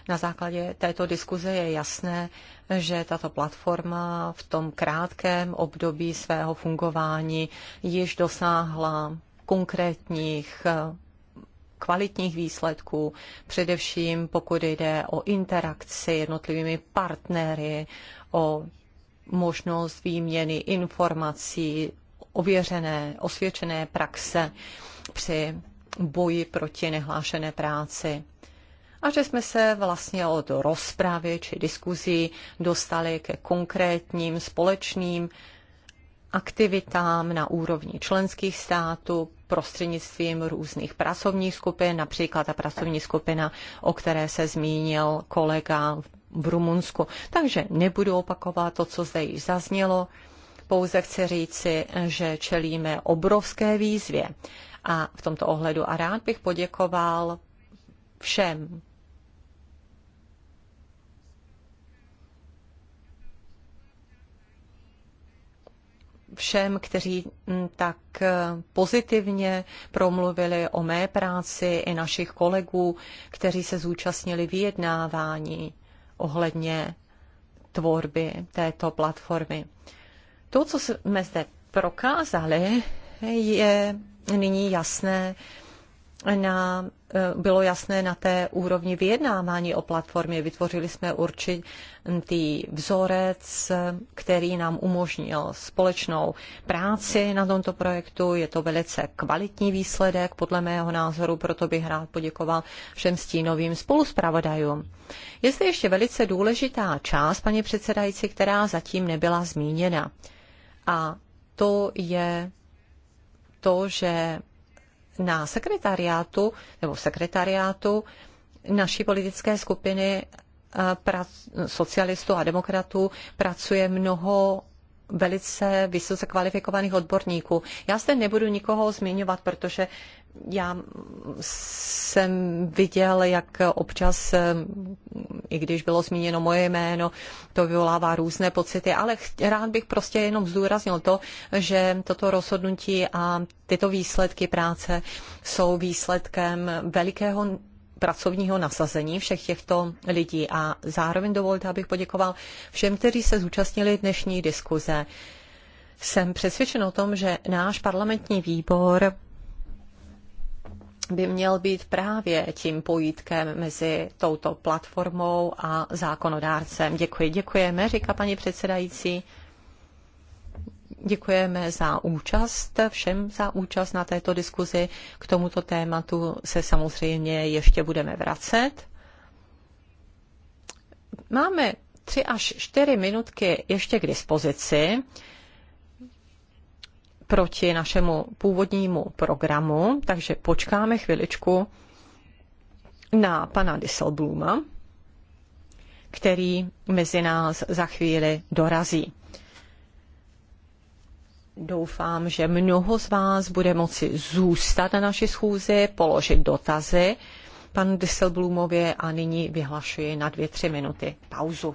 Na základě této diskuze je jasné, že tato platforma v tom krátkém období svého fungování již dosáhla konkrétních eh, kvalitních výsledků, především pokud jde o interakci jednotlivými partnery, o možnost výměny informací, ověřené, osvědčené praxe při boji proti nehlášené práci. A že jsme se vlastně od rozprávy či diskuzí dostali ke konkrétním společným aktivitám na úrovni členských států prostřednictvím různých pracovních skupin, například ta pracovní skupina, o které se zmínil kolega v Rumunsku. Takže nebudu opakovat to, co zde již zaznělo. Pouze chci říci, že čelíme obrovské výzvě. A v tomto ohledu a rád bych poděkoval všem, všem, kteří mm, tak eh, pozitivně promluvili o mé práci i našich kolegů, kteří se zúčastnili vyjednávání ohledně tvorby této platformy. To, co jsme zde prokázali, je nyní jasné na, eh, bylo jasné na té úrovni vyjednávání o platformě. Vytvořili jsme určitý vzorec, který nám umožnil společnou práci na tomto projektu. Je to velice kvalitní výsledek, podle mého názoru, proto bych rád poděkoval všem stínovým spoluspravodajům. Je zde ještě velice důležitá část, paní předsedající, která zatím nebyla zmíněna. A to je to, že na sekretariátu nebo sekretariátu naší politické skupiny eh, socialistů a demokratů pracuje mnoho velice vysoce kvalifikovaných odborníků. Já zde nebudu nikoho zmiňovat, protože já jsem viděl, jak občas, i když bylo zmíněno moje jméno, to vyvolává různé pocity, ale rád bych prostě jenom zdůraznil to, že toto rozhodnutí a tyto výsledky práce jsou výsledkem velikého pracovního nasazení všech těchto lidí. A zároveň dovolte, abych poděkoval všem, kteří se zúčastnili dnešní diskuze. Jsem přesvědčen o tom, že náš parlamentní výbor by měl být právě tím pojítkem mezi touto platformou a zákonodárcem. Děkuji, děkujeme, říká paní předsedající. Děkujeme za účast, všem za účast na této diskuzi. K tomuto tématu se samozřejmě ještě budeme vracet. Máme tři až čtyři minutky ještě k dispozici proti našemu původnímu programu, takže počkáme chviličku na pana Disselbluma, který mezi nás za chvíli dorazí. Doufám, že mnoho z vás bude moci zůstat na naší schůzi, položit dotazy panu Disselblumově a nyní vyhlašuji na dvě, tři minuty pauzu.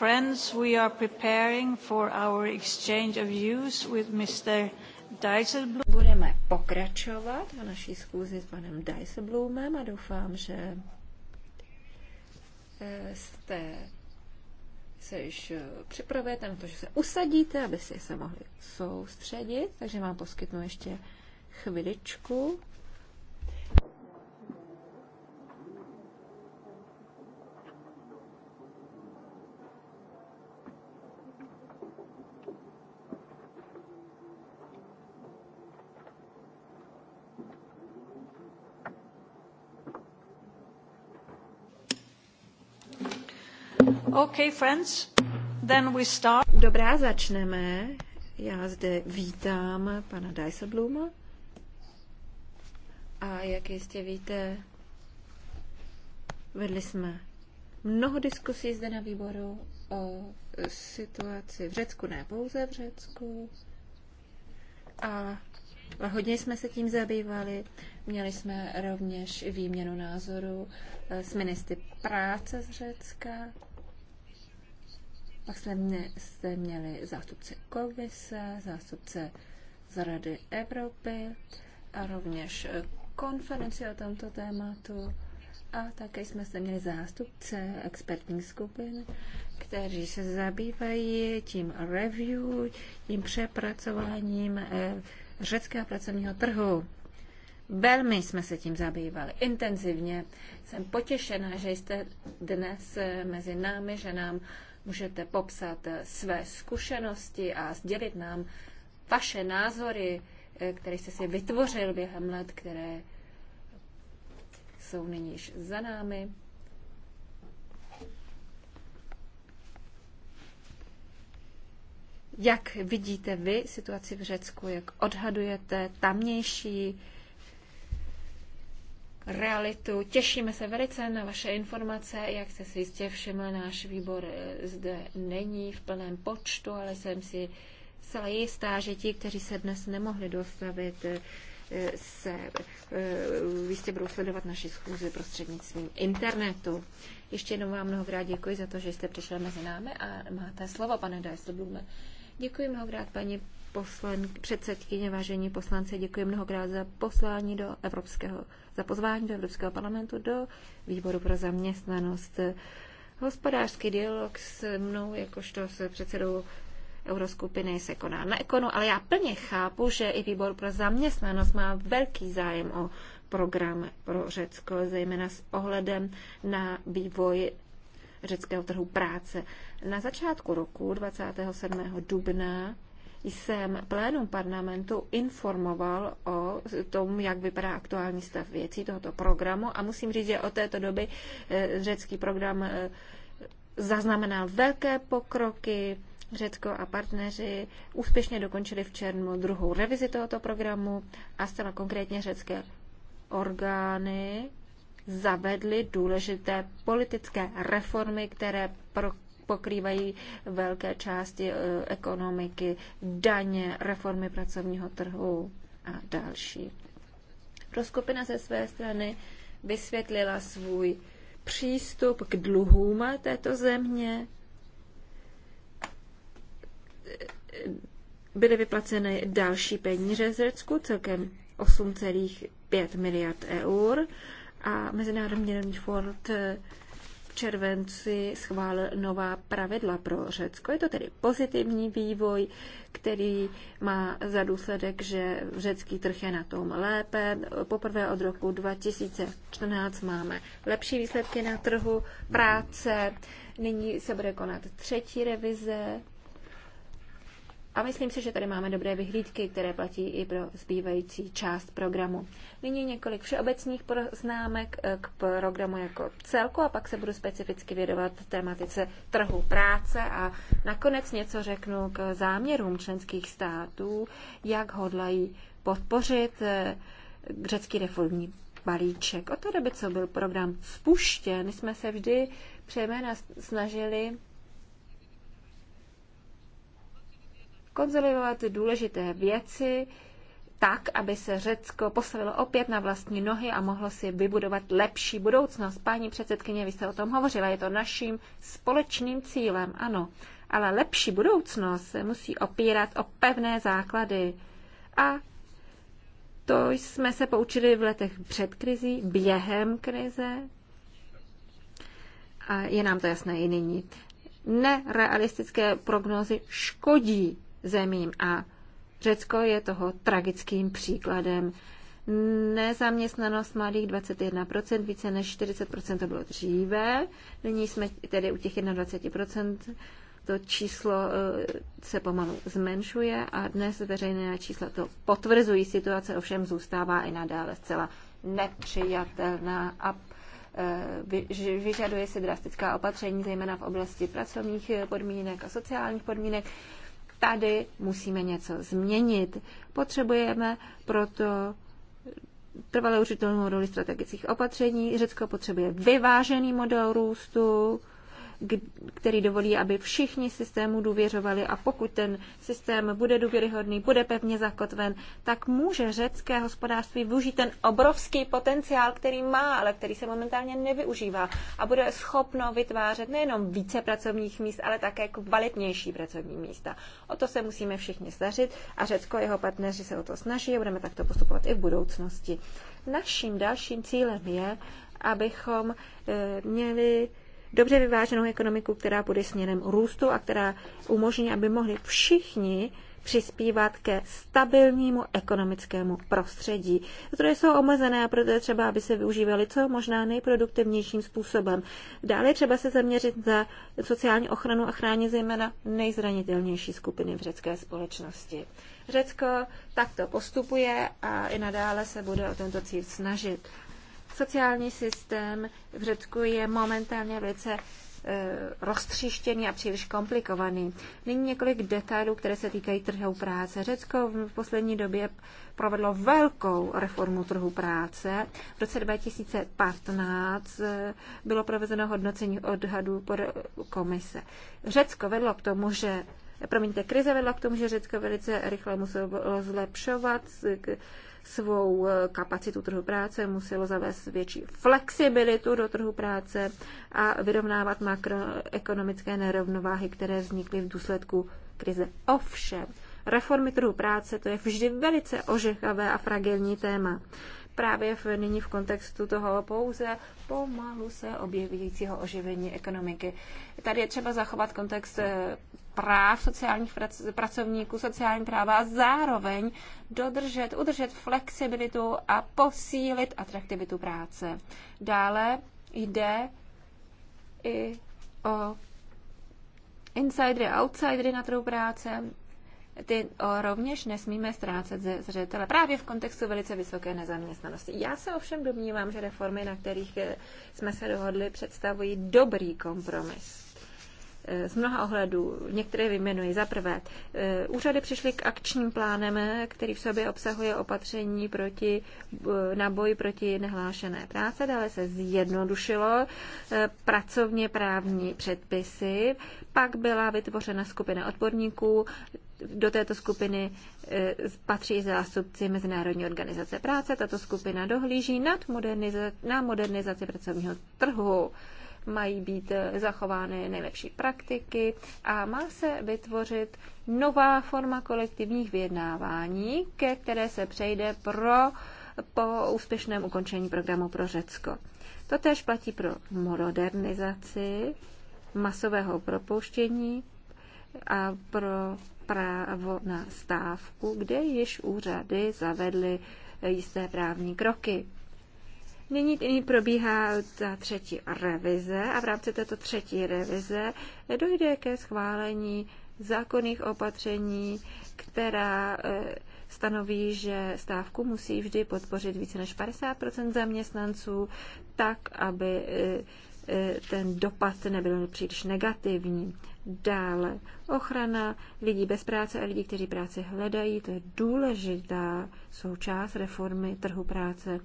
friends, we are preparing for our exchange of views with Mr. Dijsselbloem. Budeme pokračovat v naší schůzi s panem Dijsselbloemem a doufám, že eh, jste se již eh, připravujete na to, že se usadíte, abyste se mohli soustředit, takže vám poskytnu ještě chviličku. Okay, friends, then we start. Dobrá, začneme. Já zde vítám pana Dijsselbluma. A jak jistě víte, vedli jsme mnoho diskusí zde na výboru o situaci v Řecku, ne pouze v Řecku. A hodně jsme se tím zabývali. Měli jsme rovněž výměnu názoru eh, s ministry práce z Řecka pak jste, mě, jste měli zástupce komise, zástupce z Rady Evropy a rovněž eh, konferenci o tomto tématu. A také jsme zde měli zástupce expertních skupin, kteří se zabývají tím review, tím přepracováním eh, řeckého pracovního trhu. Velmi jsme se tím zabývali, intenzivně. Jsem potěšena, že jste dnes eh, mezi námi, že nám Můžete popsat eh, své zkušenosti a sdělit nám vaše názory, eh, které jste si vytvořil během let, které jsou nyní již za námi. Jak vidíte vy situaci v Řecku, jak odhadujete tamnější realitu. Těšíme se velice na vaše informace. Jak se si jistě všiml, náš výbor eh, zde není v plném počtu, ale jsem si zcela jistá, že ti, kteří se dnes nemohli dostavit, eh, se eh, jistě budou sledovat naši schůzi prostřednictvím internetu. Ještě jednou vám mnohokrát děkuji za to, že jste přišli mezi námi a máte slovo, pane Dijsselblume. Děkuji mnohokrát, paní poslan, předsedkyně, vážení poslanci, děkuji mnohokrát za poslání do Evropského, za pozvání do Evropského parlamentu, do výboru pro zaměstnanost. Hospodářský dialog s mnou, jakožto s předsedou euroskupiny se koná na ekonu, ale já plně chápu, že i výbor pro zaměstnanost má velký zájem o program pro Řecko, zejména s ohledem na vývoj řeckého trhu práce. Na začátku roku 27. dubna jsem plénum parlamentu informoval o tom, jak vypadá aktuální stav věcí tohoto programu a musím říct, že od této doby eh, řecký program eh, zaznamenal velké pokroky, Řecko a partneři úspěšně dokončili v černu druhou revizi tohoto programu a zcela konkrétně řecké orgány zavedly důležité politické reformy, které pro pokrývají velké části e, ekonomiky, daně, reformy pracovního trhu a další. Proskopina ze své strany vysvětlila svůj přístup k dluhům této země. Byly vyplaceny další peníze z Řecku, celkem 8,5 miliard eur a Mezinárodní měnový fond v červenci schválil nová pravidla pro Řecko. Je to tedy pozitivní vývoj, který má za důsledek, že řecký trh je na tom lépe. Poprvé od roku 2014 máme lepší výsledky na trhu práce. Nyní se bude konat třetí revize a myslím si, že tady máme dobré vyhlídky, které platí i pro zbývající část programu. Nyní několik všeobecných poznámek eh, k programu jako celku a pak se budu specificky vědovat tématice trhu práce a nakonec něco řeknu k záměrům členských států, jak hodlají podpořit eh, řecký reformní balíček. Od té doby, co byl program spuštěn, jsme se vždy přejména snažili konzolidovat důležité věci tak, aby se Řecko postavilo opět na vlastní nohy a mohlo si vybudovat lepší budoucnost. Paní předsedkyně, vy jste o tom hovořila, je to naším společným cílem, ano. Ale lepší budoucnost se musí opírat o pevné základy. A to jsme se poučili v letech před krizí, během krize. A je nám to jasné i nyní. Nerealistické prognózy škodí zemím a Řecko je toho tragickým příkladem. Nezaměstnanost mladých 21%, více než 40% to bylo dříve, nyní jsme tedy u těch 21%, to číslo eh, se pomalu zmenšuje a dnes veřejné čísla to potvrzují. Situace ovšem zůstává i nadále zcela nepřijatelná a eh, vyžaduje se drastická opatření, zejména v oblasti pracovních podmínek a sociálních podmínek tady musíme něco změnit. Potřebujeme proto trvalou užitelnou roli strategických opatření. Řecko potřebuje vyvážený model růstu, který dovolí, aby všichni systému důvěřovali a pokud ten systém bude důvěryhodný, bude pevně zakotven, tak může řecké hospodářství využít ten obrovský potenciál, který má, ale který se momentálně nevyužívá a bude schopno vytvářet nejenom více pracovních míst, ale také kvalitnější pracovní místa. O to se musíme všichni snažit a Řecko a jeho partneři se o to snaží a budeme takto postupovat i v budoucnosti. Naším dalším cílem je, abychom eh, měli dobře vyváženou ekonomiku, která bude směrem růstu a která umožní, aby mohli všichni přispívat ke stabilnímu ekonomickému prostředí. Zdroje jsou omezené a proto je třeba, aby se využívaly co možná nejproduktivnějším způsobem. Dále třeba se zaměřit za sociální ochranu a chránit zejména nejzranitelnější skupiny v řecké společnosti. Řecko takto postupuje a i nadále se bude o tento cíl snažit. Sociální systém v Řecku je momentálně velice e, roztříštěný a příliš komplikovaný. Nyní několik detailů, které se týkají trhu práce. Řecko v poslední době provedlo velkou reformu trhu práce. V roce 2015 e, bylo provedeno hodnocení odhadů pod komise. Řecko vedlo k tomu, že Promiňte, krize vedla k tomu, že Řecko velice rychle muselo zlepšovat e, svou eh, kapacitu trhu práce, muselo zavést větší flexibilitu do trhu práce a vyrovnávat makroekonomické nerovnováhy, které vznikly v důsledku krize. Ovšem, reformy trhu práce to je vždy velice ožehavé a fragilní téma právě v, nyní v kontextu toho pouze pomalu se objevujícího oživení ekonomiky. Tady je třeba zachovat kontext eh, práv sociálních prac, pracovníků, sociální práva a zároveň dodržet, udržet flexibilitu a posílit atraktivitu práce. Dále jde i o insidery a outsidery na trhu práce, ty rovněž nesmíme ztrácet ze zřetele právě v kontextu velice vysoké nezaměstnanosti. Já se ovšem domnívám, že reformy, na kterých eh, jsme se dohodli, představují dobrý kompromis. Eh, z mnoha ohledů, některé vyjmenuji. Za prvé, eh, úřady přišly k akčním plánem, který v sobě obsahuje opatření proti, eh, na boj proti nehlášené práce. Dále se zjednodušilo pracovně právní předpisy. Pak byla vytvořena skupina odborníků, do této skupiny patří zástupci Mezinárodní organizace práce. Tato skupina dohlíží nad modernizaci, na modernizaci pracovního trhu mají být eh, zachovány nejlepší praktiky a má se vytvořit nová forma kolektivních vyjednávání, ke které se přejde pro po úspěšném ukončení programu pro Řecko. To též platí pro modernizaci masového propouštění a pro právo na stávku, kde již úřady zavedly jisté právní kroky. Nyní tedy probíhá ta třetí revize a v rámci této třetí revize dojde ke schválení zákonných opatření, která e, stanoví, že stávku musí vždy podpořit více než 50 zaměstnanců, tak, aby e, ten dopad nebyl příliš negativní. Dále ochrana lidí bez práce a lidí, kteří práci hledají, to je důležitá součást reformy trhu práce.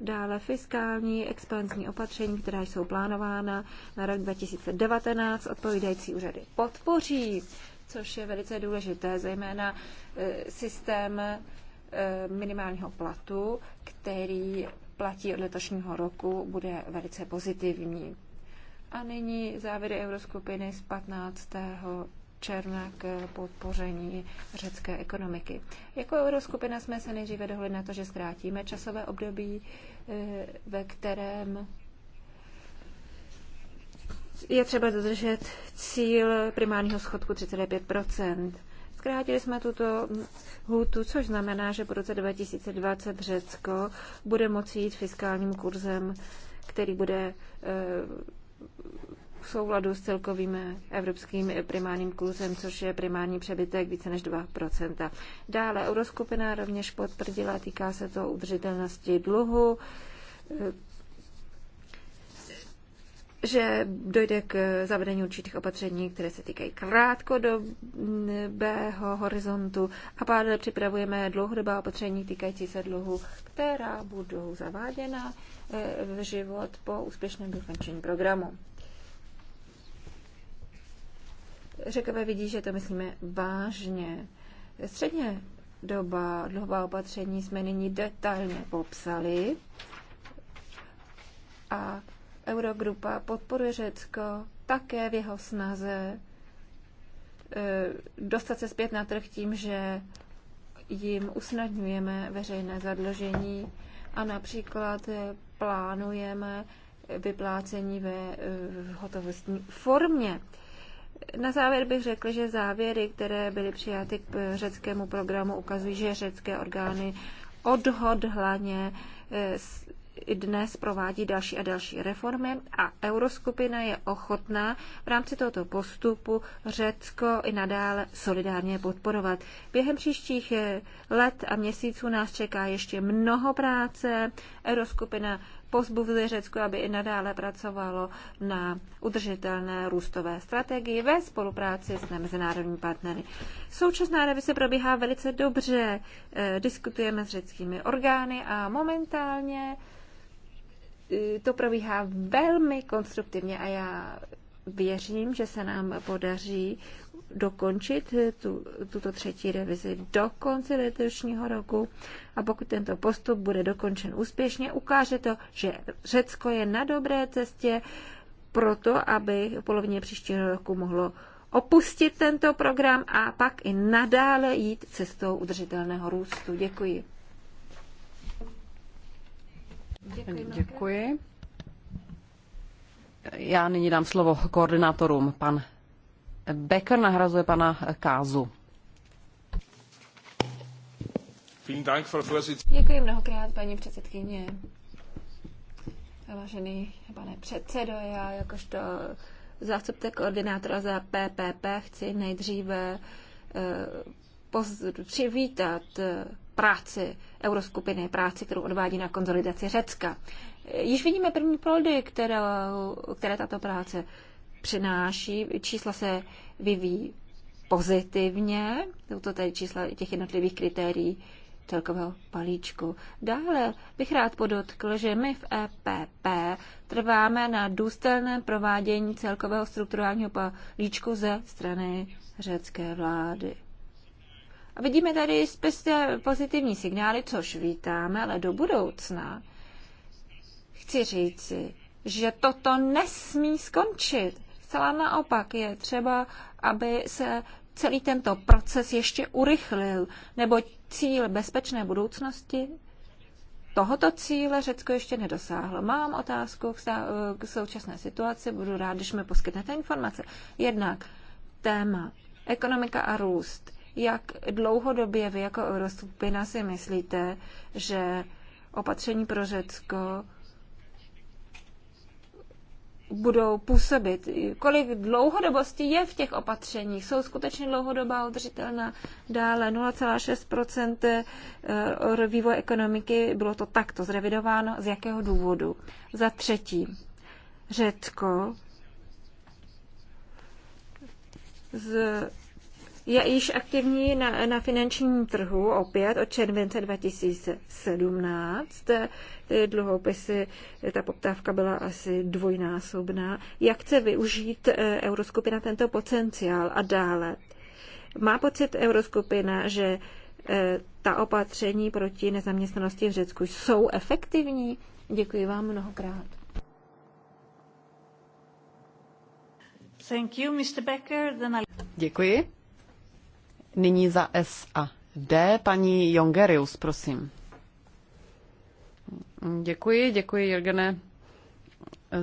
Dále fiskální expanzní opatření, která jsou plánována na rok 2019, odpovídající úřady podpoří, což je velice důležité, zejména e, systém e, minimálního platu, který platí od letošního roku, bude velice pozitivní. A nyní závěry Euroskupiny z 15. června k podpoření řecké ekonomiky. Jako Euroskupina jsme se nejdříve dohodli na to, že zkrátíme časové období, eh, ve kterém je třeba dodržet cíl primárního schodku 35 Zkrátili jsme tuto hůtu, což znamená, že po roce 2020 Řecko bude moci jít fiskálním kurzem, který bude eh, v souladu s celkovým evropským primárním kurzem, což je primární přebytek více než 2%. Dále euroskupina rovněž potvrdila, týká se to udržitelnosti dluhu, že dojde k zavedení určitých opatření, které se týkají krátkodobého horizontu a pádem připravujeme dlouhodobá opatření týkající se dluhu, která budou zaváděna eh, v život po úspěšném dokončení programu. Řekové vidí, že to myslíme vážně. Středně doba dlouhová opatření jsme nyní detailně popsali a Eurogrupa podporuje Řecko také v jeho snaze e, dostat se zpět na trh tím, že jim usnadňujeme veřejné zadlužení a například plánujeme vyplácení ve hotovostní formě. Na závěr bych řekl, že závěry, které byly přijaty k řeckému programu, ukazují, že řecké orgány odhodlaně e, i dnes provádí další a další reformy a euroskupina je ochotná v rámci tohoto postupu Řecko i nadále solidárně podporovat. Během příštích eh, let a měsíců nás čeká ještě mnoho práce. Euroskupina pozbuzuje Řecko, aby i nadále pracovalo na udržitelné růstové strategii ve spolupráci s mezinárodními partnery. Současná revize probíhá velice dobře, eh, diskutujeme s řeckými orgány a momentálně to probíhá velmi konstruktivně a já věřím, že se nám podaří dokončit tu, tuto třetí revizi do konce letošního roku a pokud tento postup bude dokončen úspěšně, ukáže to, že Řecko je na dobré cestě proto, aby v polovině příštího roku mohlo opustit tento program a pak i nadále jít cestou udržitelného růstu. Děkuji. Děkuji. Děkuji. Já nyní dám slovo koordinátorům. Pan Becker nahrazuje pana Kázu. Děkuji mnohokrát, paní předsedkyně. Vážený pane předsedo, já jakožto zástupce koordinátora za PPP chci nejdříve eh, přivítat eh, práci euroskupiny, práci, kterou odvádí na konzolidaci Řecka. Již vidíme první plody, které, které tato práce přináší. Čísla se vyvíjí pozitivně, jsou to tady čísla těch jednotlivých kritérií celkového palíčku. Dále bych rád podotkl, že my v EPP trváme na důstelném provádění celkového strukturálního palíčku ze strany řecké vlády vidíme tady spíš pozitivní signály, což vítáme, ale do budoucna chci říci, že toto nesmí skončit. Celá naopak je třeba, aby se celý tento proces ještě urychlil, nebo cíl bezpečné budoucnosti tohoto cíle Řecko ještě nedosáhlo. Mám otázku k současné situaci, budu rád, když mi poskytnete informace. Jednak téma ekonomika a růst jak dlouhodobě vy jako Euroskupina si myslíte, že opatření pro Řecko budou působit, kolik dlouhodobosti je v těch opatřeních. Jsou skutečně dlouhodobá udržitelná dále 0,6 eh, vývoje ekonomiky, bylo to takto zrevidováno, z jakého důvodu. Za třetí, Řecko z je již aktivní na, na finančním trhu opět od července 2017. Ty dluhopisy, ta poptávka byla asi dvojnásobná. Jak chce využít eh, Euroskupina tento potenciál a dále? Má pocit Euroskupina, že eh, ta opatření proti nezaměstnanosti v Řecku jsou efektivní? Děkuji vám mnohokrát. Thank you, Mr. Becker. Then I... Děkuji. Nyní za S a D paní Jongerius, prosím. Děkuji, děkuji Jirgene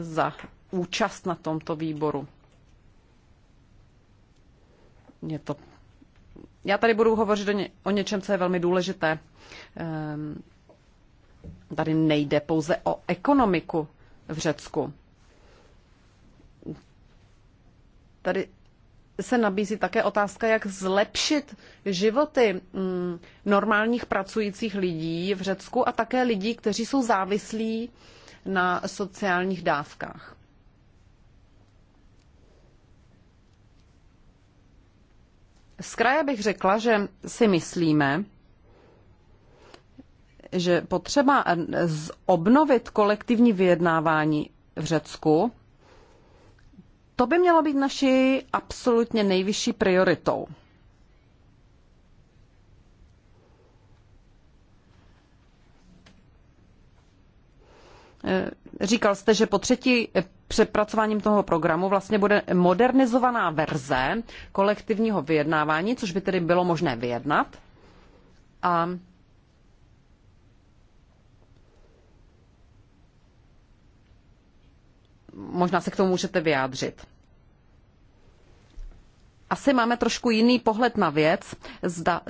za účast na tomto výboru. Je to... Já tady budu hovořit o, ně, o něčem, co je velmi důležité. Ehm, tady nejde pouze o ekonomiku v Řecku. Tady se nabízí také otázka, jak zlepšit životy mm, normálních pracujících lidí v Řecku a také lidí, kteří jsou závislí na sociálních dávkách. Z kraje bych řekla, že si myslíme, že potřeba obnovit kolektivní vyjednávání v Řecku to by mělo být naší absolutně nejvyšší prioritou. Eh, říkal jste, že po třetí eh, přepracováním toho programu vlastně bude modernizovaná verze kolektivního vyjednávání, což by tedy bylo možné vyjednat. A možná se k tomu můžete vyjádřit. Asi máme trošku jiný pohled na věc, zda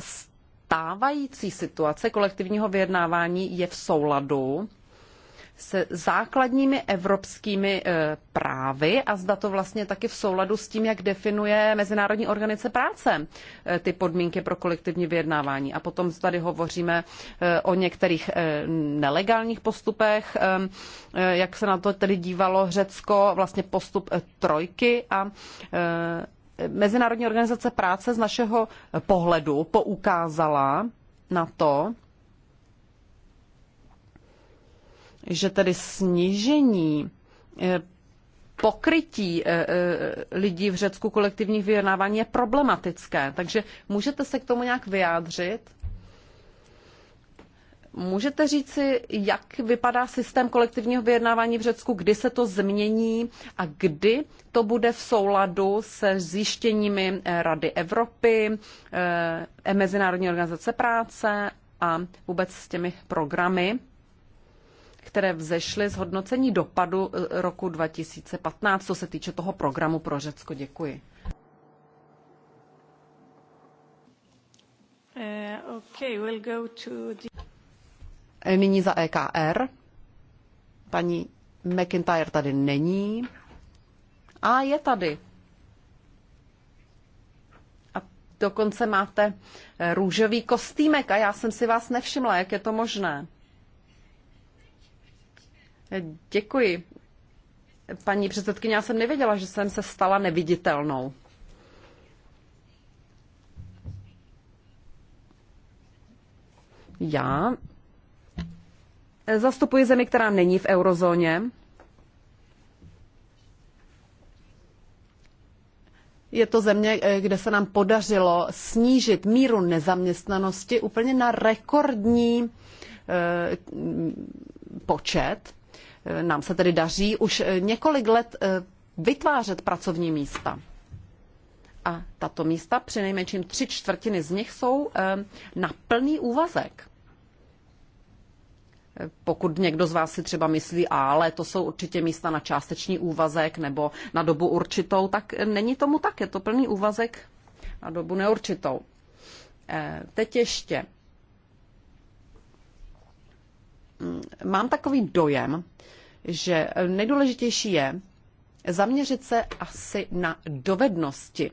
stávající situace kolektivního vyjednávání je v souladu se základními evropskými eh, právy a zda to vlastně taky v souladu s tím, jak definuje Mezinárodní organice práce eh, ty podmínky pro kolektivní vyjednávání. A potom tady hovoříme eh, o některých nelegálních postupech, jak se na to tedy dívalo Řecko, vlastně postup trojky a Mezinárodní organizace práce z našeho pohledu poukázala na to, že tedy snížení eh, pokrytí eh, eh, lidí v Řecku kolektivních vyjednávání je problematické. Takže můžete se k tomu nějak vyjádřit? Můžete říci, jak vypadá systém kolektivního vyjednávání v Řecku, kdy se to změní a kdy to bude v souladu se zjištěními Rady Evropy, Mezinárodní organizace práce a vůbec s těmi programy, které vzešly z hodnocení dopadu eh, roku 2015, co se týče toho programu pro Řecko. Děkuji. Eh, we'll go to the... Eh, nyní za EKR. Paní McIntyre tady není. A je tady. A dokonce máte růžový kostýmek a já jsem si vás nevšimla, jak je to možné. Děkuji. Paní předsedkyně, já jsem nevěděla, že jsem se stala neviditelnou. Já zastupuji zemi, která není v eurozóně. Je to země, eh, kde se nám podařilo snížit míru nezaměstnanosti úplně na rekordní eh, počet. Nám se tedy daří už eh, několik let eh, vytvářet pracovní místa. A tato místa, přinejmenším tři čtvrtiny z nich, jsou eh, na plný úvazek. Pokud někdo z vás si třeba myslí, ale to jsou určitě místa na částečný úvazek nebo na dobu určitou, tak není tomu tak, je to plný úvazek na dobu neurčitou. Teď ještě. Mm, mám takový dojem, že nejdůležitější je zaměřit se asi na dovednosti.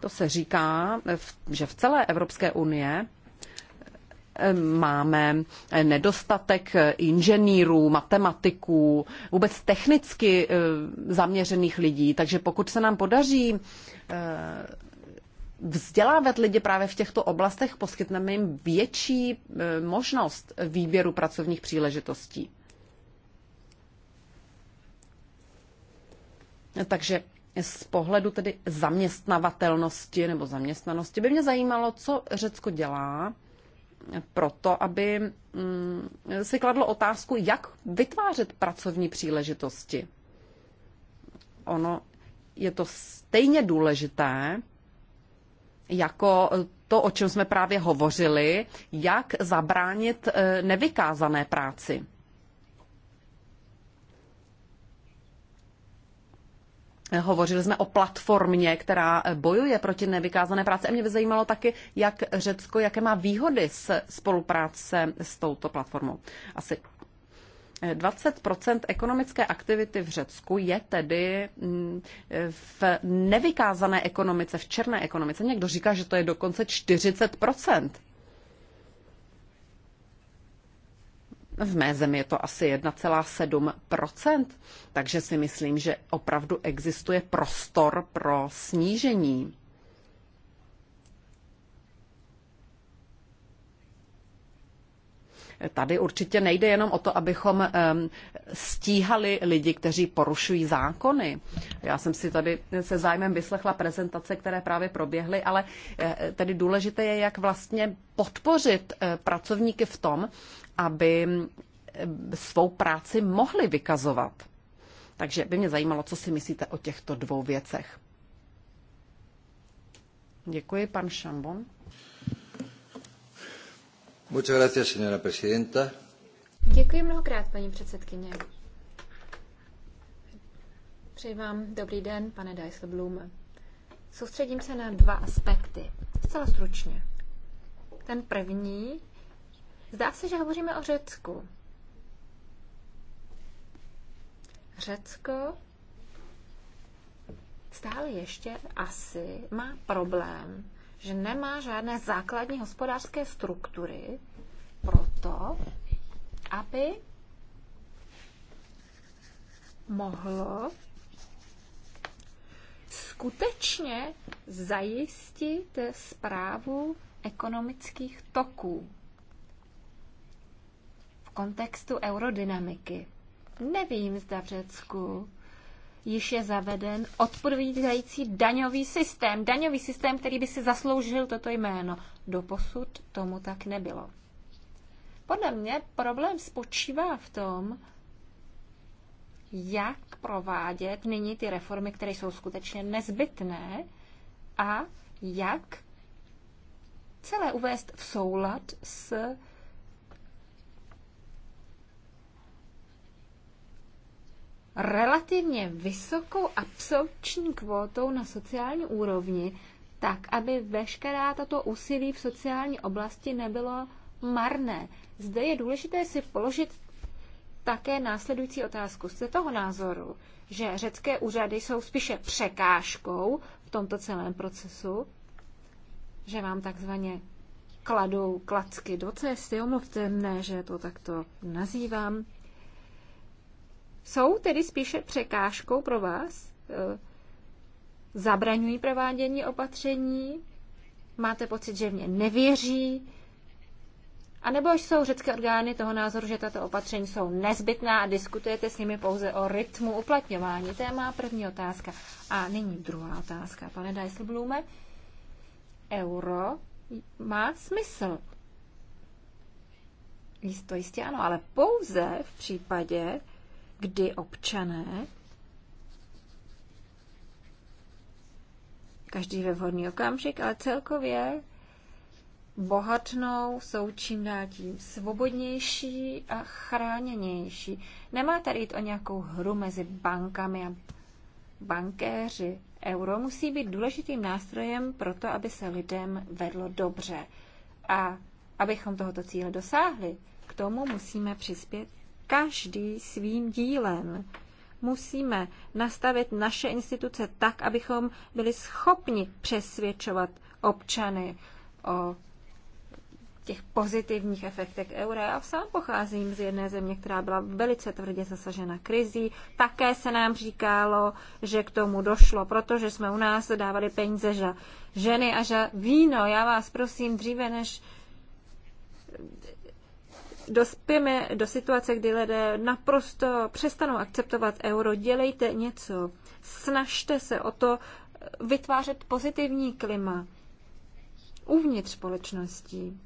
To se říká, že v celé Evropské unie eh, máme nedostatek inženýrů, matematiků, vůbec technicky eh, zaměřených lidí. Takže pokud se nám podaří eh, vzdělávat lidi právě v těchto oblastech, poskytneme jim větší možnost výběru pracovních příležitostí. Takže z pohledu tedy zaměstnavatelnosti nebo zaměstnanosti by mě zajímalo, co Řecko dělá proto, aby mm, si kladlo otázku, jak vytvářet pracovní příležitosti. Ono je to stejně důležité, jako to, o čem jsme právě hovořili, jak zabránit eh, nevykázané práci. Hovořili jsme o platformě, která bojuje proti nevykázané práci. A mě by zajímalo taky, jak Řecko, jaké má výhody s spolupráce s touto platformou. Asi 20 ekonomické aktivity v Řecku je tedy mm, v nevykázané ekonomice, v černé ekonomice. Někdo říká, že to je dokonce 40 V mé zemi je to asi 1,7%, takže si myslím, že opravdu existuje prostor pro snížení Tady určitě nejde jenom o to, abychom eh, stíhali lidi, kteří porušují zákony. Já jsem si tady se zájmem vyslechla prezentace, které právě proběhly, ale eh, tedy důležité je, jak vlastně podpořit eh, pracovníky v tom, aby svou práci mohli vykazovat. Takže by mě zajímalo, co si myslíte o těchto dvou věcech. Děkuji, pan Šambon. Muchas gracias, señora presidenta. Děkuji mnohokrát, paní předsedkyně. Přeji vám dobrý den, pane Dijsselblume. Soustředím se na dva aspekty, zcela stručně. Ten první, zdá se, že hovoříme o Řecku. Řecko stále ještě asi má problém že nemá žádné základní hospodářské struktury pro to, aby mohlo skutečně zajistit zprávu ekonomických toků v kontextu eurodynamiky. Nevím, zda v Řecku již je zaveden odpovídající daňový systém. Daňový systém, který by si zasloužil toto jméno. Doposud tomu tak nebylo. Podle mě problém spočívá v tom, jak provádět nyní ty reformy, které jsou skutečně nezbytné a jak celé uvést v soulad s relativně vysokou absorpční kvótou na sociální úrovni, tak aby veškerá tato úsilí v sociální oblasti nebylo marné. Zde je důležité si položit také následující otázku. Jste toho názoru, že řecké úřady jsou spíše překážkou v tomto celém procesu, že vám takzvaně kladou klacky do cesty, omluvte mne, že to takto nazývám, jsou tedy spíše překážkou pro vás? Eh, zabraňují provádění opatření? Máte pocit, že v nevěří? A nebo jsou řecké orgány toho názoru, že tato opatření jsou nezbytná a diskutujete s nimi pouze o rytmu uplatňování? To je má první otázka. A nyní druhá otázka, pane Dijsselblume. Euro má smysl. Jisto jistě ano, ale pouze v případě, kdy občané každý ve vhodný okamžik, ale celkově bohatnou, jsou čím dál tím svobodnější a chráněnější. Nemá tady jít o nějakou hru mezi bankami a bankéři. Euro musí být důležitým nástrojem pro to, aby se lidem vedlo dobře. A abychom tohoto cíle dosáhli, k tomu musíme přispět každý svým dílem. Musíme nastavit naše instituce tak, abychom byli schopni přesvědčovat občany o těch pozitivních efektech eura. Já sám pocházím z jedné země, která byla velice tvrdě zasažena krizí. Také se nám říkalo, že k tomu došlo, protože jsme u nás dávali peníze za ženy a za víno. Já vás prosím, dříve než dospěme do situace, kdy lidé naprosto přestanou akceptovat euro, dělejte něco, snažte se o to eh, vytvářet pozitivní klima uvnitř společností.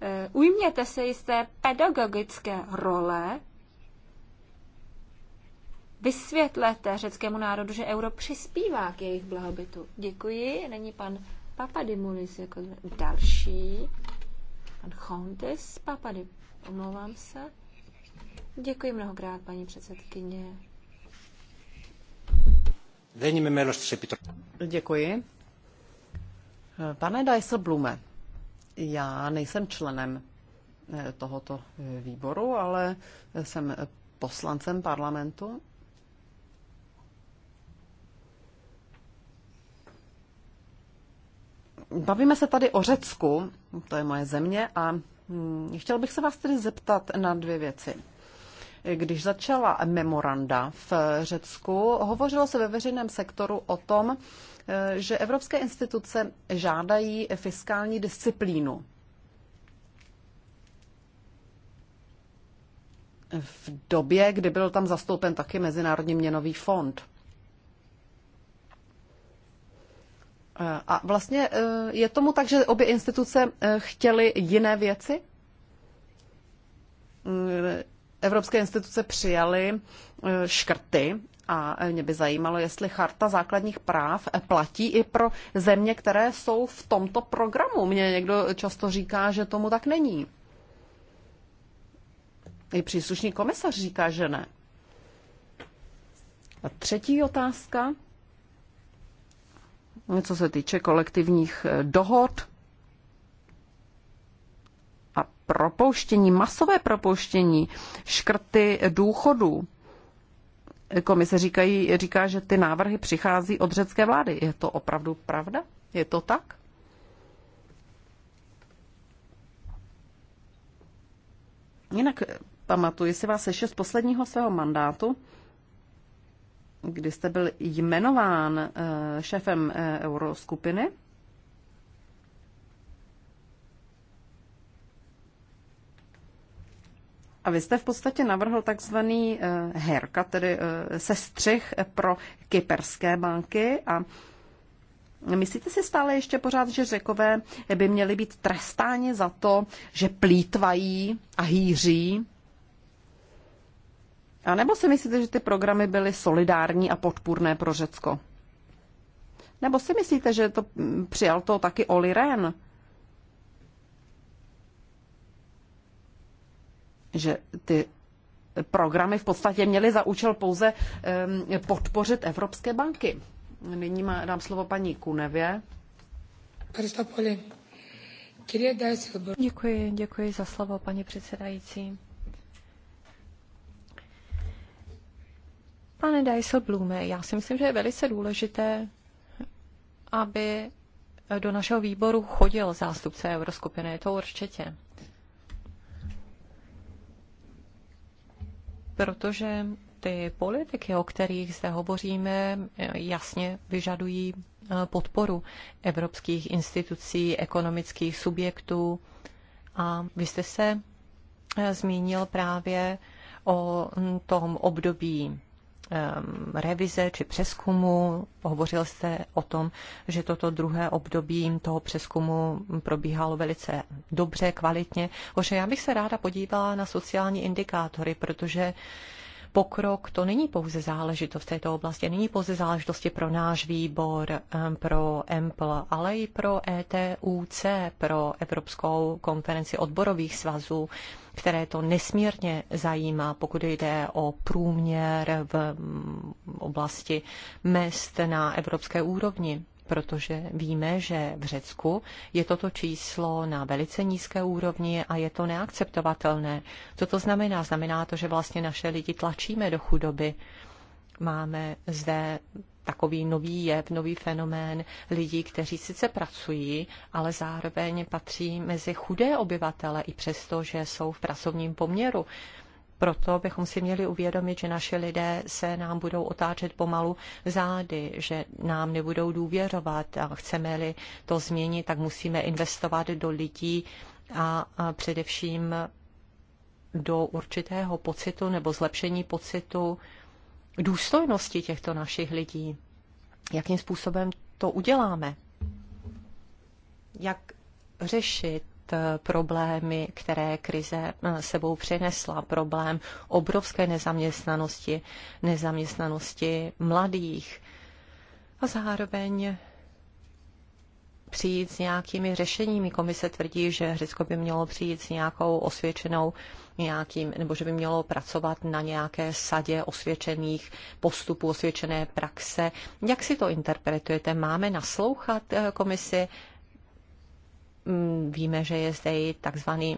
Eh, ujměte se jisté pedagogické role vysvětlete řeckému národu, že euro přispívá k jejich blahobytu. Děkuji. Není pan Papadimulis jako další. Pan Chontis Papadimulis. Omlouvám se. Děkuji mnohokrát, paní předsedkyně. Děkuji. Pane Dijsselblume, já nejsem členem eh, tohoto eh, výboru, ale eh, jsem poslancem parlamentu Bavíme se tady o Řecku, to je moje země, a hm, chtěl bych se vás tedy zeptat na dvě věci. Když začala memoranda v Řecku, hovořilo se ve veřejném sektoru o tom, eh, že evropské instituce žádají fiskální disciplínu. V době, kdy byl tam zastoupen taky Mezinárodní měnový fond. A vlastně eh, je tomu tak, že obě instituce eh, chtěly jiné věci? Eh, evropské instituce přijaly škrty a mě by zajímalo, jestli charta základních práv platí i pro země, které jsou v tomto programu. Mně někdo často říká, že tomu tak není. I příslušný komisař říká, že ne. A třetí otázka co se týče kolektivních eh, dohod a propouštění, masové propouštění, škrty důchodů. Komise říkají, říká, že ty návrhy přichází od řecké vlády. Je to opravdu pravda? Je to tak? Jinak eh, pamatuji si vás ještě z posledního svého mandátu, kdy jste byl jmenován eh, šéfem eh, euroskupiny, A vy jste v podstatě navrhl takzvaný eh, herka, tedy sestřih pro kyperské banky a Myslíte si stále ještě pořád, že řekové by měli být trestáni za to, že plítvají a hýří? A nebo si myslíte, že ty programy byly solidární a podpůrné pro Řecko? Nebo si myslíte, že to mm, přijal to taky Oli Ren? Že ty programy v podstatě měly za účel pouze um, podpořit evropské banky. Nyní má, dám slovo paní Kunevě. Děkuji, děkuji za slovo, paní předsedající. Pane Dijsselblume, já si myslím, že je velice důležité, aby do našeho výboru chodil zástupce Euroskupiny, to určitě. Protože ty politiky, o kterých zde hovoříme, jasně vyžadují eh, podporu evropských institucí, ekonomických subjektů. A vy jste se eh, zmínil právě o tom období Ehm, revize či přeskumu. Hovořil jste o tom, že toto druhé období toho přeskumu probíhalo velice dobře, kvalitně. Ovšem já bych se ráda podívala na sociální indikátory, protože pokrok to není pouze záležitost této oblasti, není pouze záležitosti pro náš výbor, ehm, pro EMPL, ale i pro ETUC, pro Evropskou konferenci odborových svazů, které to nesmírně zajímá, pokud jde o průměr v oblasti mest na evropské úrovni protože víme, že v Řecku je toto číslo na velice nízké úrovni a je to neakceptovatelné. Co to znamená? Znamená to, že vlastně naše lidi tlačíme do chudoby. Máme zde takový nový jev, nový fenomén lidí, kteří sice pracují, ale zároveň patří mezi chudé obyvatele i přesto, že jsou v pracovním poměru. Proto bychom si měli uvědomit, že naše lidé se nám budou otáčet pomalu zády, že nám nebudou důvěřovat a chceme-li to změnit, tak musíme investovat do lidí a především do určitého pocitu nebo zlepšení pocitu důstojnosti těchto našich lidí. Jakým způsobem to uděláme? Jak řešit eh, problémy, které krize eh, sebou přinesla. Problém obrovské nezaměstnanosti, nezaměstnanosti mladých a zároveň přijít s nějakými řešeními. Komise tvrdí, že Řecko by mělo přijít s nějakou osvědčenou nějakým, nebo že by mělo pracovat na nějaké sadě osvědčených postupů, osvědčené praxe. Jak si to interpretujete? Máme naslouchat eh, komisi? Mm, víme, že je zde i takzvaný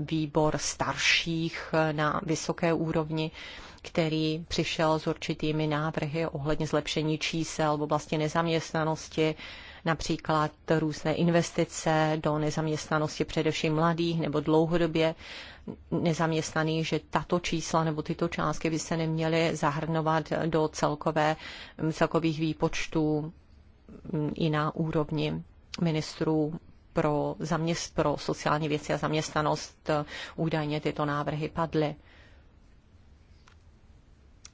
výbor starších eh, na vysoké úrovni který přišel s určitými návrhy ohledně zlepšení čísel v oblasti nezaměstnanosti, například různé investice do nezaměstnanosti především mladých nebo dlouhodobě nezaměstnaných, že tato čísla nebo tyto částky by se neměly zahrnovat do celkové, celkových výpočtů i na úrovni ministrů pro, zaměst, pro sociální věci a zaměstnanost údajně tyto návrhy padly.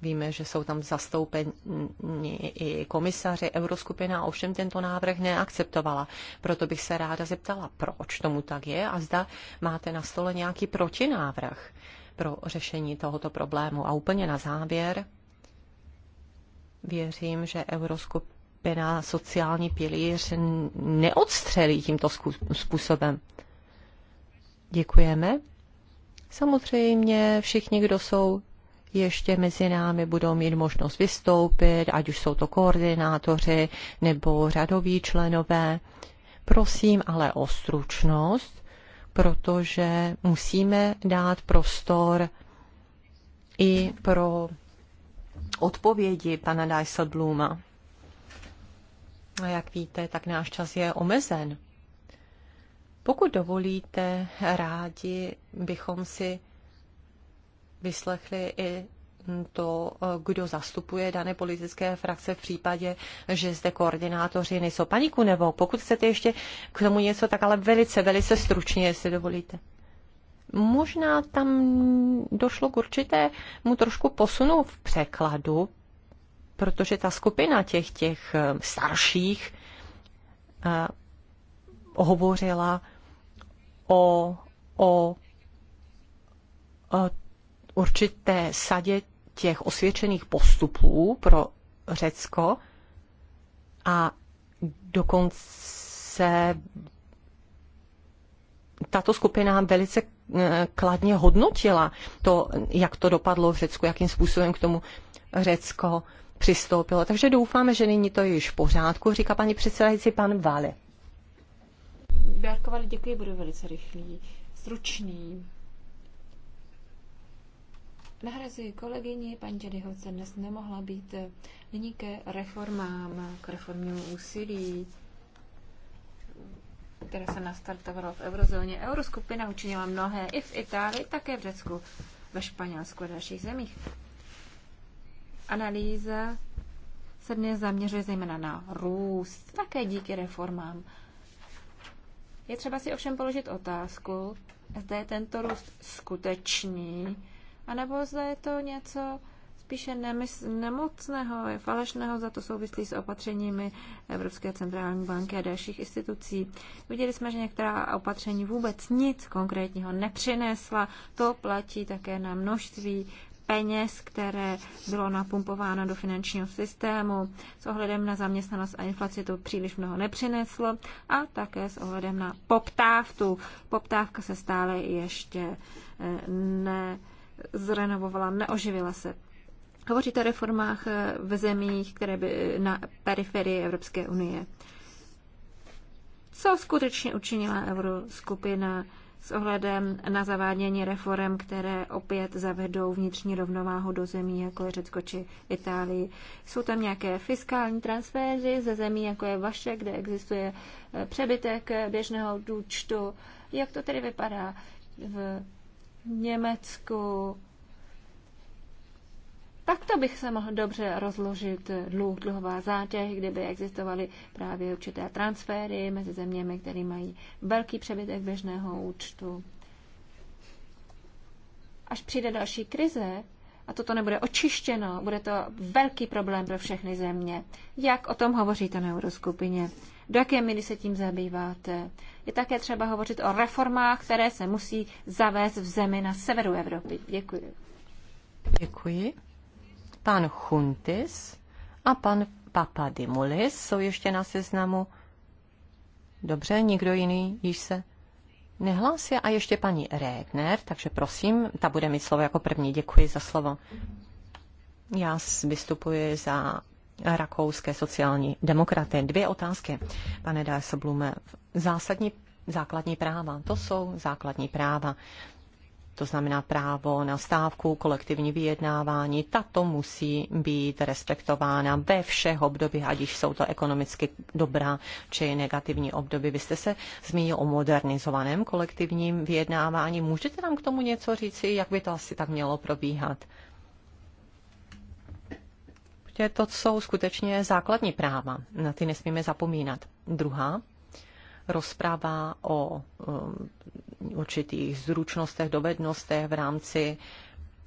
Víme, že jsou tam zastoupeni i komisaři Euroskupina, ovšem tento návrh neakceptovala. Proto bych se ráda zeptala, proč tomu tak je a zda máte na stole nějaký protinávrh pro řešení tohoto problému. A úplně na závěr věřím, že Euroskupina sociální pilíř neodstřelí tímto způsobem. Děkujeme. Samozřejmě všichni, kdo jsou ještě mezi námi budou mít možnost vystoupit, ať už jsou to koordinátoři nebo řadoví členové. Prosím ale o stručnost, protože musíme dát prostor i pro odpovědi pana Dijsselbluma. A jak víte, tak náš čas je omezen. Pokud dovolíte, rádi bychom si vyslechli i to, kdo zastupuje dané politické frakce v případě, že zde koordinátoři nejsou. Paní Kunevo, pokud chcete ještě k tomu něco, tak ale velice, velice stručně, jestli dovolíte. Možná tam došlo k určitému trošku posunu v překladu, protože ta skupina těch, těch eh, starších eh, hovořila o, o, o eh, určité sadě těch osvědčených postupů pro Řecko a dokonce tato skupina velice eh, kladně hodnotila to, jak to dopadlo v Řecku, jakým způsobem k tomu Řecko přistoupilo. Takže doufáme, že nyní to je již v pořádku, říká paní předsedající pan Vále. Dárkovali, děkuji, budu velice rychlý, stručný. Nahrazuji kolegyni, paní Jedy Hoce dnes nemohla být. Eh, nyní ke reformám, k reformnímu úsilí, které se nastartovalo v eurozóně. Euroskupina učinila mnohé i v Itálii, také v Řecku, ve Španělsku a dalších zemích. Analýza se dnes zaměřuje zejména na růst, také díky reformám. Je třeba si ovšem položit otázku, zda je tento růst skutečný, a nebo zda je to něco spíše nemysl- nemocného, falešného, za to souvislí s opatřeními Evropské centrální banky a dalších institucí. Viděli jsme, že některá opatření vůbec nic konkrétního nepřinesla. To platí také na množství peněz, které bylo napumpováno do finančního systému. S ohledem na zaměstnanost a inflaci to příliš mnoho nepřineslo a také s ohledem na poptávku. Poptávka se stále ještě eh, ne zrenovovala, neoživila se. Hovoříte o reformách eh, ve zemích, které by eh, na periferii Evropské unie. Co skutečně učinila euroskupina s ohledem na zavádění reform, které opět zavedou vnitřní rovnováhu do zemí, jako je Řecko či Itálii? Jsou tam nějaké fiskální transfery ze zemí, jako je vaše, kde existuje eh, přebytek běžného důčtu? Jak to tedy vypadá v Německu. Takto bych se mohl dobře rozložit dluh, dluhová zátěž, kdyby existovaly právě určité transfery mezi zeměmi, které mají velký přebytek běžného účtu. Až přijde další krize, a toto nebude očištěno, bude to velký problém pro všechny země. Jak o tom hovoříte na euroskupině? Do jaké míry se tím zabýváte? je také třeba hovořit o reformách, které se musí zavést v zemi na severu Evropy. Děkuji. Děkuji. Pan Chuntis a pan Papadimulis jsou ještě na seznamu. Dobře, nikdo jiný již se nehlásí. A ještě paní Regner, takže prosím, ta bude mít slovo jako první. Děkuji za slovo. Já vystupuji za rakouské sociální demokraty. Dvě otázky, pane Blume, Zásadní základní práva. To jsou základní práva. To znamená právo na stávku, kolektivní vyjednávání. Tato musí být respektována ve všech období, ať již jsou to ekonomicky dobrá či negativní období. Vy jste se zmínil o modernizovaném kolektivním vyjednávání. Můžete nám k tomu něco říci, jak by to asi tak mělo probíhat? protože to jsou skutečně základní práva. Na ty nesmíme zapomínat. Druhá rozpráva o um, určitých zručnostech, dovednostech v rámci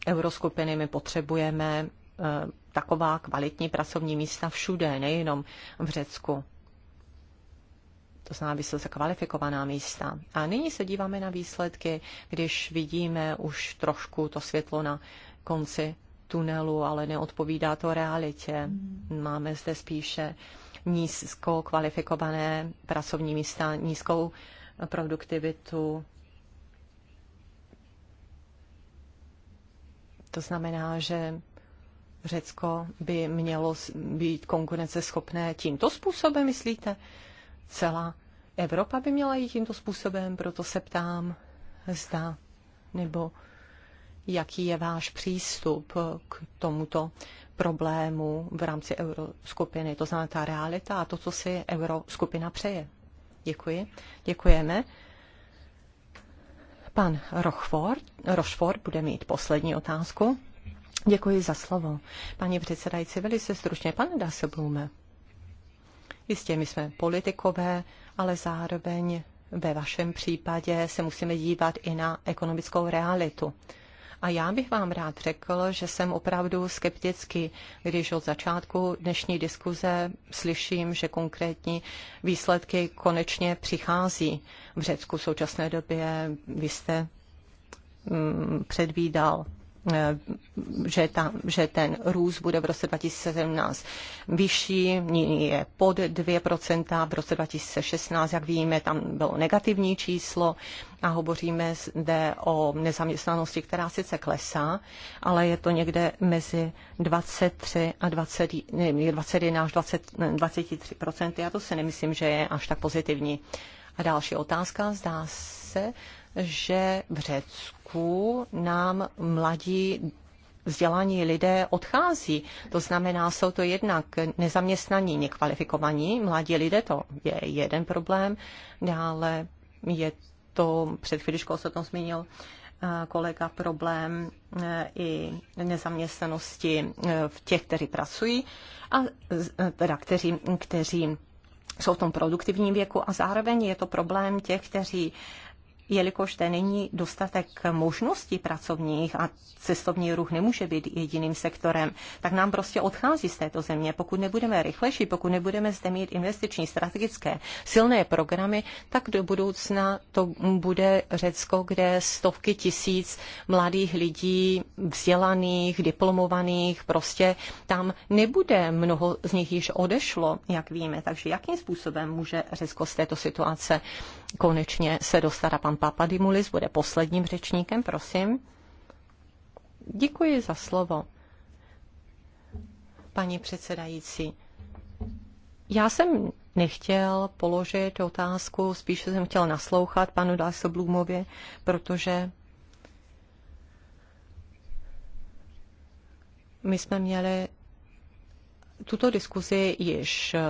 euroskupiny. My potřebujeme uh, taková kvalitní pracovní místa všude, nejenom v Řecku. To znamená se kvalifikovaná místa. A nyní se díváme na výsledky, když vidíme už trošku to světlo na konci tunelu, ale neodpovídá to realitě. Máme zde spíše nízko kvalifikované pracovní místa, nízkou produktivitu. To znamená, že Řecko by mělo být konkurenceschopné tímto způsobem, myslíte? Celá Evropa by měla jít tímto způsobem, proto se ptám, zda nebo jaký je váš přístup k tomuto problému v rámci euroskupiny, to znamená ta realita a to, co si euroskupina přeje. Děkuji. Děkujeme. Pan Rochford, Rochford bude mít poslední otázku. Děkuji za slovo. Paní předsedající, velice stručně, pane Daseblume. Jistě, my jsme politikové, ale zároveň ve vašem případě se musíme dívat i na ekonomickou realitu. A já bych vám rád řekl, že jsem opravdu skeptický, když od začátku dnešní diskuze slyším, že konkrétní výsledky konečně přichází. V Řecku v současné době vy jste mm, předvídal že, ta, že ten růst bude v roce 2017 vyšší, nyní je pod 2%, v roce 2016, jak víme, tam bylo negativní číslo a hovoříme zde o nezaměstnanosti, která sice klesá, ale je to někde mezi 23 a 20, ne, 21 až 20, 23%. Já to si nemyslím, že je až tak pozitivní. A další otázka, zdá se, že v Řecku nám mladí vzdělaní lidé odchází. To znamená, jsou to jednak nezaměstnaní, nekvalifikovaní mladí lidé, to je jeden problém. Dále je to, před chvíličkou se o tom zmínil eh, kolega, problém eh, i nezaměstnanosti eh, v těch, kteří pracují, a teda kteří, kteří jsou v tom produktivním věku a zároveň je to problém těch, kteří jelikož zde není dostatek možností pracovních a cestovní ruch nemůže být jediným sektorem, tak nám prostě odchází z této země. Pokud nebudeme rychlejší, pokud nebudeme zde mít investiční strategické silné programy, tak do budoucna to bude Řecko, kde stovky tisíc mladých lidí, vzdělaných, diplomovaných, prostě tam nebude mnoho z nich již odešlo, jak víme. Takže jakým způsobem může Řecko z této situace konečně se dostane pan Papadimulis, bude posledním řečníkem, prosím. Děkuji za slovo, paní předsedající. Já jsem nechtěl položit otázku, spíše jsem chtěl naslouchat panu Blumově, protože my jsme měli tuto diskuzi již eh,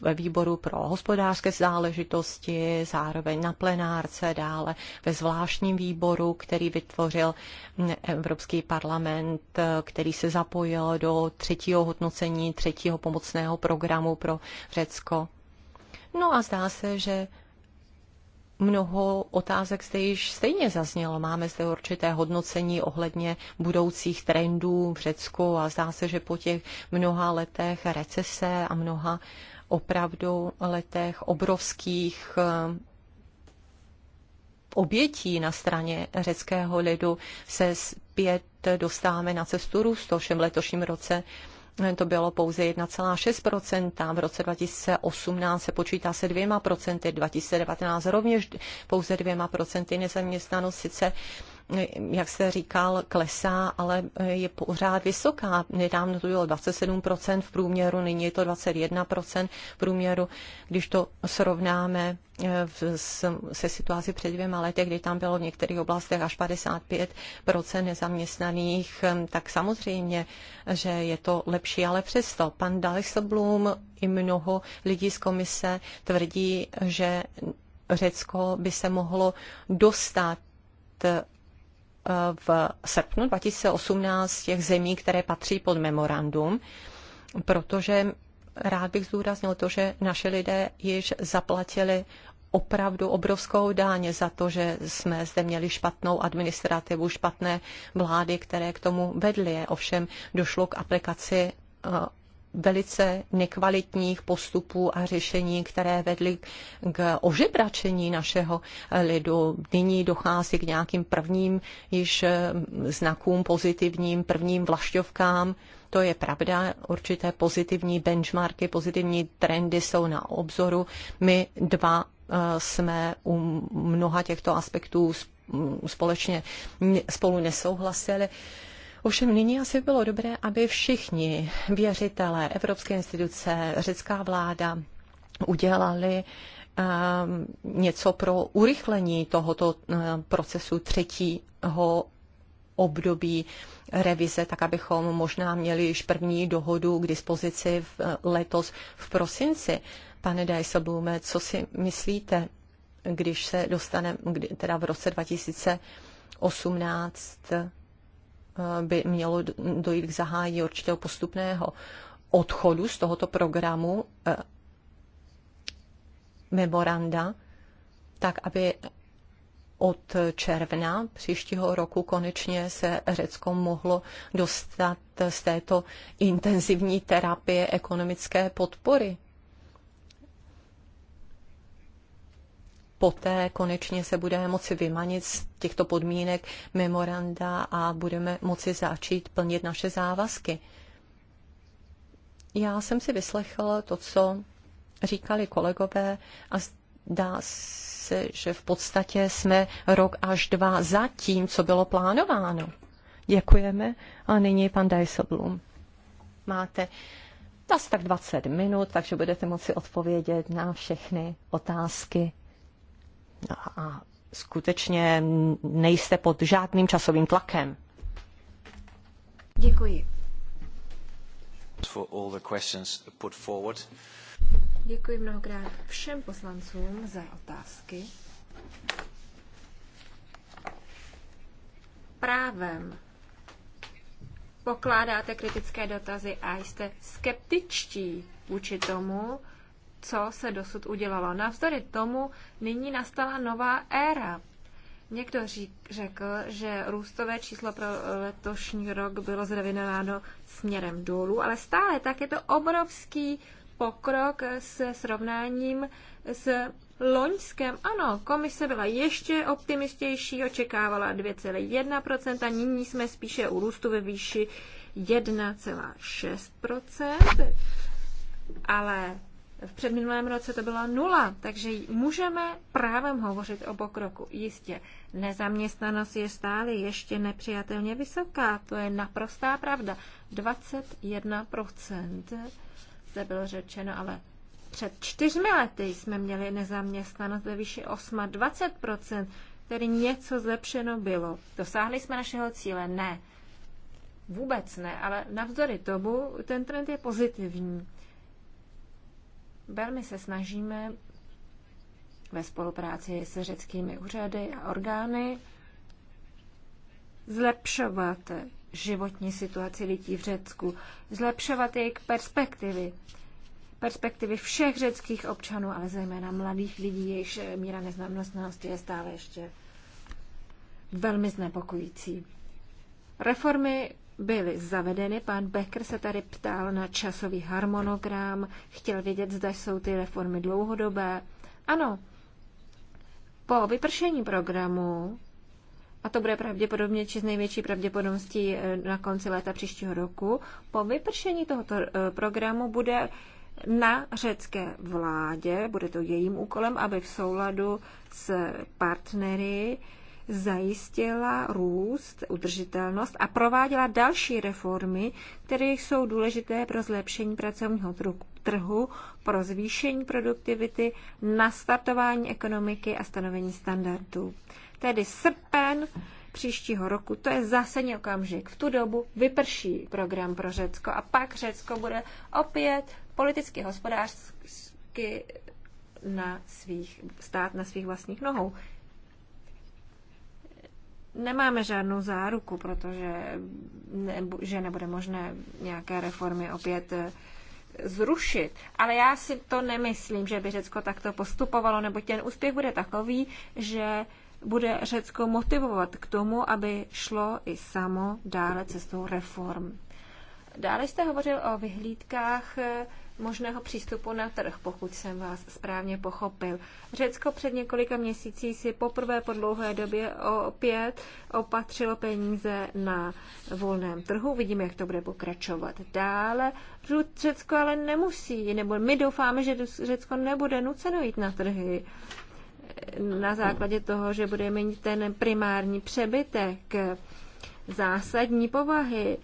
ve výboru pro hospodářské záležitosti, zároveň na plenárce, dále ve zvláštním výboru, který vytvořil mm, Evropský parlament, eh, který se zapojil do třetího hodnocení, třetího pomocného programu pro Řecko. No a zdá se, že mnoho otázek zde již stejně zaznělo. Máme zde určité hodnocení ohledně budoucích trendů v Řecku a zdá se, že po těch mnoha letech recese a mnoha opravdu letech obrovských eh, obětí na straně řeckého lidu se zpět dostáváme na cestu růstu. Všem letošním roce to bylo pouze 1,6%, v roce 2018 se počítá se 2%, 2019 rovněž pouze 2% nezaměstnanost, sice jak jste říkal, klesá, ale eh, je pořád vysoká. Nedávno to bylo 27% v průměru, nyní je to 21% v průměru. Když to srovnáme eh, se situací před dvěma lety, kdy tam bylo v některých oblastech až 55% nezaměstnaných, eh, tak samozřejmě, že je to lepší, ale přesto pan Dijsselbloem i mnoho lidí z komise tvrdí, že Řecko by se mohlo dostat v srpnu 2018 těch zemí, které patří pod memorandum, protože rád bych zdůraznil to, že naše lidé již zaplatili opravdu obrovskou dáň za to, že jsme zde měli špatnou administrativu, špatné vlády, které k tomu vedly. Ovšem došlo k aplikaci eh, velice nekvalitních postupů a řešení, které vedly k ožebračení našeho lidu. Nyní dochází k nějakým prvním již znakům pozitivním, prvním vlašťovkám. To je pravda, určité pozitivní benchmarky, pozitivní trendy jsou na obzoru. My dva eh, jsme u mnoha těchto aspektů mm, společně spolu nesouhlasili. Ovšem nyní asi bylo dobré, aby všichni věřitelé, Evropské instituce, řecká vláda udělali um, něco pro urychlení tohoto um, procesu třetího období revize, tak abychom možná měli již první dohodu k dispozici v, eh, letos v prosinci. Pane Dijsselblume, co si myslíte, když se dostaneme, teda v roce 2018 by mělo dojít k zahájení určitého postupného odchodu z tohoto programu eh, memoranda, tak aby od června příštího roku konečně se Řecko mohlo dostat z této intenzivní terapie ekonomické podpory. poté konečně se budeme moci vymanit z těchto podmínek memoranda a budeme moci začít plnit naše závazky. Já jsem si vyslechl to, co říkali kolegové a dá se, že v podstatě jsme rok až dva za tím, co bylo plánováno. Děkujeme a nyní pan Dijsselblum. Máte asi tak 20 minut, takže budete moci odpovědět na všechny otázky a skutečně nejste pod žádným časovým tlakem. Děkuji. Děkuji mnohokrát všem poslancům za otázky. Právem pokládáte kritické dotazy a jste skeptičtí vůči tomu, co se dosud udělalo. Navzdory tomu nyní nastala nová éra. Někdo řík, řekl, že růstové číslo pro letošní rok bylo zrevinováno směrem dolů, ale stále tak je to obrovský pokrok se srovnáním s loňském. Ano, komise byla ještě optimistější, očekávala 2,1%, nyní jsme spíše u růstu ve výši 1,6%, ale v předminulém roce to byla nula, takže můžeme právem hovořit o pokroku. Jistě, nezaměstnanost je stále ještě nepřijatelně vysoká, to je naprostá pravda. 21% se bylo řečeno, ale před čtyřmi lety jsme měli nezaměstnanost ve výši 28%, tedy něco zlepšeno bylo. Dosáhli jsme našeho cíle? Ne. Vůbec ne, ale navzory tomu ten trend je pozitivní. Velmi se snažíme ve spolupráci s řeckými úřady a orgány zlepšovat životní situaci lidí v Řecku, zlepšovat jejich perspektivy, perspektivy všech řeckých občanů, ale zejména mladých lidí, jejichž míra neznamnosti je stále ještě velmi znepokojící. Reformy byly zavedeny. Pan Becker se tady ptal na časový harmonogram, chtěl vědět, zda jsou ty reformy dlouhodobé. Ano, po vypršení programu, a to bude pravděpodobně či s největší pravděpodobností eh, na konci léta příštího roku, po vypršení tohoto eh, programu bude na řecké vládě, bude to jejím úkolem, aby v souladu s partnery zajistila růst, udržitelnost a prováděla další reformy, které jsou důležité pro zlepšení pracovního trhu, pro zvýšení produktivity, nastartování ekonomiky a stanovení standardů. Tedy srpen příštího roku, to je zásadní okamžik. V tu dobu vyprší program pro Řecko a pak Řecko bude opět politicky, hospodářsky na svých, stát na svých vlastních nohou nemáme žádnou záruku, protože nebo, že nebude možné nějaké reformy opět eh, zrušit. Ale já si to nemyslím, že by Řecko takto postupovalo, nebo ten úspěch bude takový, že bude Řecko motivovat k tomu, aby šlo i samo dále cestou reform. Dále jste hovořil o vyhlídkách eh, možného přístupu na trh, pokud jsem vás správně pochopil. Řecko před několika měsící si poprvé po dlouhé době opět opatřilo peníze na volném trhu. Vidíme, jak to bude pokračovat dále. Řecko ale nemusí, nebo my doufáme, že Řecko nebude nuceno jít na trhy na základě toho, že bude mít ten primární přebytek zásadní povahy.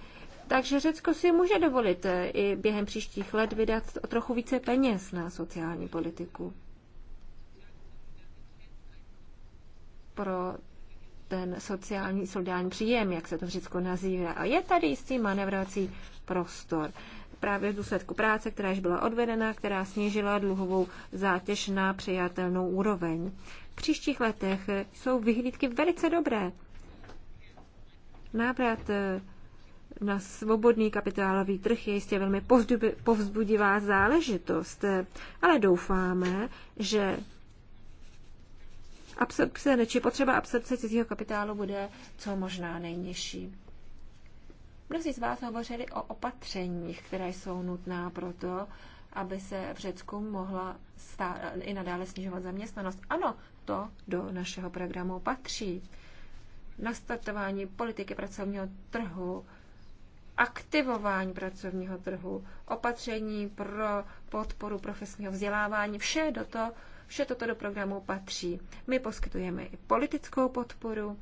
Takže Řecko si může dovolit eh, i během příštích let vydat o trochu více peněz na sociální politiku. Pro ten sociální solidární příjem, jak se to Řecko nazývá. A je tady jistý manevrací prostor. Právě v důsledku práce, která již byla odvedena, která snížila dluhovou zátěž na přijatelnou úroveň. V příštích letech jsou vyhlídky velice dobré. Návrat eh, na svobodný kapitálový trh je jistě velmi povzbudivá záležitost, ale doufáme, že absorpce, neči potřeba absorpce cizího kapitálu bude co možná nejnižší. Mnozí z vás hovořili o opatřeních, které jsou nutná pro to, aby se v Řecku mohla i nadále snižovat zaměstnanost. Ano, to do našeho programu patří. Nastartování politiky pracovního trhu, aktivování pracovního trhu, opatření pro podporu profesního vzdělávání, vše, do to, vše toto do programu patří. My poskytujeme i politickou podporu,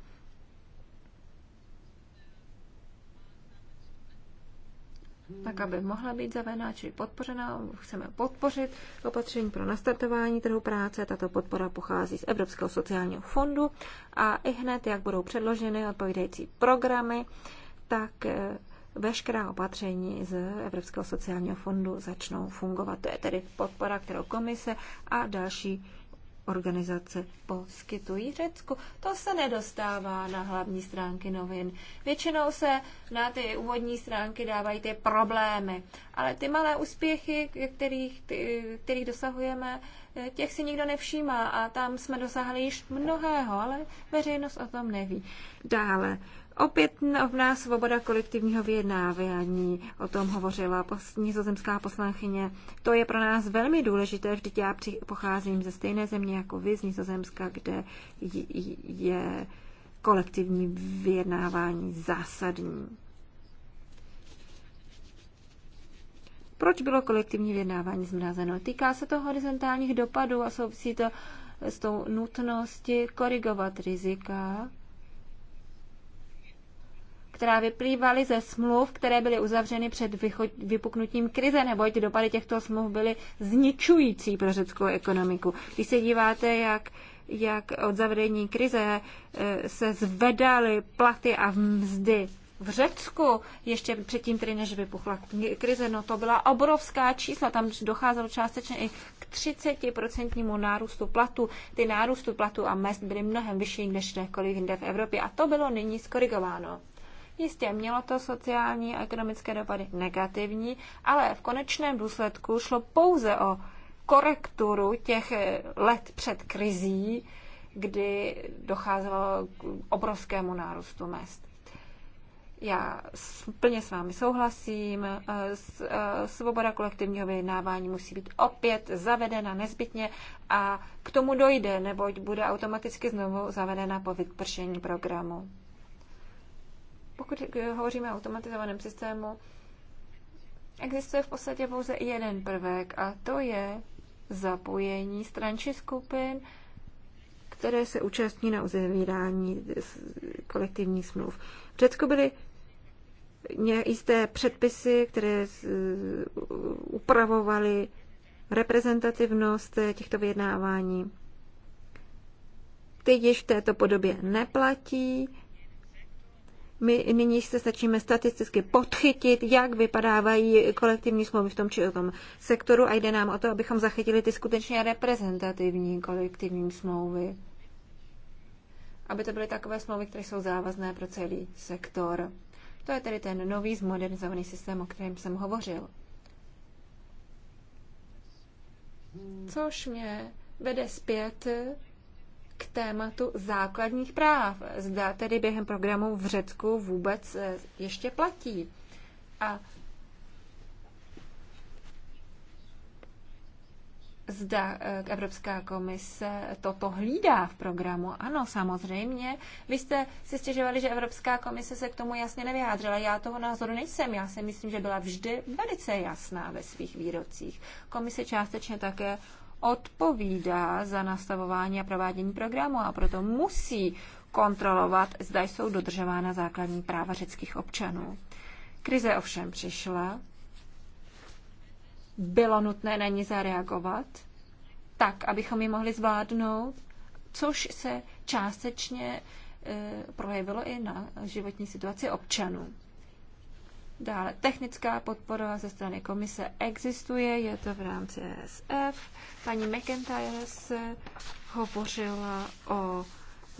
tak aby mohla být zavená či podpořena. Chceme podpořit opatření pro nastartování trhu práce. Tato podpora pochází z Evropského sociálního fondu a i hned, jak budou předloženy odpovídající programy, tak eh, veškerá opatření z Evropského sociálního fondu začnou fungovat. To je tedy podpora, kterou komise a další organizace poskytují Řecku. To se nedostává na hlavní stránky novin. Většinou se na ty úvodní stránky dávají ty problémy, ale ty malé úspěchy, kterých, kterých dosahujeme, Eh, těch si nikdo nevšímá a tam jsme dosáhli již mnohého, ale veřejnost o tom neví. Dále, opět novná svoboda kolektivního vyjednávání, o tom hovořila nizozemská poslankyně. To je pro nás velmi důležité, vždyť já pocházím ze stejné země jako vy z Nizozemska, kde je kolektivní vyjednávání zásadní. Proč bylo kolektivní vyjednávání zmrazeno? Týká se to horizontálních dopadů a souvisí to s tou nutností korigovat rizika, která vyplývaly ze smluv, které byly uzavřeny před vypuknutím krize, neboť dopady těchto smluv byly zničující pro řeckou ekonomiku. Když se díváte, jak jak od zavedení krize eh, se zvedaly platy a mzdy v Řecku, ještě předtím, tedy než vypuchla krize, no to byla obrovská čísla, tam docházelo částečně i k 30% nárůstu platu. Ty nárůstu platu a mest byly mnohem vyšší než kdekoliv jinde v Evropě a to bylo nyní skorigováno. Jistě mělo to sociální a ekonomické dopady negativní, ale v konečném důsledku šlo pouze o korekturu těch eh, let před krizí, kdy docházelo k obrovskému nárůstu mest. Já plně s vámi souhlasím. Eh, eh, svoboda kolektivního vyjednávání musí být opět zavedena nezbytně a k tomu dojde, neboť bude automaticky znovu zavedena po vypršení programu. Pokud hovoříme o automatizovaném systému, existuje v podstatě pouze jeden prvek a to je zapojení stran či skupin, které se účastní na uzavírání kolektivních smluv. V Řecku byly jisté předpisy, které e, upravovaly reprezentativnost těchto vyjednávání. Ty již v této podobě neplatí. My nyní se stačíme statisticky podchytit, jak vypadávají kolektivní smlouvy v tom či o tom sektoru a jde nám o to, abychom zachytili ty skutečně reprezentativní kolektivní smlouvy. Aby to byly takové smlouvy, které jsou závazné pro celý sektor. To je tedy ten nový zmodernizovaný systém, o kterém jsem hovořil. Což mě vede zpět k tématu základních práv. Zda tedy během programu v Řecku vůbec eh, ještě platí. A zda eh, Evropská komise toto hlídá v programu. Ano, samozřejmě. Vy jste si stěžovali, že Evropská komise se k tomu jasně nevyjádřila. Já toho názoru nejsem. Já si myslím, že byla vždy velice jasná ve svých výrocích. Komise částečně také odpovídá za nastavování a provádění programu a proto musí kontrolovat, zda jsou dodržována základní práva řeckých občanů. Krize ovšem přišla bylo nutné na ně zareagovat, tak, abychom ji mohli zvládnout, což se částečně e, projevilo i na životní situaci občanů. Dále technická podpora ze strany komise existuje, je to v rámci ESF. Paní McIntyre se hovořila o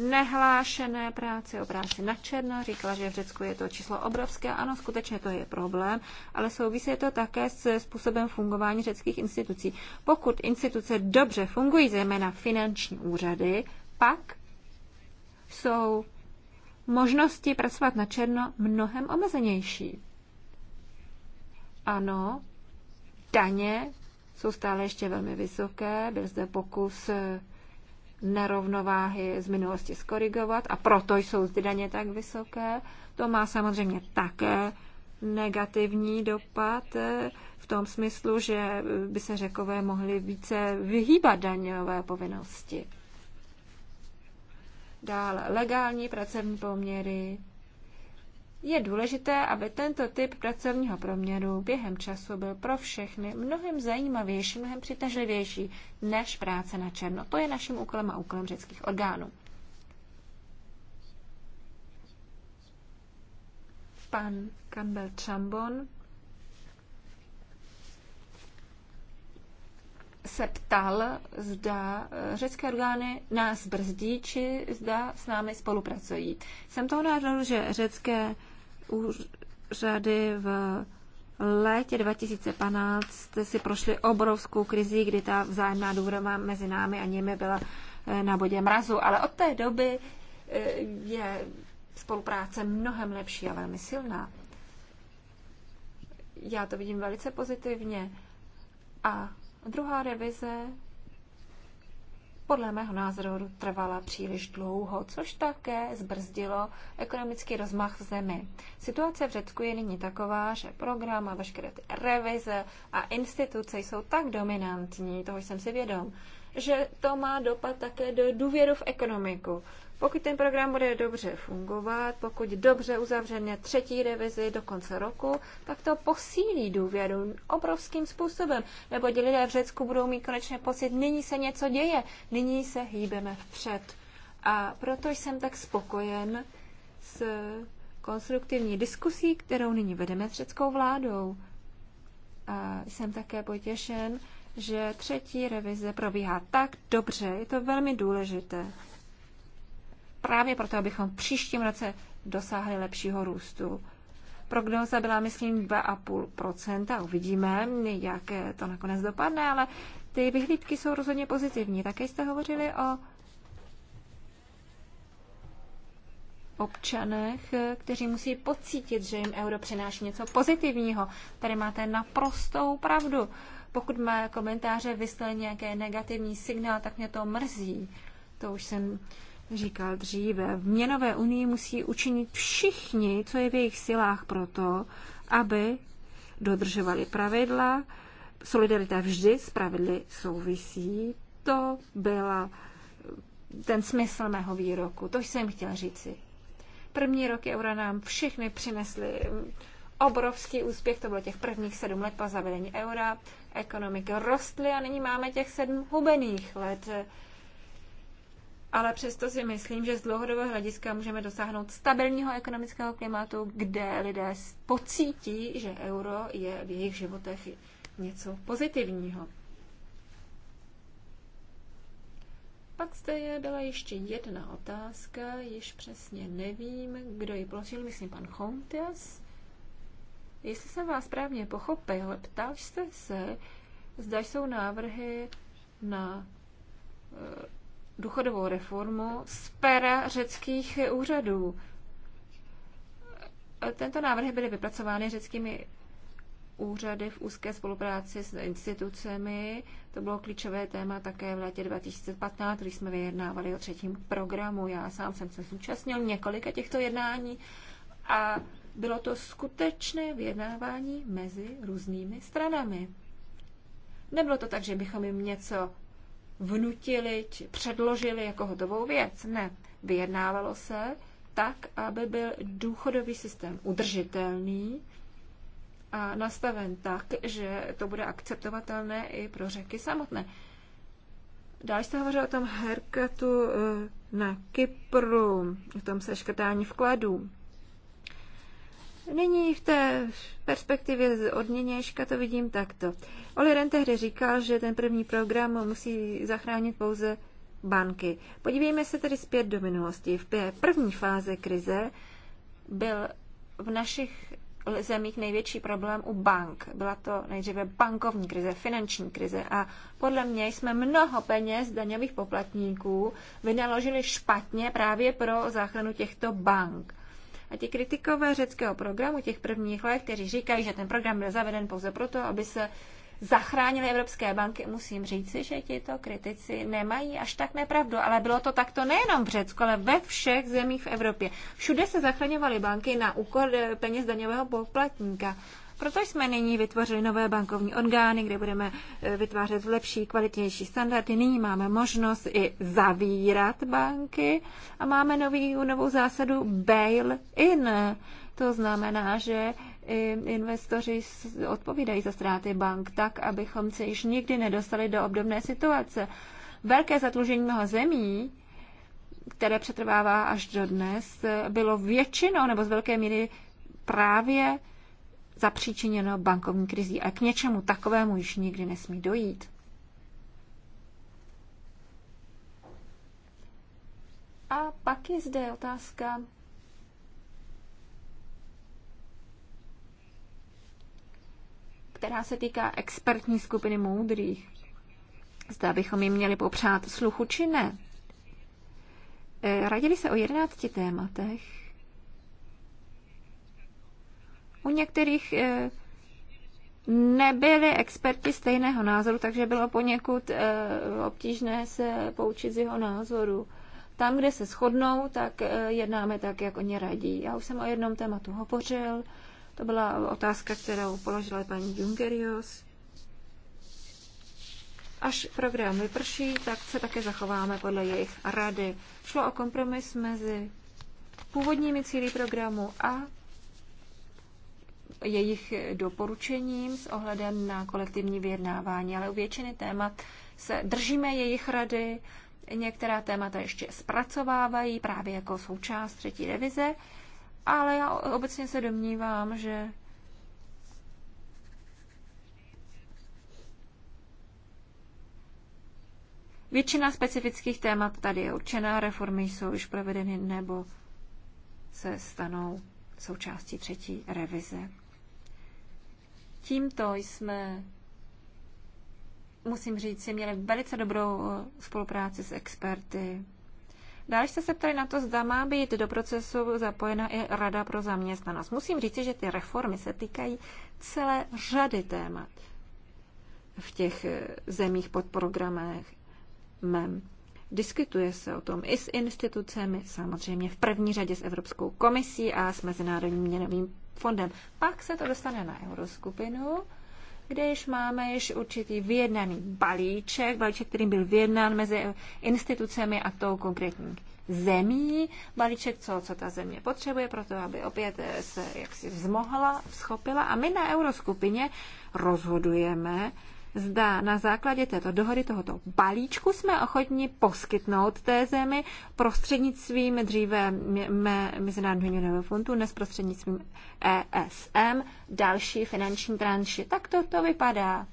nehlášené práci, o práci na černo. Říkala, že v Řecku je to číslo obrovské. Ano, skutečně to je problém, ale souvisí to také s způsobem fungování řeckých institucí. Pokud instituce dobře fungují, zejména finanční úřady, pak jsou možnosti pracovat na černo mnohem omezenější. Ano, daně jsou stále ještě velmi vysoké. Byl zde pokus nerovnováhy z minulosti skorigovat a proto jsou zde daně tak vysoké. To má samozřejmě také negativní dopad v tom smyslu, že by se řekové mohli více vyhýbat daňové povinnosti. Dále legální pracovní poměry, je důležité, aby tento typ pracovního proměru během času byl pro všechny mnohem zajímavější, mnohem přitažlivější než práce na černo. To je naším úkolem a úkolem řeckých orgánů. Pan Campbell Chambon se ptal, zda eh, řecké orgány nás brzdí, či zda s námi spolupracují. Jsem toho názoru, že řecké úřady v létě 2015 si prošli obrovskou krizi, kdy ta vzájemná důvěra mezi námi a nimi byla eh, na bodě mrazu, ale od té doby eh, je spolupráce mnohem lepší a velmi silná. Já to vidím velice pozitivně. A druhá revize podle mého názoru trvala příliš dlouho, což také zbrzdilo ekonomický rozmach v zemi. Situace v Řecku je nyní taková, že program a veškeré ty revize a instituce jsou tak dominantní, toho jsem si vědom, že to má dopad také do důvěru v ekonomiku. Pokud ten program bude dobře fungovat, pokud dobře uzavřeme třetí revizi do konce roku, tak to posílí důvěru obrovským způsobem, nebo lidé v Řecku budou mít konečně pocit, nyní se něco děje, nyní se hýbeme vpřed. A proto jsem tak spokojen s konstruktivní diskusí, kterou nyní vedeme s řeckou vládou. A jsem také potěšen, že třetí revize probíhá tak dobře, je to velmi důležité právě proto, abychom v příštím roce dosáhli lepšího růstu. Prognoza byla, myslím, 2,5%. Uvidíme, jak to nakonec dopadne, ale ty vyhlídky jsou rozhodně pozitivní. Také jste hovořili o občanech, kteří musí pocítit, že jim euro přináší něco pozitivního. Tady máte naprostou pravdu. Pokud má komentáře vyslali nějaké negativní signál, tak mě to mrzí. To už jsem říkal dříve, v měnové unii musí učinit všichni, co je v jejich silách proto, aby dodržovali pravidla. Solidarita vždy s pravidly souvisí. To byla eh, ten smysl mého výroku. To jsem chtěl říci. První roky eura nám všechny přinesly mm, obrovský úspěch, to bylo těch prvních sedm let po zavedení eura, Ekonomiky rostly a nyní máme těch sedm hubených let ale přesto si myslím, že z dlouhodobého hlediska můžeme dosáhnout stabilního ekonomického klimatu, kde lidé pocítí, že euro je v jejich životech něco pozitivního. Pak zde je byla ještě jedna otázka, již přesně nevím, kdo ji položil, myslím pan Chontes. Jestli jsem vás správně pochopil, ptal jste se, zda jsou návrhy na eh, důchodovou reformu z pera řeckých úřadů. Tento návrh byly vypracovány řeckými úřady v úzké spolupráci s institucemi. To bylo klíčové téma také v létě 2015, když jsme vyjednávali o třetím programu. Já sám jsem se zúčastnil několika těchto jednání a bylo to skutečné vyjednávání mezi různými stranami. Nebylo to tak, že bychom jim něco vnutili či předložili jako hotovou věc. Ne, vyjednávalo se tak, aby byl důchodový systém udržitelný a nastaven tak, že to bude akceptovatelné i pro řeky samotné. Dále jste hovořil o tom herkatu eh, na Kypru, o tom seškrtání vkladů. Nyní v té perspektivě od odměněžka to vidím takto. Oli Ren tehdy říkal, že ten první program musí zachránit pouze banky. Podívejme se tedy zpět do minulosti. V té první fáze krize byl v našich zemích největší problém u bank. Byla to nejdříve bankovní krize, finanční krize a podle mě jsme mnoho peněz daňových poplatníků vynaložili špatně právě pro záchranu těchto bank. A ti kritikové řeckého programu těch prvních let, kteří říkají, že ten program byl zaveden pouze proto, aby se zachránily evropské banky, musím říci, že tito kritici nemají až tak nepravdu, ale bylo to takto nejenom v Řecku, ale ve všech zemích v Evropě. Všude se zachraňovaly banky na úkor eh, peněz daňového poplatníka. Proto jsme nyní vytvořili nové bankovní orgány, kde budeme e, vytvářet lepší, kvalitnější standardy. Nyní máme možnost i zavírat banky a máme nový, novou zásadu bail-in. To znamená, že investoři odpovídají za ztráty bank tak, abychom se již nikdy nedostali do obdobné situace. Velké zadlužení mnoha zemí které přetrvává až do dnes, bylo většinou nebo z velké míry právě zapříčiněno bankovní krizí. A k něčemu takovému již nikdy nesmí dojít. A pak je zde otázka která se týká expertní skupiny moudrých. Zda bychom jim měli popřát sluchu či ne. Eh, radili se o jedenácti tématech u některých eh, nebyli experti stejného názoru, takže bylo poněkud eh, obtížné se poučit z jeho názoru. Tam, kde se shodnou, tak eh, jednáme tak, jak oni radí. Já už jsem o jednom tématu hovořil. To byla otázka, kterou položila paní Jungerius. Až program vyprší, tak se také zachováme podle jejich rady. Šlo o kompromis mezi původními cíly programu a jejich doporučením s ohledem na kolektivní vyjednávání, ale u většiny témat se držíme jejich rady, některá témata ještě zpracovávají právě jako součást třetí revize, ale já obecně se domnívám, že Většina specifických témat tady je určená, reformy jsou už provedeny nebo se stanou součástí třetí revize. Tímto jsme, musím říct, si měli velice dobrou eh, spolupráci s experty. Dále jste se ptali na to, zda má být do procesu zapojena i Rada pro zaměstnanost. Musím říct, že ty reformy se týkají celé řady témat v těch eh, zemích pod programech MEM. E Diskutuje se o tom i s institucemi, samozřejmě v první řadě s Evropskou komisí a s Mezinárodním měnovým fondem. Pak se to dostane na euroskupinu, kde již máme již určitý vyjednaný balíček, balíček, který byl vyjednán mezi institucemi a tou konkrétní zemí, balíček, co, co ta země potřebuje pro to, aby opět eh, se jaksi vzmohla, schopila a my na euroskupině rozhodujeme zda na základě této dohody, tohoto balíčku jsme ochotni poskytnout té zemi prostřednictvím dříve Mezinárodního měnového fondu, dnes prostřednictvím ESM, další finanční tranši. Tak to, to vypadá.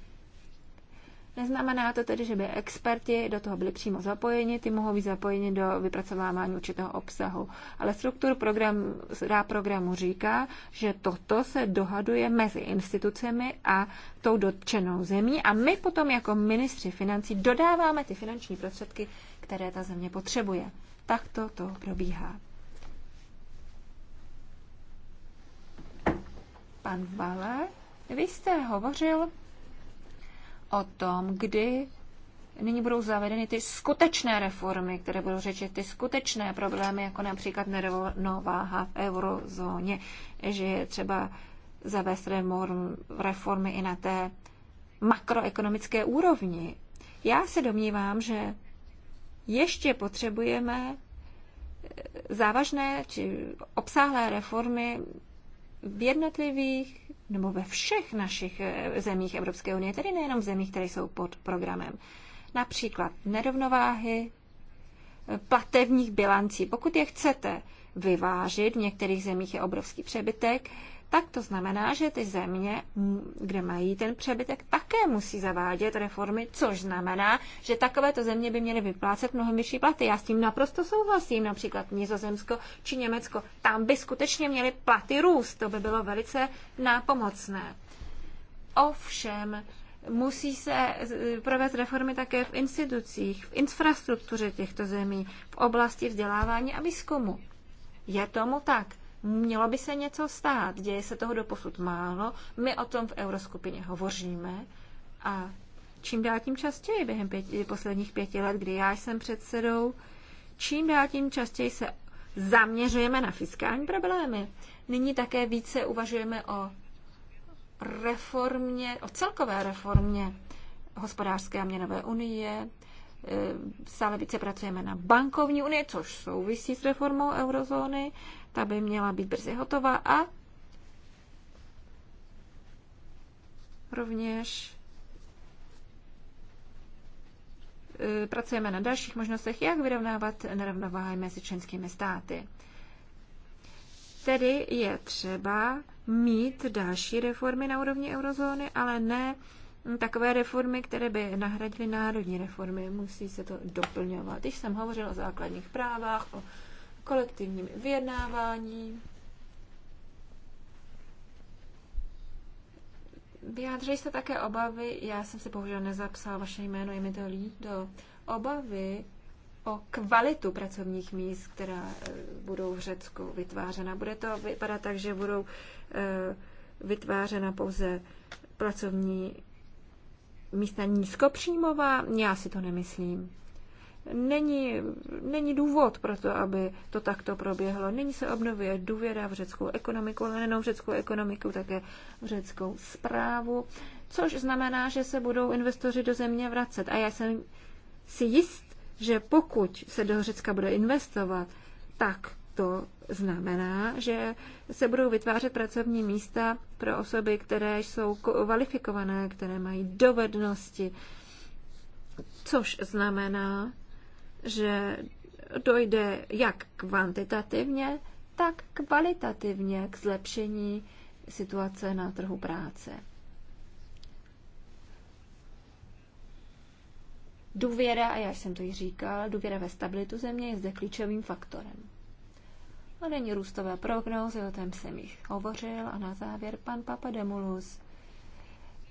Neznamená to tedy, že by experti do toho byli přímo zapojeni, ty mohou být zapojeni do vypracovávání určitého obsahu. Ale struktur program, rá programu říká, že toto se dohaduje mezi institucemi a tou dotčenou zemí a my potom jako ministři financí dodáváme ty finanční prostředky, které ta země potřebuje. Tak to probíhá. Pan Vale, vy jste hovořil o tom, kdy nyní budou zavedeny ty skutečné reformy, které budou řečit ty skutečné problémy, jako například nerovnováha v eurozóně, že je třeba zavést reformy i na té makroekonomické úrovni. Já se domnívám, že ještě potřebujeme eh, závažné či obsáhlé reformy v jednotlivých nebo ve všech našich eh, zemích Evropské unie, tedy nejenom v zemích, které jsou pod programem. Například nerovnováhy eh, platevních bilancí. Pokud je chcete vyvážit, v některých zemích je obrovský přebytek, tak to znamená, že ty země, kde mají ten přebytek, také musí zavádět reformy, což znamená, že takovéto země by měly vyplácet mnohem vyšší platy. Já s tím naprosto souhlasím, například Nizozemsko či Německo. Tam by skutečně měly platy růst, to by bylo velice nápomocné. Ovšem, musí se provést reformy také v institucích, v infrastruktuře těchto zemí, v oblasti vzdělávání a výzkumu. Je tomu tak. Mělo by se něco stát, děje se toho doposud málo, my o tom v euroskupině hovoříme a čím dál tím častěji během pěti, posledních pěti let, kdy já jsem předsedou, čím dál tím častěji se zaměřujeme na fiskální problémy. Nyní také více uvažujeme o reformě, o celkové reformě hospodářské a měnové unie, E, stále více pracujeme na bankovní unii, což souvisí s reformou eurozóny. Ta by měla být brzy hotová a rovněž e, pracujeme na dalších možnostech, jak vyrovnávat nerovnováhy mezi členskými státy. Tedy je třeba mít další reformy na úrovni eurozóny, ale ne takové reformy, které by nahradily národní reformy. Musí se to doplňovat. Když jsem hovořila o základních právách, o kolektivním vyjednávání, Vyjádřili jste také obavy, já jsem si bohužel nezapsal vaše jméno, je mi to líto, obavy o kvalitu pracovních míst, která eh, budou v Řecku vytvářena. Bude to vypadat tak, že budou eh, vytvářena pouze pracovní místa nízkopříjmová? Já si to nemyslím. Není, není důvod pro to, aby to takto proběhlo. Není se obnovuje důvěra v řeckou ekonomiku, ale nejenom v řeckou ekonomiku, také v řeckou zprávu, což znamená, že se budou investoři do země vracet. A já jsem si jist, že pokud se do Řecka bude investovat, tak to znamená, že se budou vytvářet pracovní místa pro osoby, které jsou kvalifikované, které mají dovednosti, což znamená, že dojde jak kvantitativně, tak kvalitativně k zlepšení situace na trhu práce. Důvěra, a já jsem to již říkal, důvěra ve stabilitu země je zde klíčovým faktorem. A no, není růstové prognózy, o tom jsem jich hovořil. A na závěr pan Papademulus.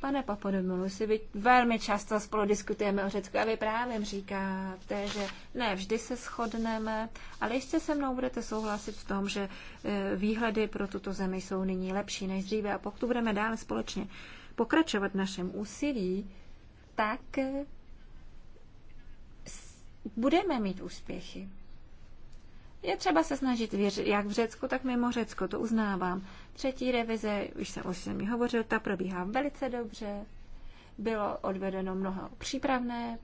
Pane Papademulusi, vy velmi často spolu diskutujeme o Řecku a vy právě říkáte, že ne vždy se shodneme, ale jistě se mnou budete souhlasit v tom, že e, výhledy pro tuto zemi jsou nyní lepší než dříve a pokud budeme dále společně pokračovat v našem úsilí, tak e, budeme mít úspěchy. Je třeba se snažit věřit, jak v Řecku, tak mimo Řecko, to uznávám. Třetí revize, už jsem o ní hovořil, ta probíhá velice dobře. Bylo odvedeno mnoho přípravné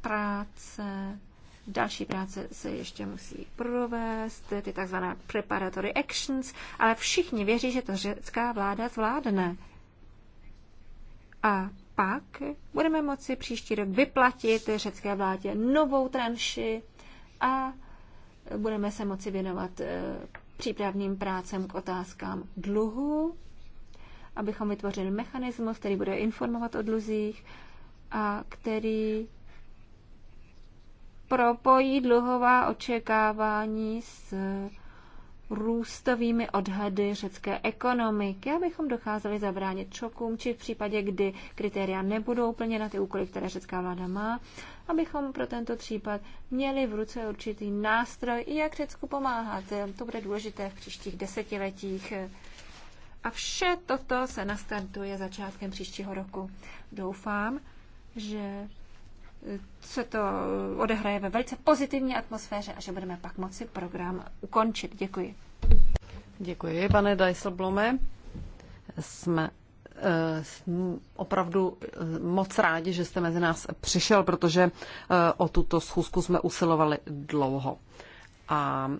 práce, další práce se ještě musí provést, ty tzv. preparatory actions, ale všichni věří, že to řecká vláda zvládne. A pak budeme moci příští rok vyplatit řecké vládě novou tranši a budeme se moci věnovat eh, přípravným prácem k otázkám dluhu, abychom vytvořili mechanismus, který bude informovat o dluzích a který propojí dluhová očekávání s růstovými odhady řecké ekonomiky, abychom dokázali zabránit šokům, či v případě, kdy kritéria nebudou na ty úkoly, které řecká vláda má, abychom pro tento případ měli v ruce určitý nástroj, i jak Řecku pomáhat. To bude důležité v příštích desetiletích. A vše toto se nastartuje začátkem příštího roku. Doufám, že se to odehraje ve velice pozitivní atmosféře a že budeme pak moci program ukončit. Děkuji. Děkuji, pane Dijsselblome. Jsme eh, opravdu eh, moc rádi, že jste mezi nás přišel, protože eh, o tuto schůzku jsme usilovali dlouho. A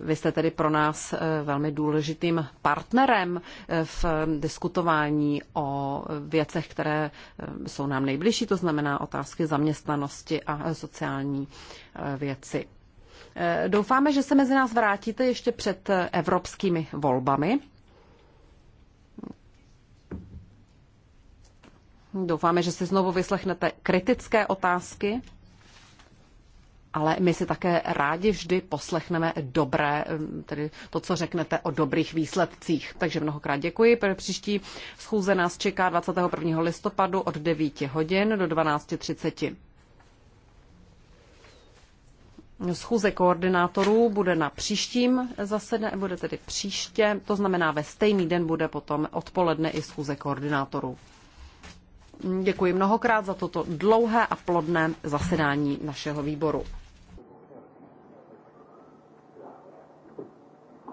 Vy jste tedy pro nás eh, velmi důležitým partnerem eh, v diskutování o věcech, které eh, jsou nám nejbližší, to znamená otázky zaměstnanosti a sociální věci. Doufáme, že se mezi nás vrátíte ještě před evropskými volbami. Doufáme, že si znovu vyslechnete kritické otázky ale my si také rádi vždy poslechneme dobré, tedy to, co řeknete o dobrých výsledcích. Takže mnohokrát děkuji. Pro příští schůze nás čeká 21. listopadu od 9 hodin do 12.30. Schůze koordinátorů bude na příštím zasedání, bude tedy příště, to znamená ve stejný den bude potom odpoledne i schůze koordinátorů. Děkuji mnohokrát za toto dlouhé a plodné zasedání našeho výboru.